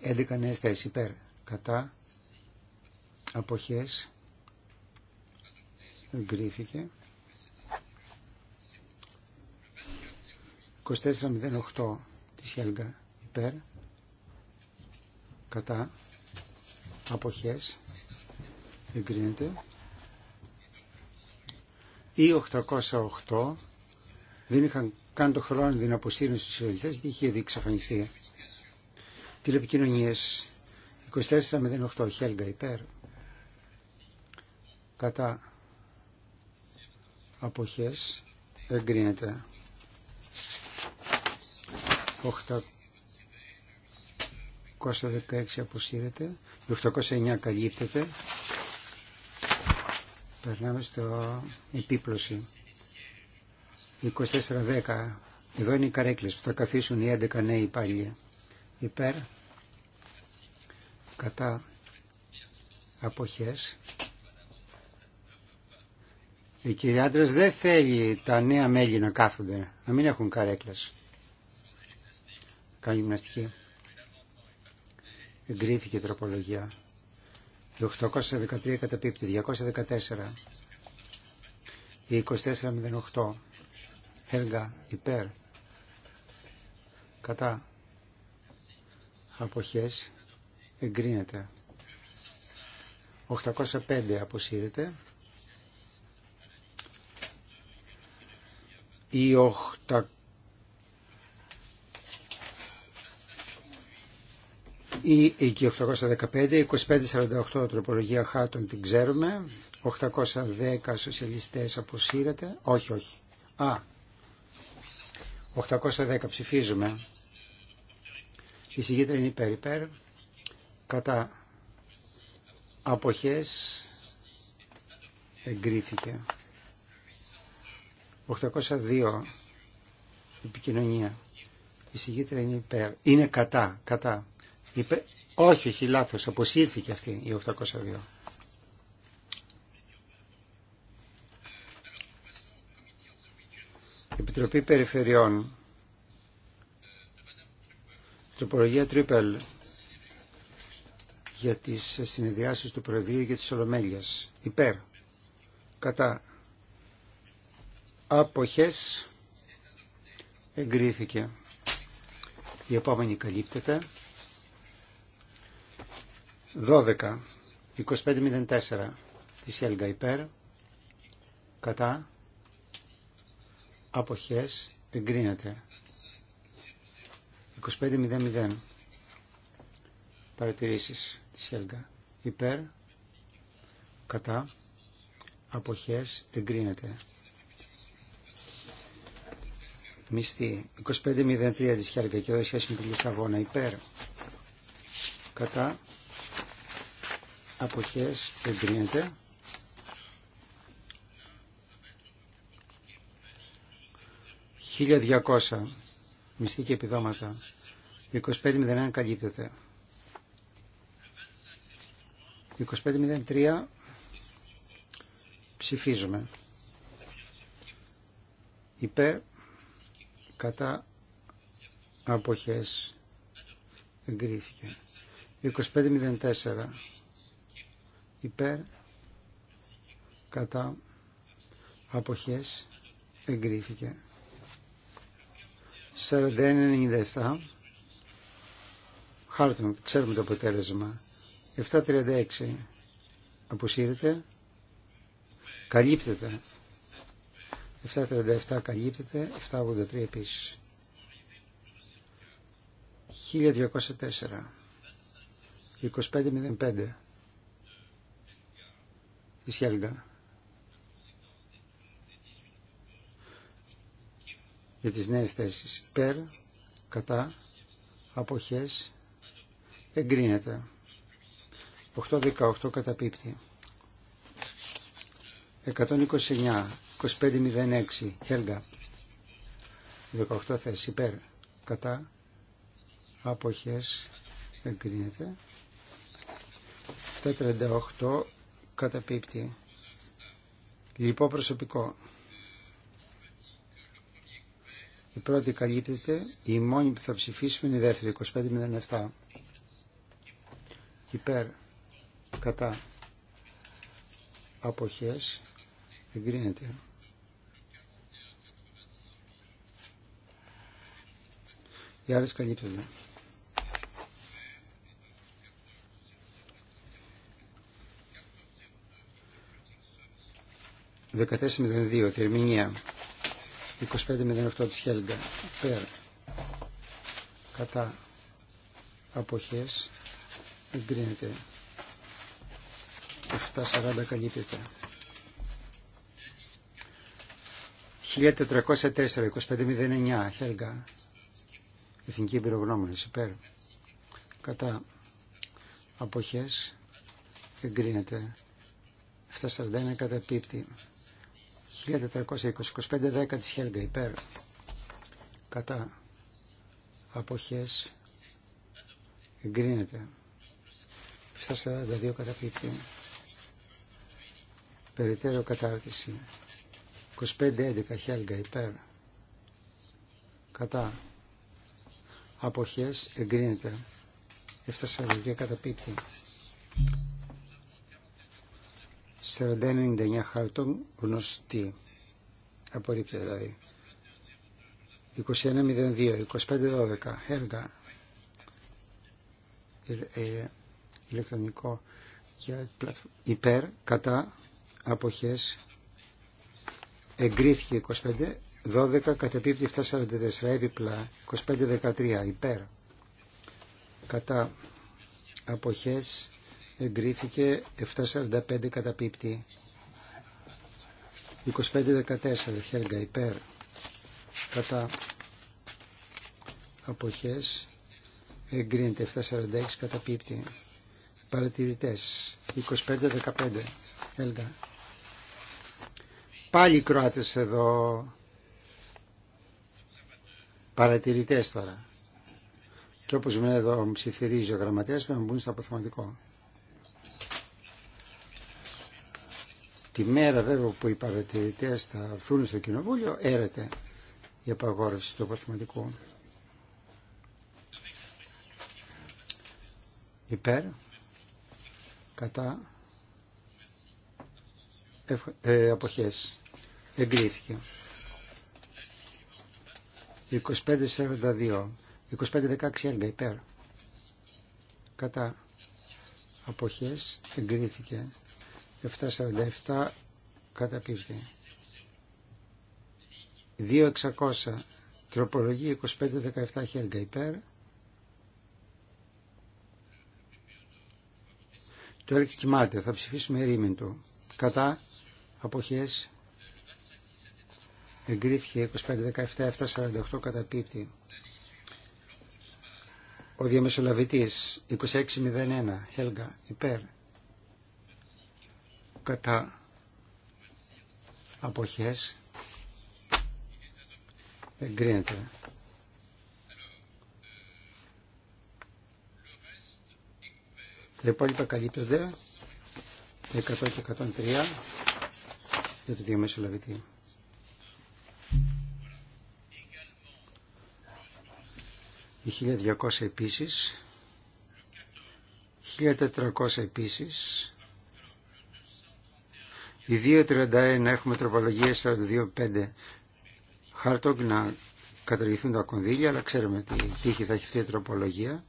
11 ε, νέες θέσεις υπέρ κατά αποχές εγκρίθηκε 2408 της Χέλγκα, υπέρ κατά αποχές εγκρίνεται ή 808 δεν είχαν καν το χρόνο την αποσύρουν στους ελληνιστές, και είχε εξαφανιστεί. Τηλεπικοινωνίες 2408 Χέλγα υπέρ κατά αποχές εγκρίνεται 816 αποσύρεται 809 καλύπτεται περνάμε στο επίπλωση 2410 εδώ είναι οι καρέκλες που θα καθίσουν οι 11 νέοι υπάλληλοι υπέρ κατά αποχές. Η κυρία Άντρας δεν θέλει τα νέα μέλη να κάθονται, να μην έχουν καρέκλες. Κάνει γυμναστική. Εγκρίθηκε η τροπολογία. 813 καταπίπτει, 214. Η 2408. έργα υπέρ. Κατά αποχές εγκρίνεται 805 αποσύρεται ή 8 ή εκεί 815, 2548 τροπολογία χάτων την ξέρουμε, 810 σοσιαλιστές αποσύρεται, όχι όχι, α, 810 ψηφίζουμε, η συγκίτρια είναι υπέρ υπέρ. Κατά αποχές εγκρίθηκε. 802 επικοινωνία. Η συγκίτρια είναι υπέρ. Είναι κατά, κατά. Όχι, έχει λάθος. Αποσύρθηκε αυτή η 802. Επιτροπή Περιφερειών Τροπολογία Τρίπελ για τις συνεδριάσεις του Προεδρείου για τις Ολομέλειας. Υπέρ. Κατά. Αποχές. Εγκρίθηκε. Η επόμενη καλύπτεται. 12. 25.04. Της Χέλγα υπέρ. Κατά. Αποχές. Εγκρίνεται. 25.00 παρατηρήσεις της Χέλγα. Υπέρ, κατά, αποχές, εγκρίνεται. Μισθή. 25.03 της Χέλγα και εδώ σχέση με τη Λισαβόνα. Υπέρ, κατά, αποχές, εγκρίνεται. Χίλια διακόσα μισθή και επιδόματα 25.01 καλύπτεται. 25.03 ψηφίζουμε. Υπέρ κατά αποχές εγκρίθηκε. 25.04 υπέρ κατά αποχές εγκρίθηκε. 41.97 Χάρτον, ξέρουμε το αποτέλεσμα. 736 αποσύρεται. Καλύπτεται. 737 καλύπτεται. 783 επίσης. 1204. 2505. Της Για τις νέες θέσεις. Περ, κατά, αποχές, εγκρίνεται. 818 καταπίπτει. 129, 2506, Χέλγα. 18 θέση υπέρ, κατά, αποχές, εγκρίνεται. 38 καταπίπτει. Λοιπόν προσωπικό. Η πρώτη καλύπτεται, η μόνη που θα ψηφίσουμε είναι η δεύτερη, 2507 υπέρ κατά αποχές εγκρίνεται. Οι άλλες καλύπτονται. Δεκατέσσερα Θερμηνία. 25.08 της Χέλγκα. Υπέρ. Κατά αποχές εγκρίνεται. 740 καλύπτεται. 1404, 2509, Χέλγα. Εθνική Εμπειρογνώμη, υπέρ. Κατά αποχές εγκρίνεται. 741 κατά πίπτη. 1420-2510 της Χέλγα, υπέρ. Κατά αποχές εγκρίνεται. 742 πίπτη. περιτερω Περιτέρω κατάρτιση. 25-11 χέλγα υπέρ. Κατά. Αποχές εγκρίνεται. 742 καταπιπτει πίπτη. 41-99 χάρτον γνωστή. Απορρίπτεται δηλαδή. 21-02, 25-12, χέλγα. Ε, ε, ηλεκτρονικό για υπέρ, κατά, αποχές, εγκρίθηκε 25, 12, κατεπίπτει 744, έπιπλα, 25, 13, υπέρ, κατά, αποχές, εγκρίθηκε 745, καταπίπτει, 25, 14, χέργα, υπέρ, κατά, αποχές, εγκρίνεται 746, κατά καταπίπτει, παρατηρητές. 25-15. έλεγα Πάλι οι Κροάτες εδώ. Παρατηρητές τώρα. Και όπως με εδώ ψιθυρίζει ο γραμματέας πρέπει να μπουν στο αποθεματικό. Τη μέρα βέβαια που οι παρατηρητές θα έρθουν στο κοινοβούλιο έρεται η απαγόρευση του αποθεματικού. Υπέρ κατά ε, αποχές εγκρίθηκε 2516 25 υπέρ κατά αποχές εγκρίθηκε 47 πίπτη καταπίπτει 2-600 τροπολογία Το έλεγε κοιμάται. Θα ψηφίσουμε ρήμην του. Κατά αποχές εγκρίθηκε 25-17-7-48 κατά πίπτη. Ο διαμεσολαβητής 26-01 Χέλγα υπέρ κατά αποχές εγκρίνεται. Τα υπόλοιπα καλύπτονται 100 και 103 για το λαβητή. Οι 1200 επίσης 1400 επίσης Οι 231 έχουμε τροπολογία 5 Χάρτογκ να καταργηθούν τα κονδύλια αλλά ξέρουμε τι τύχη θα έχει αυτή η τροπολογία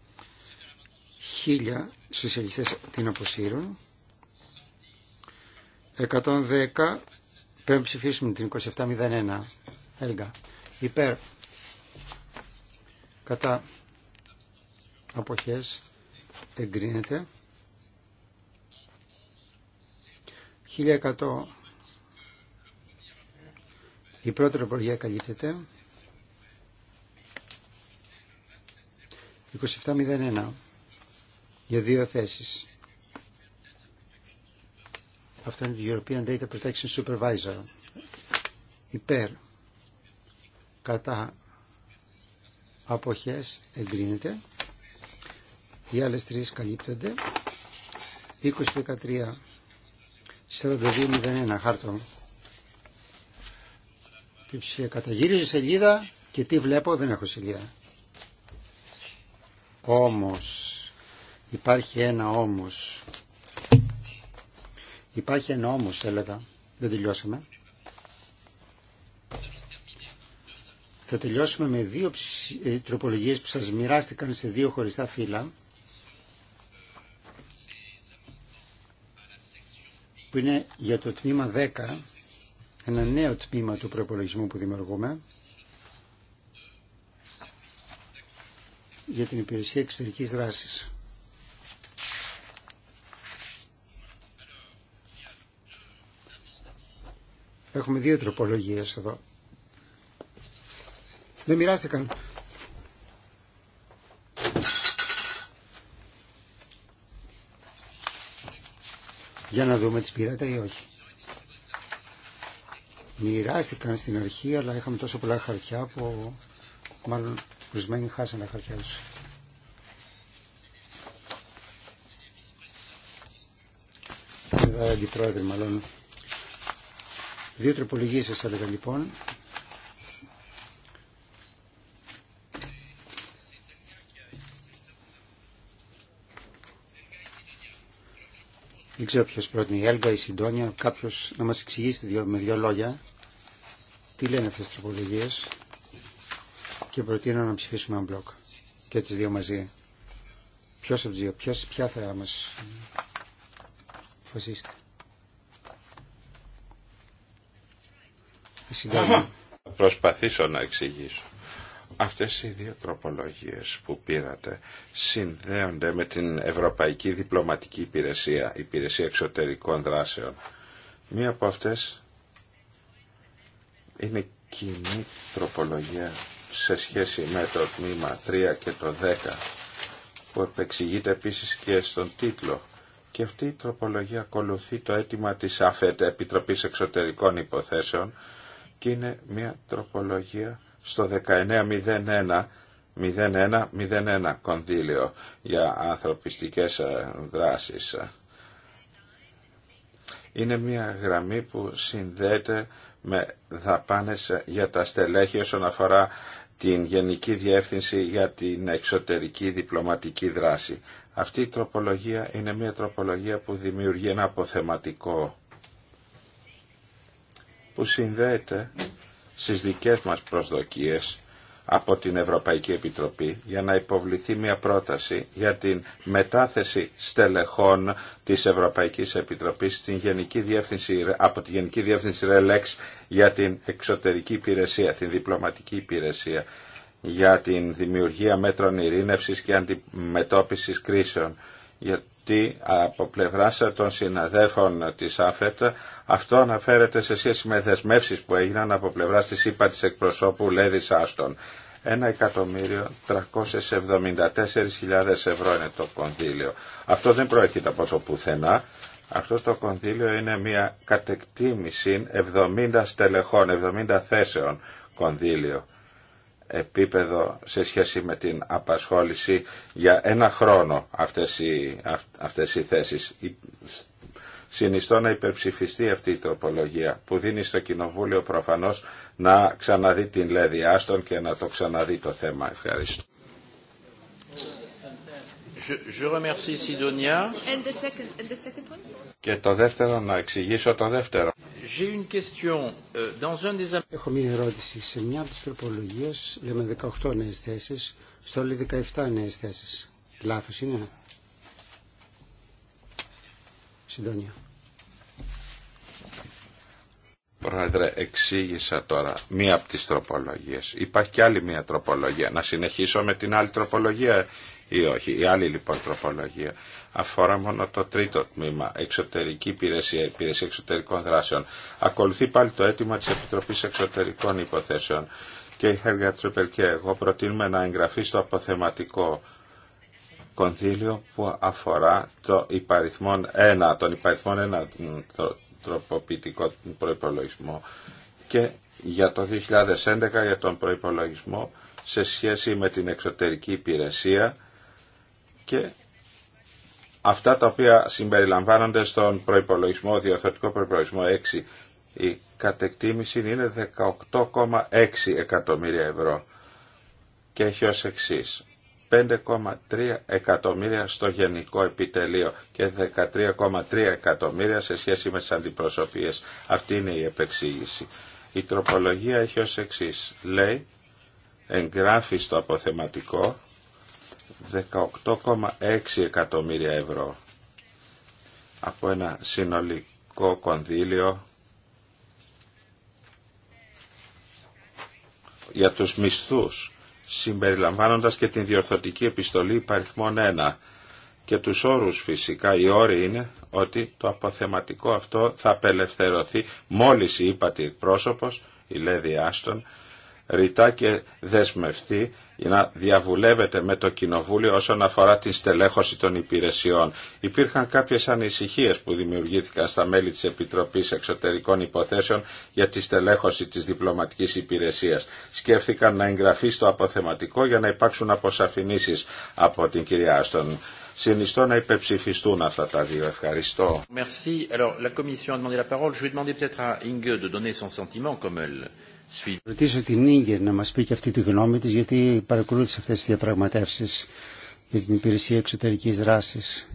1000 σοσιαλιστές την αποσύρουν. 110 πρέπει να ψηφίσουμε την 2701. Έλγα. Υπέρ. Κατά. Αποχές. Εγκρίνεται. 1100. Η πρώτη τροπολογία καλύπτεται. 2701 για δύο θέσεις. Αυτό είναι το European Data Protection Supervisor. Υπέρ. Κατά. Αποχές εγκρίνεται. Οι άλλες τρεις καλύπτονται. 2013. 4201 χάρτο. καταγύριζε σελίδα και τι βλέπω δεν έχω σελίδα. Όμως Υπάρχει ένα όμως. Υπάρχει ένα όμως έλεγα. Δεν τελειώσαμε. Θα τελειώσουμε με δύο ε, τροπολογίες που σας μοιράστηκαν σε δύο χωριστά φύλλα. που είναι για το τμήμα 10, ένα νέο τμήμα του προπολογισμού που δημιουργούμε, για την υπηρεσία εξωτερικής δράσης. Έχουμε δύο τροπολογίες εδώ. Δεν μοιράστηκαν. Για να δούμε τις πήρατε ή όχι. Μοιράστηκαν στην αρχή, αλλά είχαμε τόσο πολλά χαρτιά που μάλλον ορισμένοι χάσαν τα χαρτιά τους. Ε, αντιπρόεδρε, μάλλον Δύο τροπολογίες σας έλεγα λοιπόν. Δεν ξέρω ποιος πρότεινε, η Έλγα, η Συντόνια, κάποιος να μας εξηγήσει με δύο λόγια τι λένε αυτές τις τροπολογίες και προτείνω να ψηφίσουμε ένα μπλοκ και τις δύο μαζί. Ποιος από τις δύο, ποιος, ποια θα μας φασίσετε. συνταγή. Προσπαθήσω να εξηγήσω. Αυτές οι δύο τροπολογίες που πήρατε συνδέονται με την Ευρωπαϊκή Διπλωματική Υπηρεσία, Υπηρεσία Εξωτερικών Δράσεων. Μία από αυτές είναι κοινή τροπολογία σε σχέση με το τμήμα 3 και το 10 που επεξηγείται επίσης και στον τίτλο και αυτή η τροπολογία ακολουθεί το αίτημα της ΑΦΕΤ Επιτροπής Εξωτερικών Υποθέσεων και είναι μια τροπολογία στο 1901 0101 κονδύλιο για ανθρωπιστικές ε, δράσεις. Είναι μια γραμμή που συνδέεται με δαπάνες για τα στελέχη όσον αφορά την Γενική Διεύθυνση για την Εξωτερική Διπλωματική Δράση. Αυτή η τροπολογία είναι μια τροπολογία που δημιουργεί ένα αποθεματικό που συνδέεται στις δικές μας προσδοκίες από την Ευρωπαϊκή Επιτροπή για να υποβληθεί μια πρόταση για την μετάθεση στελεχών της Ευρωπαϊκής Επιτροπής στην Γενική Διεύθυνση, από τη Γενική Διεύθυνση ΡΕΛΕΞ για την εξωτερική υπηρεσία, την διπλωματική υπηρεσία για την δημιουργία μέτρων ειρήνευσης και αντιμετώπισης κρίσεων τι από πλευρά των συναδέφων τη ΑΦΕΤ αυτό αναφέρεται σε σχέση με δεσμεύσει που έγιναν από πλευρά τη ΥΠΑ τη εκπροσώπου Λέδη Άστον. 1.374.000 ευρώ είναι το κονδύλιο. Αυτό δεν προέρχεται από το πουθενά. Αυτό το κονδύλιο είναι μια κατεκτήμηση 70 στελεχών, 70 θέσεων κονδύλιο επίπεδο σε σχέση με την απασχόληση για ένα χρόνο αυτές οι, αυτές οι θέσεις. Συνιστώ να υπερψηφιστεί αυτή η τροπολογία που δίνει στο Κοινοβούλιο προφανώς να ξαναδεί την Λέδη Άστον και να το ξαναδεί το θέμα. Ευχαριστώ. Και το δεύτερο να εξηγήσω το δεύτερο. Euh, Έχω μία ερώτηση. Σε μια από τι τροπολογίες λέμε 18 νέε θέσει, στο όλοι 17 νέε θέσει. Λάφο. Προέβαινε, Λάθος είναι. Συντόνια. Πρόεδρε, εξήγησα τώρα μία από τις τροπολογίες. Υπάρχει και άλλη μία τροπολογία. Να συνεχίσω με την άλλη τροπολογία ή όχι. Η άλλη λοιπόν τροπολογία αφορά μόνο το τρίτο τμήμα, εξωτερική υπηρεσία, υπηρεσία εξωτερικών δράσεων. Ακολουθεί πάλι το αίτημα της Επιτροπής Εξωτερικών Υποθέσεων. Και η Χέργα Τρούπερ εγώ προτείνουμε να εγγραφεί στο αποθεματικό κονδύλιο που αφορά το υπαριθμόν 1, τον υπαριθμό 1 τροποποιητικό προϋπολογισμό και για το 2011 για τον προϋπολογισμό σε σχέση με την εξωτερική υπηρεσία και αυτά τα οποία συμπεριλαμβάνονται στον προϋπολογισμό, διορθωτικό προϋπολογισμό 6, η κατεκτήμηση είναι 18,6 εκατομμύρια ευρώ και έχει ως εξής 5,3 εκατομμύρια στο γενικό επιτελείο και 13,3 εκατομμύρια σε σχέση με τις αντιπροσωπείες. Αυτή είναι η επεξήγηση. Η τροπολογία έχει ως εξής. Λέει, εγγράφει στο αποθεματικό 18,6 εκατομμύρια ευρώ από ένα συνολικό κονδύλιο για τους μισθούς συμπεριλαμβάνοντας και την διορθωτική επιστολή υπαριθμών 1 και τους όρους φυσικά οι όροι είναι ότι το αποθεματικό αυτό θα απελευθερωθεί μόλις η είπατη εκπρόσωπος η Λέδη Άστον ρητά και δεσμευθεί να διαβουλεύεται με το Κοινοβούλιο όσον αφορά την στελέχωση των υπηρεσιών. Υπήρχαν κάποιες ανησυχίες που δημιουργήθηκαν στα μέλη της Επιτροπής Εξωτερικών Υποθέσεων για τη στελέχωση της διπλωματικής υπηρεσίας. Σκέφτηκαν να εγγραφεί στο αποθεματικό για να υπάρξουν αποσαφηνίσεις από την κυρία Άστον. Συνιστώ να υπεψηφιστούν αυτά τα δύο. Ευχαριστώ. Merci. Alors, la Commission a demandé Ρωτήσω την Ίγκερ να μας πει και αυτή τη γνώμη της γιατί παρακολούθησε αυτές τις διαπραγματεύσεις για την υπηρεσία εξωτερικής δράσης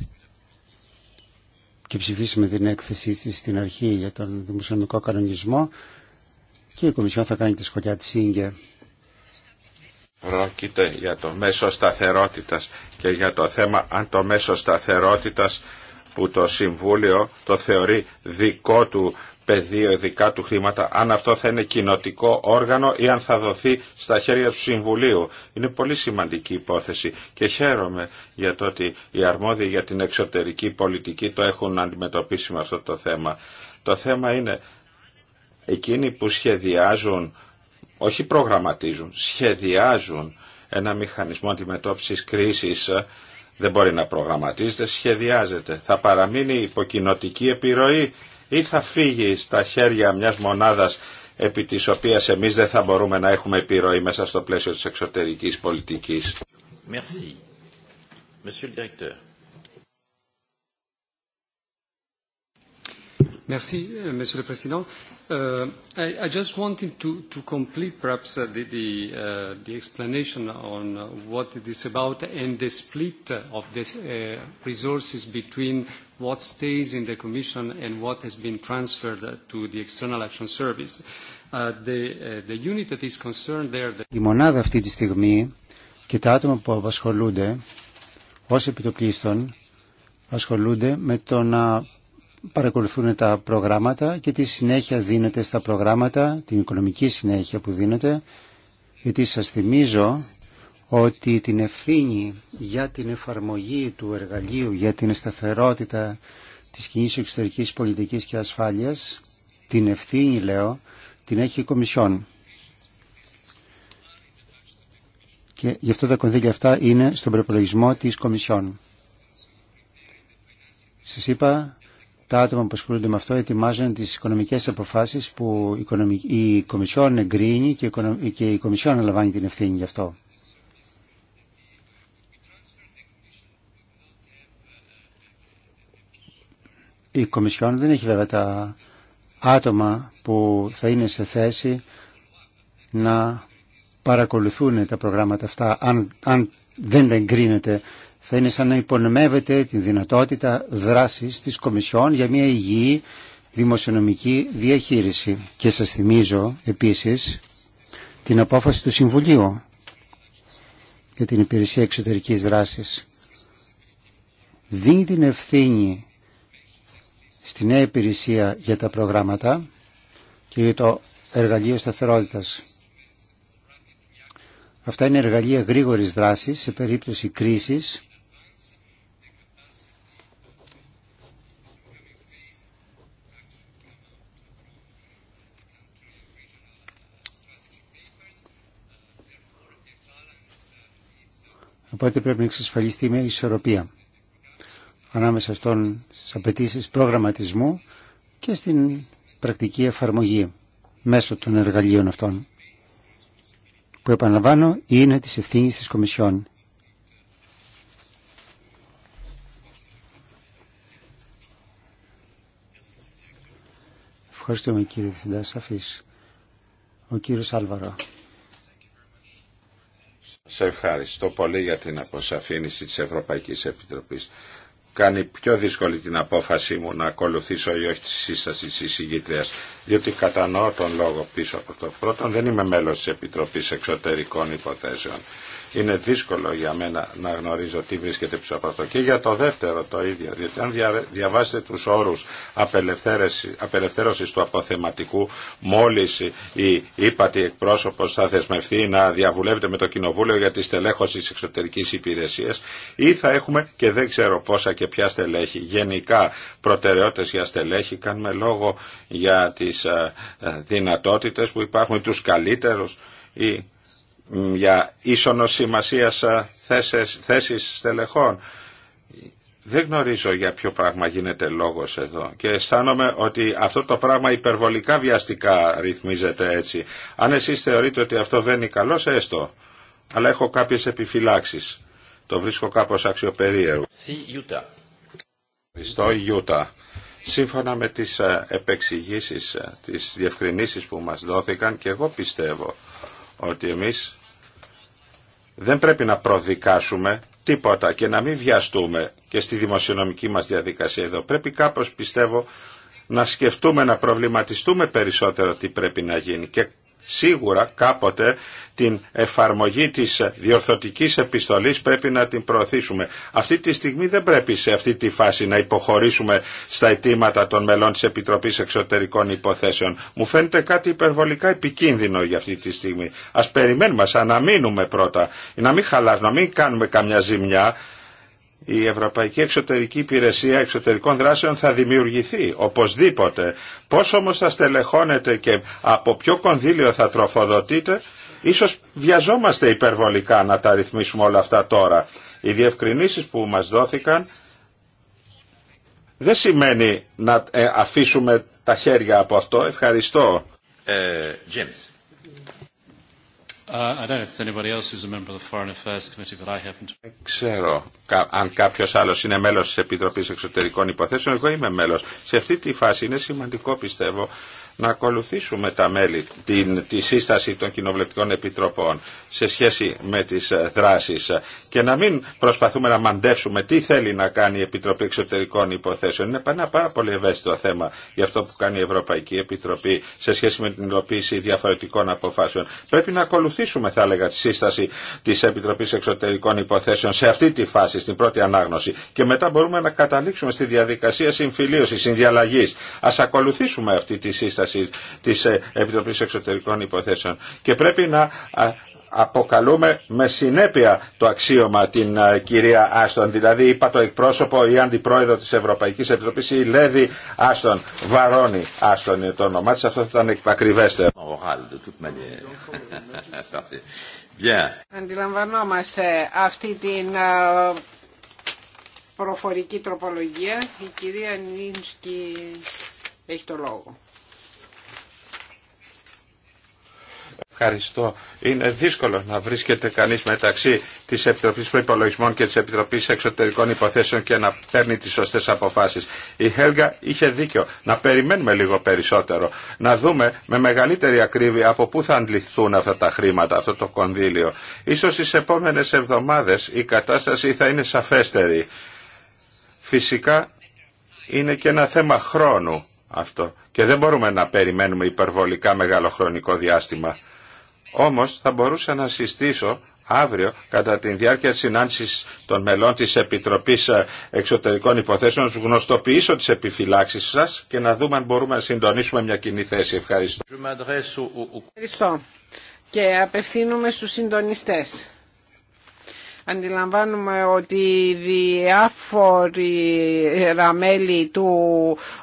και ψηφίσουμε την έκθεσή της στην αρχή για τον δημοσιονομικό κανονισμό και η Κομισιόν θα κάνει τη σχολιά της Πρόκειται για το μέσο σταθερότητας και για το θέμα αν το μέσο σταθερότητας που το Συμβούλιο το θεωρεί δικό του πεδίο ειδικά του χρήματα, αν αυτό θα είναι κοινοτικό όργανο ή αν θα δοθεί στα χέρια του Συμβουλίου. Είναι πολύ σημαντική υπόθεση και χαίρομαι για το ότι οι αρμόδιοι για την εξωτερική πολιτική το έχουν αντιμετωπίσει με αυτό το θέμα. Το θέμα είναι εκείνοι που σχεδιάζουν, όχι προγραμματίζουν, σχεδιάζουν ένα μηχανισμό αντιμετώπισης κρίσης δεν μπορεί να προγραμματίζεται, σχεδιάζεται. Θα παραμείνει υποκοινοτική επιρροή ή θα φύγει στα χέρια μιας μονάδας επί της οποίας εμείς δεν θα μπορούμε να έχουμε επιρροή μέσα στο πλαίσιο της εξωτερικής πολιτικής. Merci. Monsieur le directeur. Merci, Monsieur le Président. Uh, I, I just wanted to, to complete perhaps the, the, uh, the explanation on what it is about and the split of the uh, resources between what stays Η μονάδα αυτή τη στιγμή και τα άτομα που απασχολούνται ως επιτοπλίστων ασχολούνται με το να παρακολουθούν τα προγράμματα και τη συνέχεια δίνεται στα προγράμματα, την οικονομική συνέχεια που δίνεται, γιατί σας θυμίζω ότι την ευθύνη για την εφαρμογή του εργαλείου για την σταθερότητα της κοινή εξωτερικής πολιτικής και ασφάλειας, την ευθύνη λέω, την έχει η Κομισιόν. Και γι' αυτό τα κονδύλια αυτά είναι στον προπολογισμό της Κομισιόν. Σας είπα, τα άτομα που ασχολούνται με αυτό ετοιμάζουν τις οικονομικές αποφάσεις που η Κομισιόν εγκρίνει και η Κομισιόν αναλαμβάνει την ευθύνη γι' αυτό. Η Κομισιόν δεν έχει βέβαια τα άτομα που θα είναι σε θέση να παρακολουθούν τα προγράμματα αυτά. Αν, δεν τα εγκρίνεται θα είναι σαν να υπονομεύεται τη δυνατότητα δράσης της Κομισιόν για μια υγιή δημοσιονομική διαχείριση. Και σας θυμίζω επίσης την απόφαση του Συμβουλίου για την Υπηρεσία Εξωτερικής Δράσης. Δίνει την ευθύνη στη νέα υπηρεσία για τα προγράμματα και για το εργαλείο σταθερότητας. Αυτά είναι εργαλεία γρήγορης δράσης σε περίπτωση κρίσης Οπότε πρέπει να εξασφαλιστεί μια ισορροπία ανάμεσα στον, στις απαιτήσει προγραμματισμού και στην πρακτική εφαρμογή μέσω των εργαλείων αυτών που επαναλαμβάνω είναι της ευθύνης της Κομισιόν. Ευχαριστούμε κύριε Διευθυντά Σαφής. Ο κύριος Άλβαρο. Σε ευχαριστώ πολύ για την αποσαφήνιση της Ευρωπαϊκής Επιτροπής κάνει πιο δύσκολη την απόφασή μου να ακολουθήσω ή όχι τη σύσταση τη εισηγήτρια, διότι κατανοώ τον λόγο πίσω από αυτό. Πρώτον, δεν είμαι μέλο τη επιτροπή Εξωτερικών Υποθέσεων είναι δύσκολο για μένα να γνωρίζω τι βρίσκεται πίσω από αυτό. Και για το δεύτερο το ίδιο, διότι αν διαβάσετε τους όρους απελευθέρωσης του αποθεματικού, μόλις η ύπατη εκπρόσωπος θα δεσμευτεί να διαβουλεύεται με το Κοινοβούλιο για τη στελέχωση της εξωτερικής υπηρεσίας ή θα έχουμε και δεν ξέρω πόσα και ποια στελέχη. Γενικά προτεραιότητες για στελέχη, κάνουμε λόγο για τις ε, ε, δυνατότητες που υπάρχουν τους καλύτερους ή για ίσονο σημασία θέσεις, θέσεις στελεχών. Δεν γνωρίζω για ποιο πράγμα γίνεται λόγος εδώ και αισθάνομαι ότι αυτό το πράγμα υπερβολικά βιαστικά ρυθμίζεται έτσι. Αν εσείς θεωρείτε ότι αυτό βαίνει καλό, σε έστω. Αλλά έχω κάποιες επιφυλάξεις. Το βρίσκω κάπως αξιοπερίεργο. Στο Ιούτα. Σύμφωνα με τις επεξηγήσεις, τις διευκρινήσεις που μας δόθηκαν και εγώ πιστεύω ότι εμείς δεν πρέπει να προδικάσουμε τίποτα και να μην βιαστούμε και στη δημοσιονομική μας διαδικασία εδώ. Πρέπει κάπως πιστεύω να σκεφτούμε, να προβληματιστούμε περισσότερο τι πρέπει να γίνει σίγουρα κάποτε την εφαρμογή της διορθωτικής επιστολής πρέπει να την προωθήσουμε. Αυτή τη στιγμή δεν πρέπει σε αυτή τη φάση να υποχωρήσουμε στα αιτήματα των μελών της Επιτροπής Εξωτερικών Υποθέσεων. Μου φαίνεται κάτι υπερβολικά επικίνδυνο για αυτή τη στιγμή. Ας περιμένουμε, ας αναμείνουμε πρώτα, να μην χαλάσουμε, να μην κάνουμε καμιά ζημιά η Ευρωπαϊκή Εξωτερική Υπηρεσία Εξωτερικών Δράσεων θα δημιουργηθεί οπωσδήποτε. Πώς όμως θα στελεχώνεται και από ποιο κονδύλιο θα τροφοδοτείτε, ίσως βιαζόμαστε υπερβολικά να τα ρυθμίσουμε όλα αυτά τώρα. Οι διευκρινήσεις που μας δόθηκαν δεν σημαίνει να ε, αφήσουμε τα χέρια από αυτό. Ευχαριστώ. Ε, δεν ξέρω αν κάποιο άλλο είναι μέλο τη Επιτροπή Εξωτερικών Υποθέσεων. Εγώ είμαι μέλο. Σε αυτή τη φάση είναι σημαντικό, πιστεύω, να ακολουθήσουμε τα μέλη την, τη σύσταση των κοινοβουλευτικών επιτροπών σε σχέση με τις ε, δράσεις και να μην προσπαθούμε να μαντεύσουμε τι θέλει να κάνει η Επιτροπή Εξωτερικών Υποθέσεων. Είναι ένα πάρα πολύ ευαίσθητο θέμα για αυτό που κάνει η Ευρωπαϊκή Επιτροπή σε σχέση με την υλοποίηση διαφορετικών αποφάσεων. Πρέπει να ακολουθήσουμε, θα έλεγα, τη σύσταση τη Επιτροπή Εξωτερικών Υποθέσεων σε αυτή τη φάση, στην πρώτη ανάγνωση. Και μετά μπορούμε να καταλήξουμε στη διαδικασία συμφιλίωση, συνδιαλλαγή. Α ακολουθήσουμε αυτή τη σύσταση Τη της ε, Επιτροπής Εξωτερικών Υποθέσεων. Και πρέπει να αποκαλούμε με συνέπεια το αξίωμα την ε, κυρία Άστον. Δηλαδή είπα το εκπρόσωπο ή αντιπρόεδρο της Ευρωπαϊκής Επιτροπής η Λέδη Άστον. Βαρώνη Άστον είναι το όνομά της. Αυτό θα ήταν ακριβέστερο. Αντιλαμβανόμαστε αυτή την ε, προφορική τροπολογία. Η κυρία Νίνσκι έχει το λόγο. Ευχαριστώ. Είναι δύσκολο να βρίσκεται κανείς μεταξύ της Επιτροπής Προϋπολογισμών και της Επιτροπής Εξωτερικών Υποθέσεων και να παίρνει τις σωστές αποφάσεις. Η Χέλγα είχε δίκιο. Να περιμένουμε λίγο περισσότερο. Να δούμε με μεγαλύτερη ακρίβεια από πού θα αντληθούν αυτά τα χρήματα, αυτό το κονδύλιο. Ίσως στις επόμενες εβδομάδες η κατάσταση θα είναι σαφέστερη. Φυσικά είναι και ένα θέμα χρόνου αυτό και δεν μπορούμε να περιμένουμε υπερβολικά μεγάλο χρονικό διάστημα. Όμως θα μπορούσα να συστήσω αύριο κατά τη διάρκεια συνάντησης των μελών της Επιτροπής ε, Εξωτερικών Υποθέσεων να γνωστοποιήσω τις επιφυλάξεις σας και να δούμε αν μπορούμε να συντονίσουμε μια κοινή θέση. Ευχαριστώ. Ευχαριστώ. Και απευθύνουμε στους συντονιστές. Αντιλαμβάνουμε ότι διάφοροι ραμέλοι του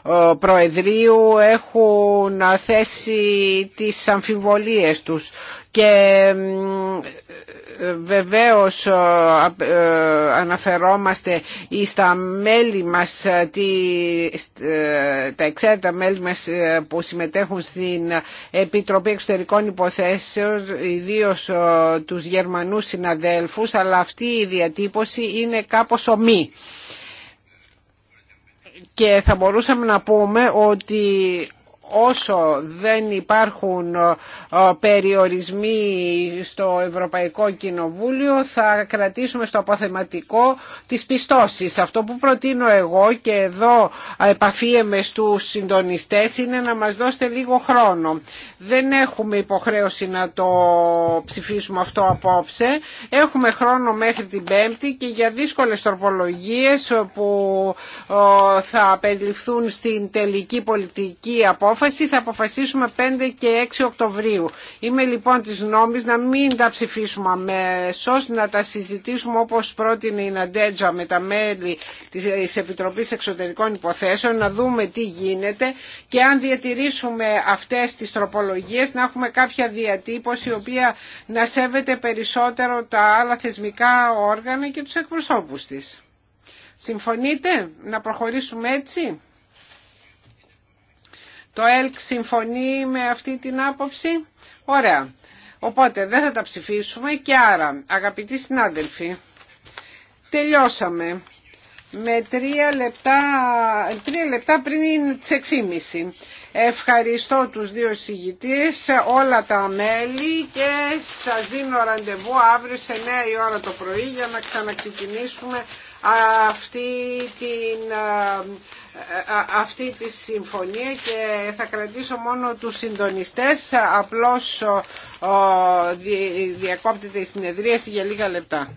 ε, Προεδρείου έχουν θέσει τις αμφιβολίες τους και βεβαίως ε, ε, αναφερόμαστε στα μέλη μας, ε, τα εξαίρετα μέλη μας που συμμετέχουν στην Επιτροπή Εξωτερικών Υποθέσεων, ιδίως τους Γερμανούς συναδέλφους, αλλά αυτή η διατύπωση είναι κάπως ομή. Και θα μπορούσαμε να πούμε ότι όσο δεν υπάρχουν ε, ε, περιορισμοί στο Ευρωπαϊκό Κοινοβούλιο θα κρατήσουμε στο αποθεματικό τις πιστώσεις. Αυτό που προτείνω εγώ και εδώ επαφίεμαι στους συντονιστές είναι να μας δώσετε λίγο χρόνο. Δεν έχουμε υποχρέωση να το ψηφίσουμε αυτό απόψε. Έχουμε χρόνο μέχρι την Πέμπτη και για δύσκολες τροπολογίες που ε, θα περιληφθούν στην τελική πολιτική απόφαση απόφαση θα αποφασίσουμε 5 και 6 Οκτωβρίου. Είμαι λοιπόν της νόμης να μην τα ψηφίσουμε αμέσω, να τα συζητήσουμε όπως πρότεινε η Ναντέτζα με τα μέλη της Επιτροπής Εξωτερικών Υποθέσεων, να δούμε τι γίνεται και αν διατηρήσουμε αυτές τις τροπολογίες να έχουμε κάποια διατύπωση η οποία να σέβεται περισσότερο τα άλλα θεσμικά όργανα και τους εκπροσώπους της. Συμφωνείτε να προχωρήσουμε έτσι. Το ΕΛΚ συμφωνεί με αυτή την άποψη. Ωραία. Οπότε δεν θα τα ψηφίσουμε και άρα αγαπητοί συνάδελφοι τελειώσαμε με τρία λεπτά, τρία λεπτά πριν τις 6.30. Ευχαριστώ τους δύο συγητές, όλα τα μέλη και σας δίνω ραντεβού αύριο σε 9 η ώρα το πρωί για να ξαναξεκινήσουμε αυτή την ε, αυτή τη συμφωνία και θα κρατήσω μόνο τους συντονιστές απλώς διακόπτεται η συνεδρίαση για λίγα λεπτά.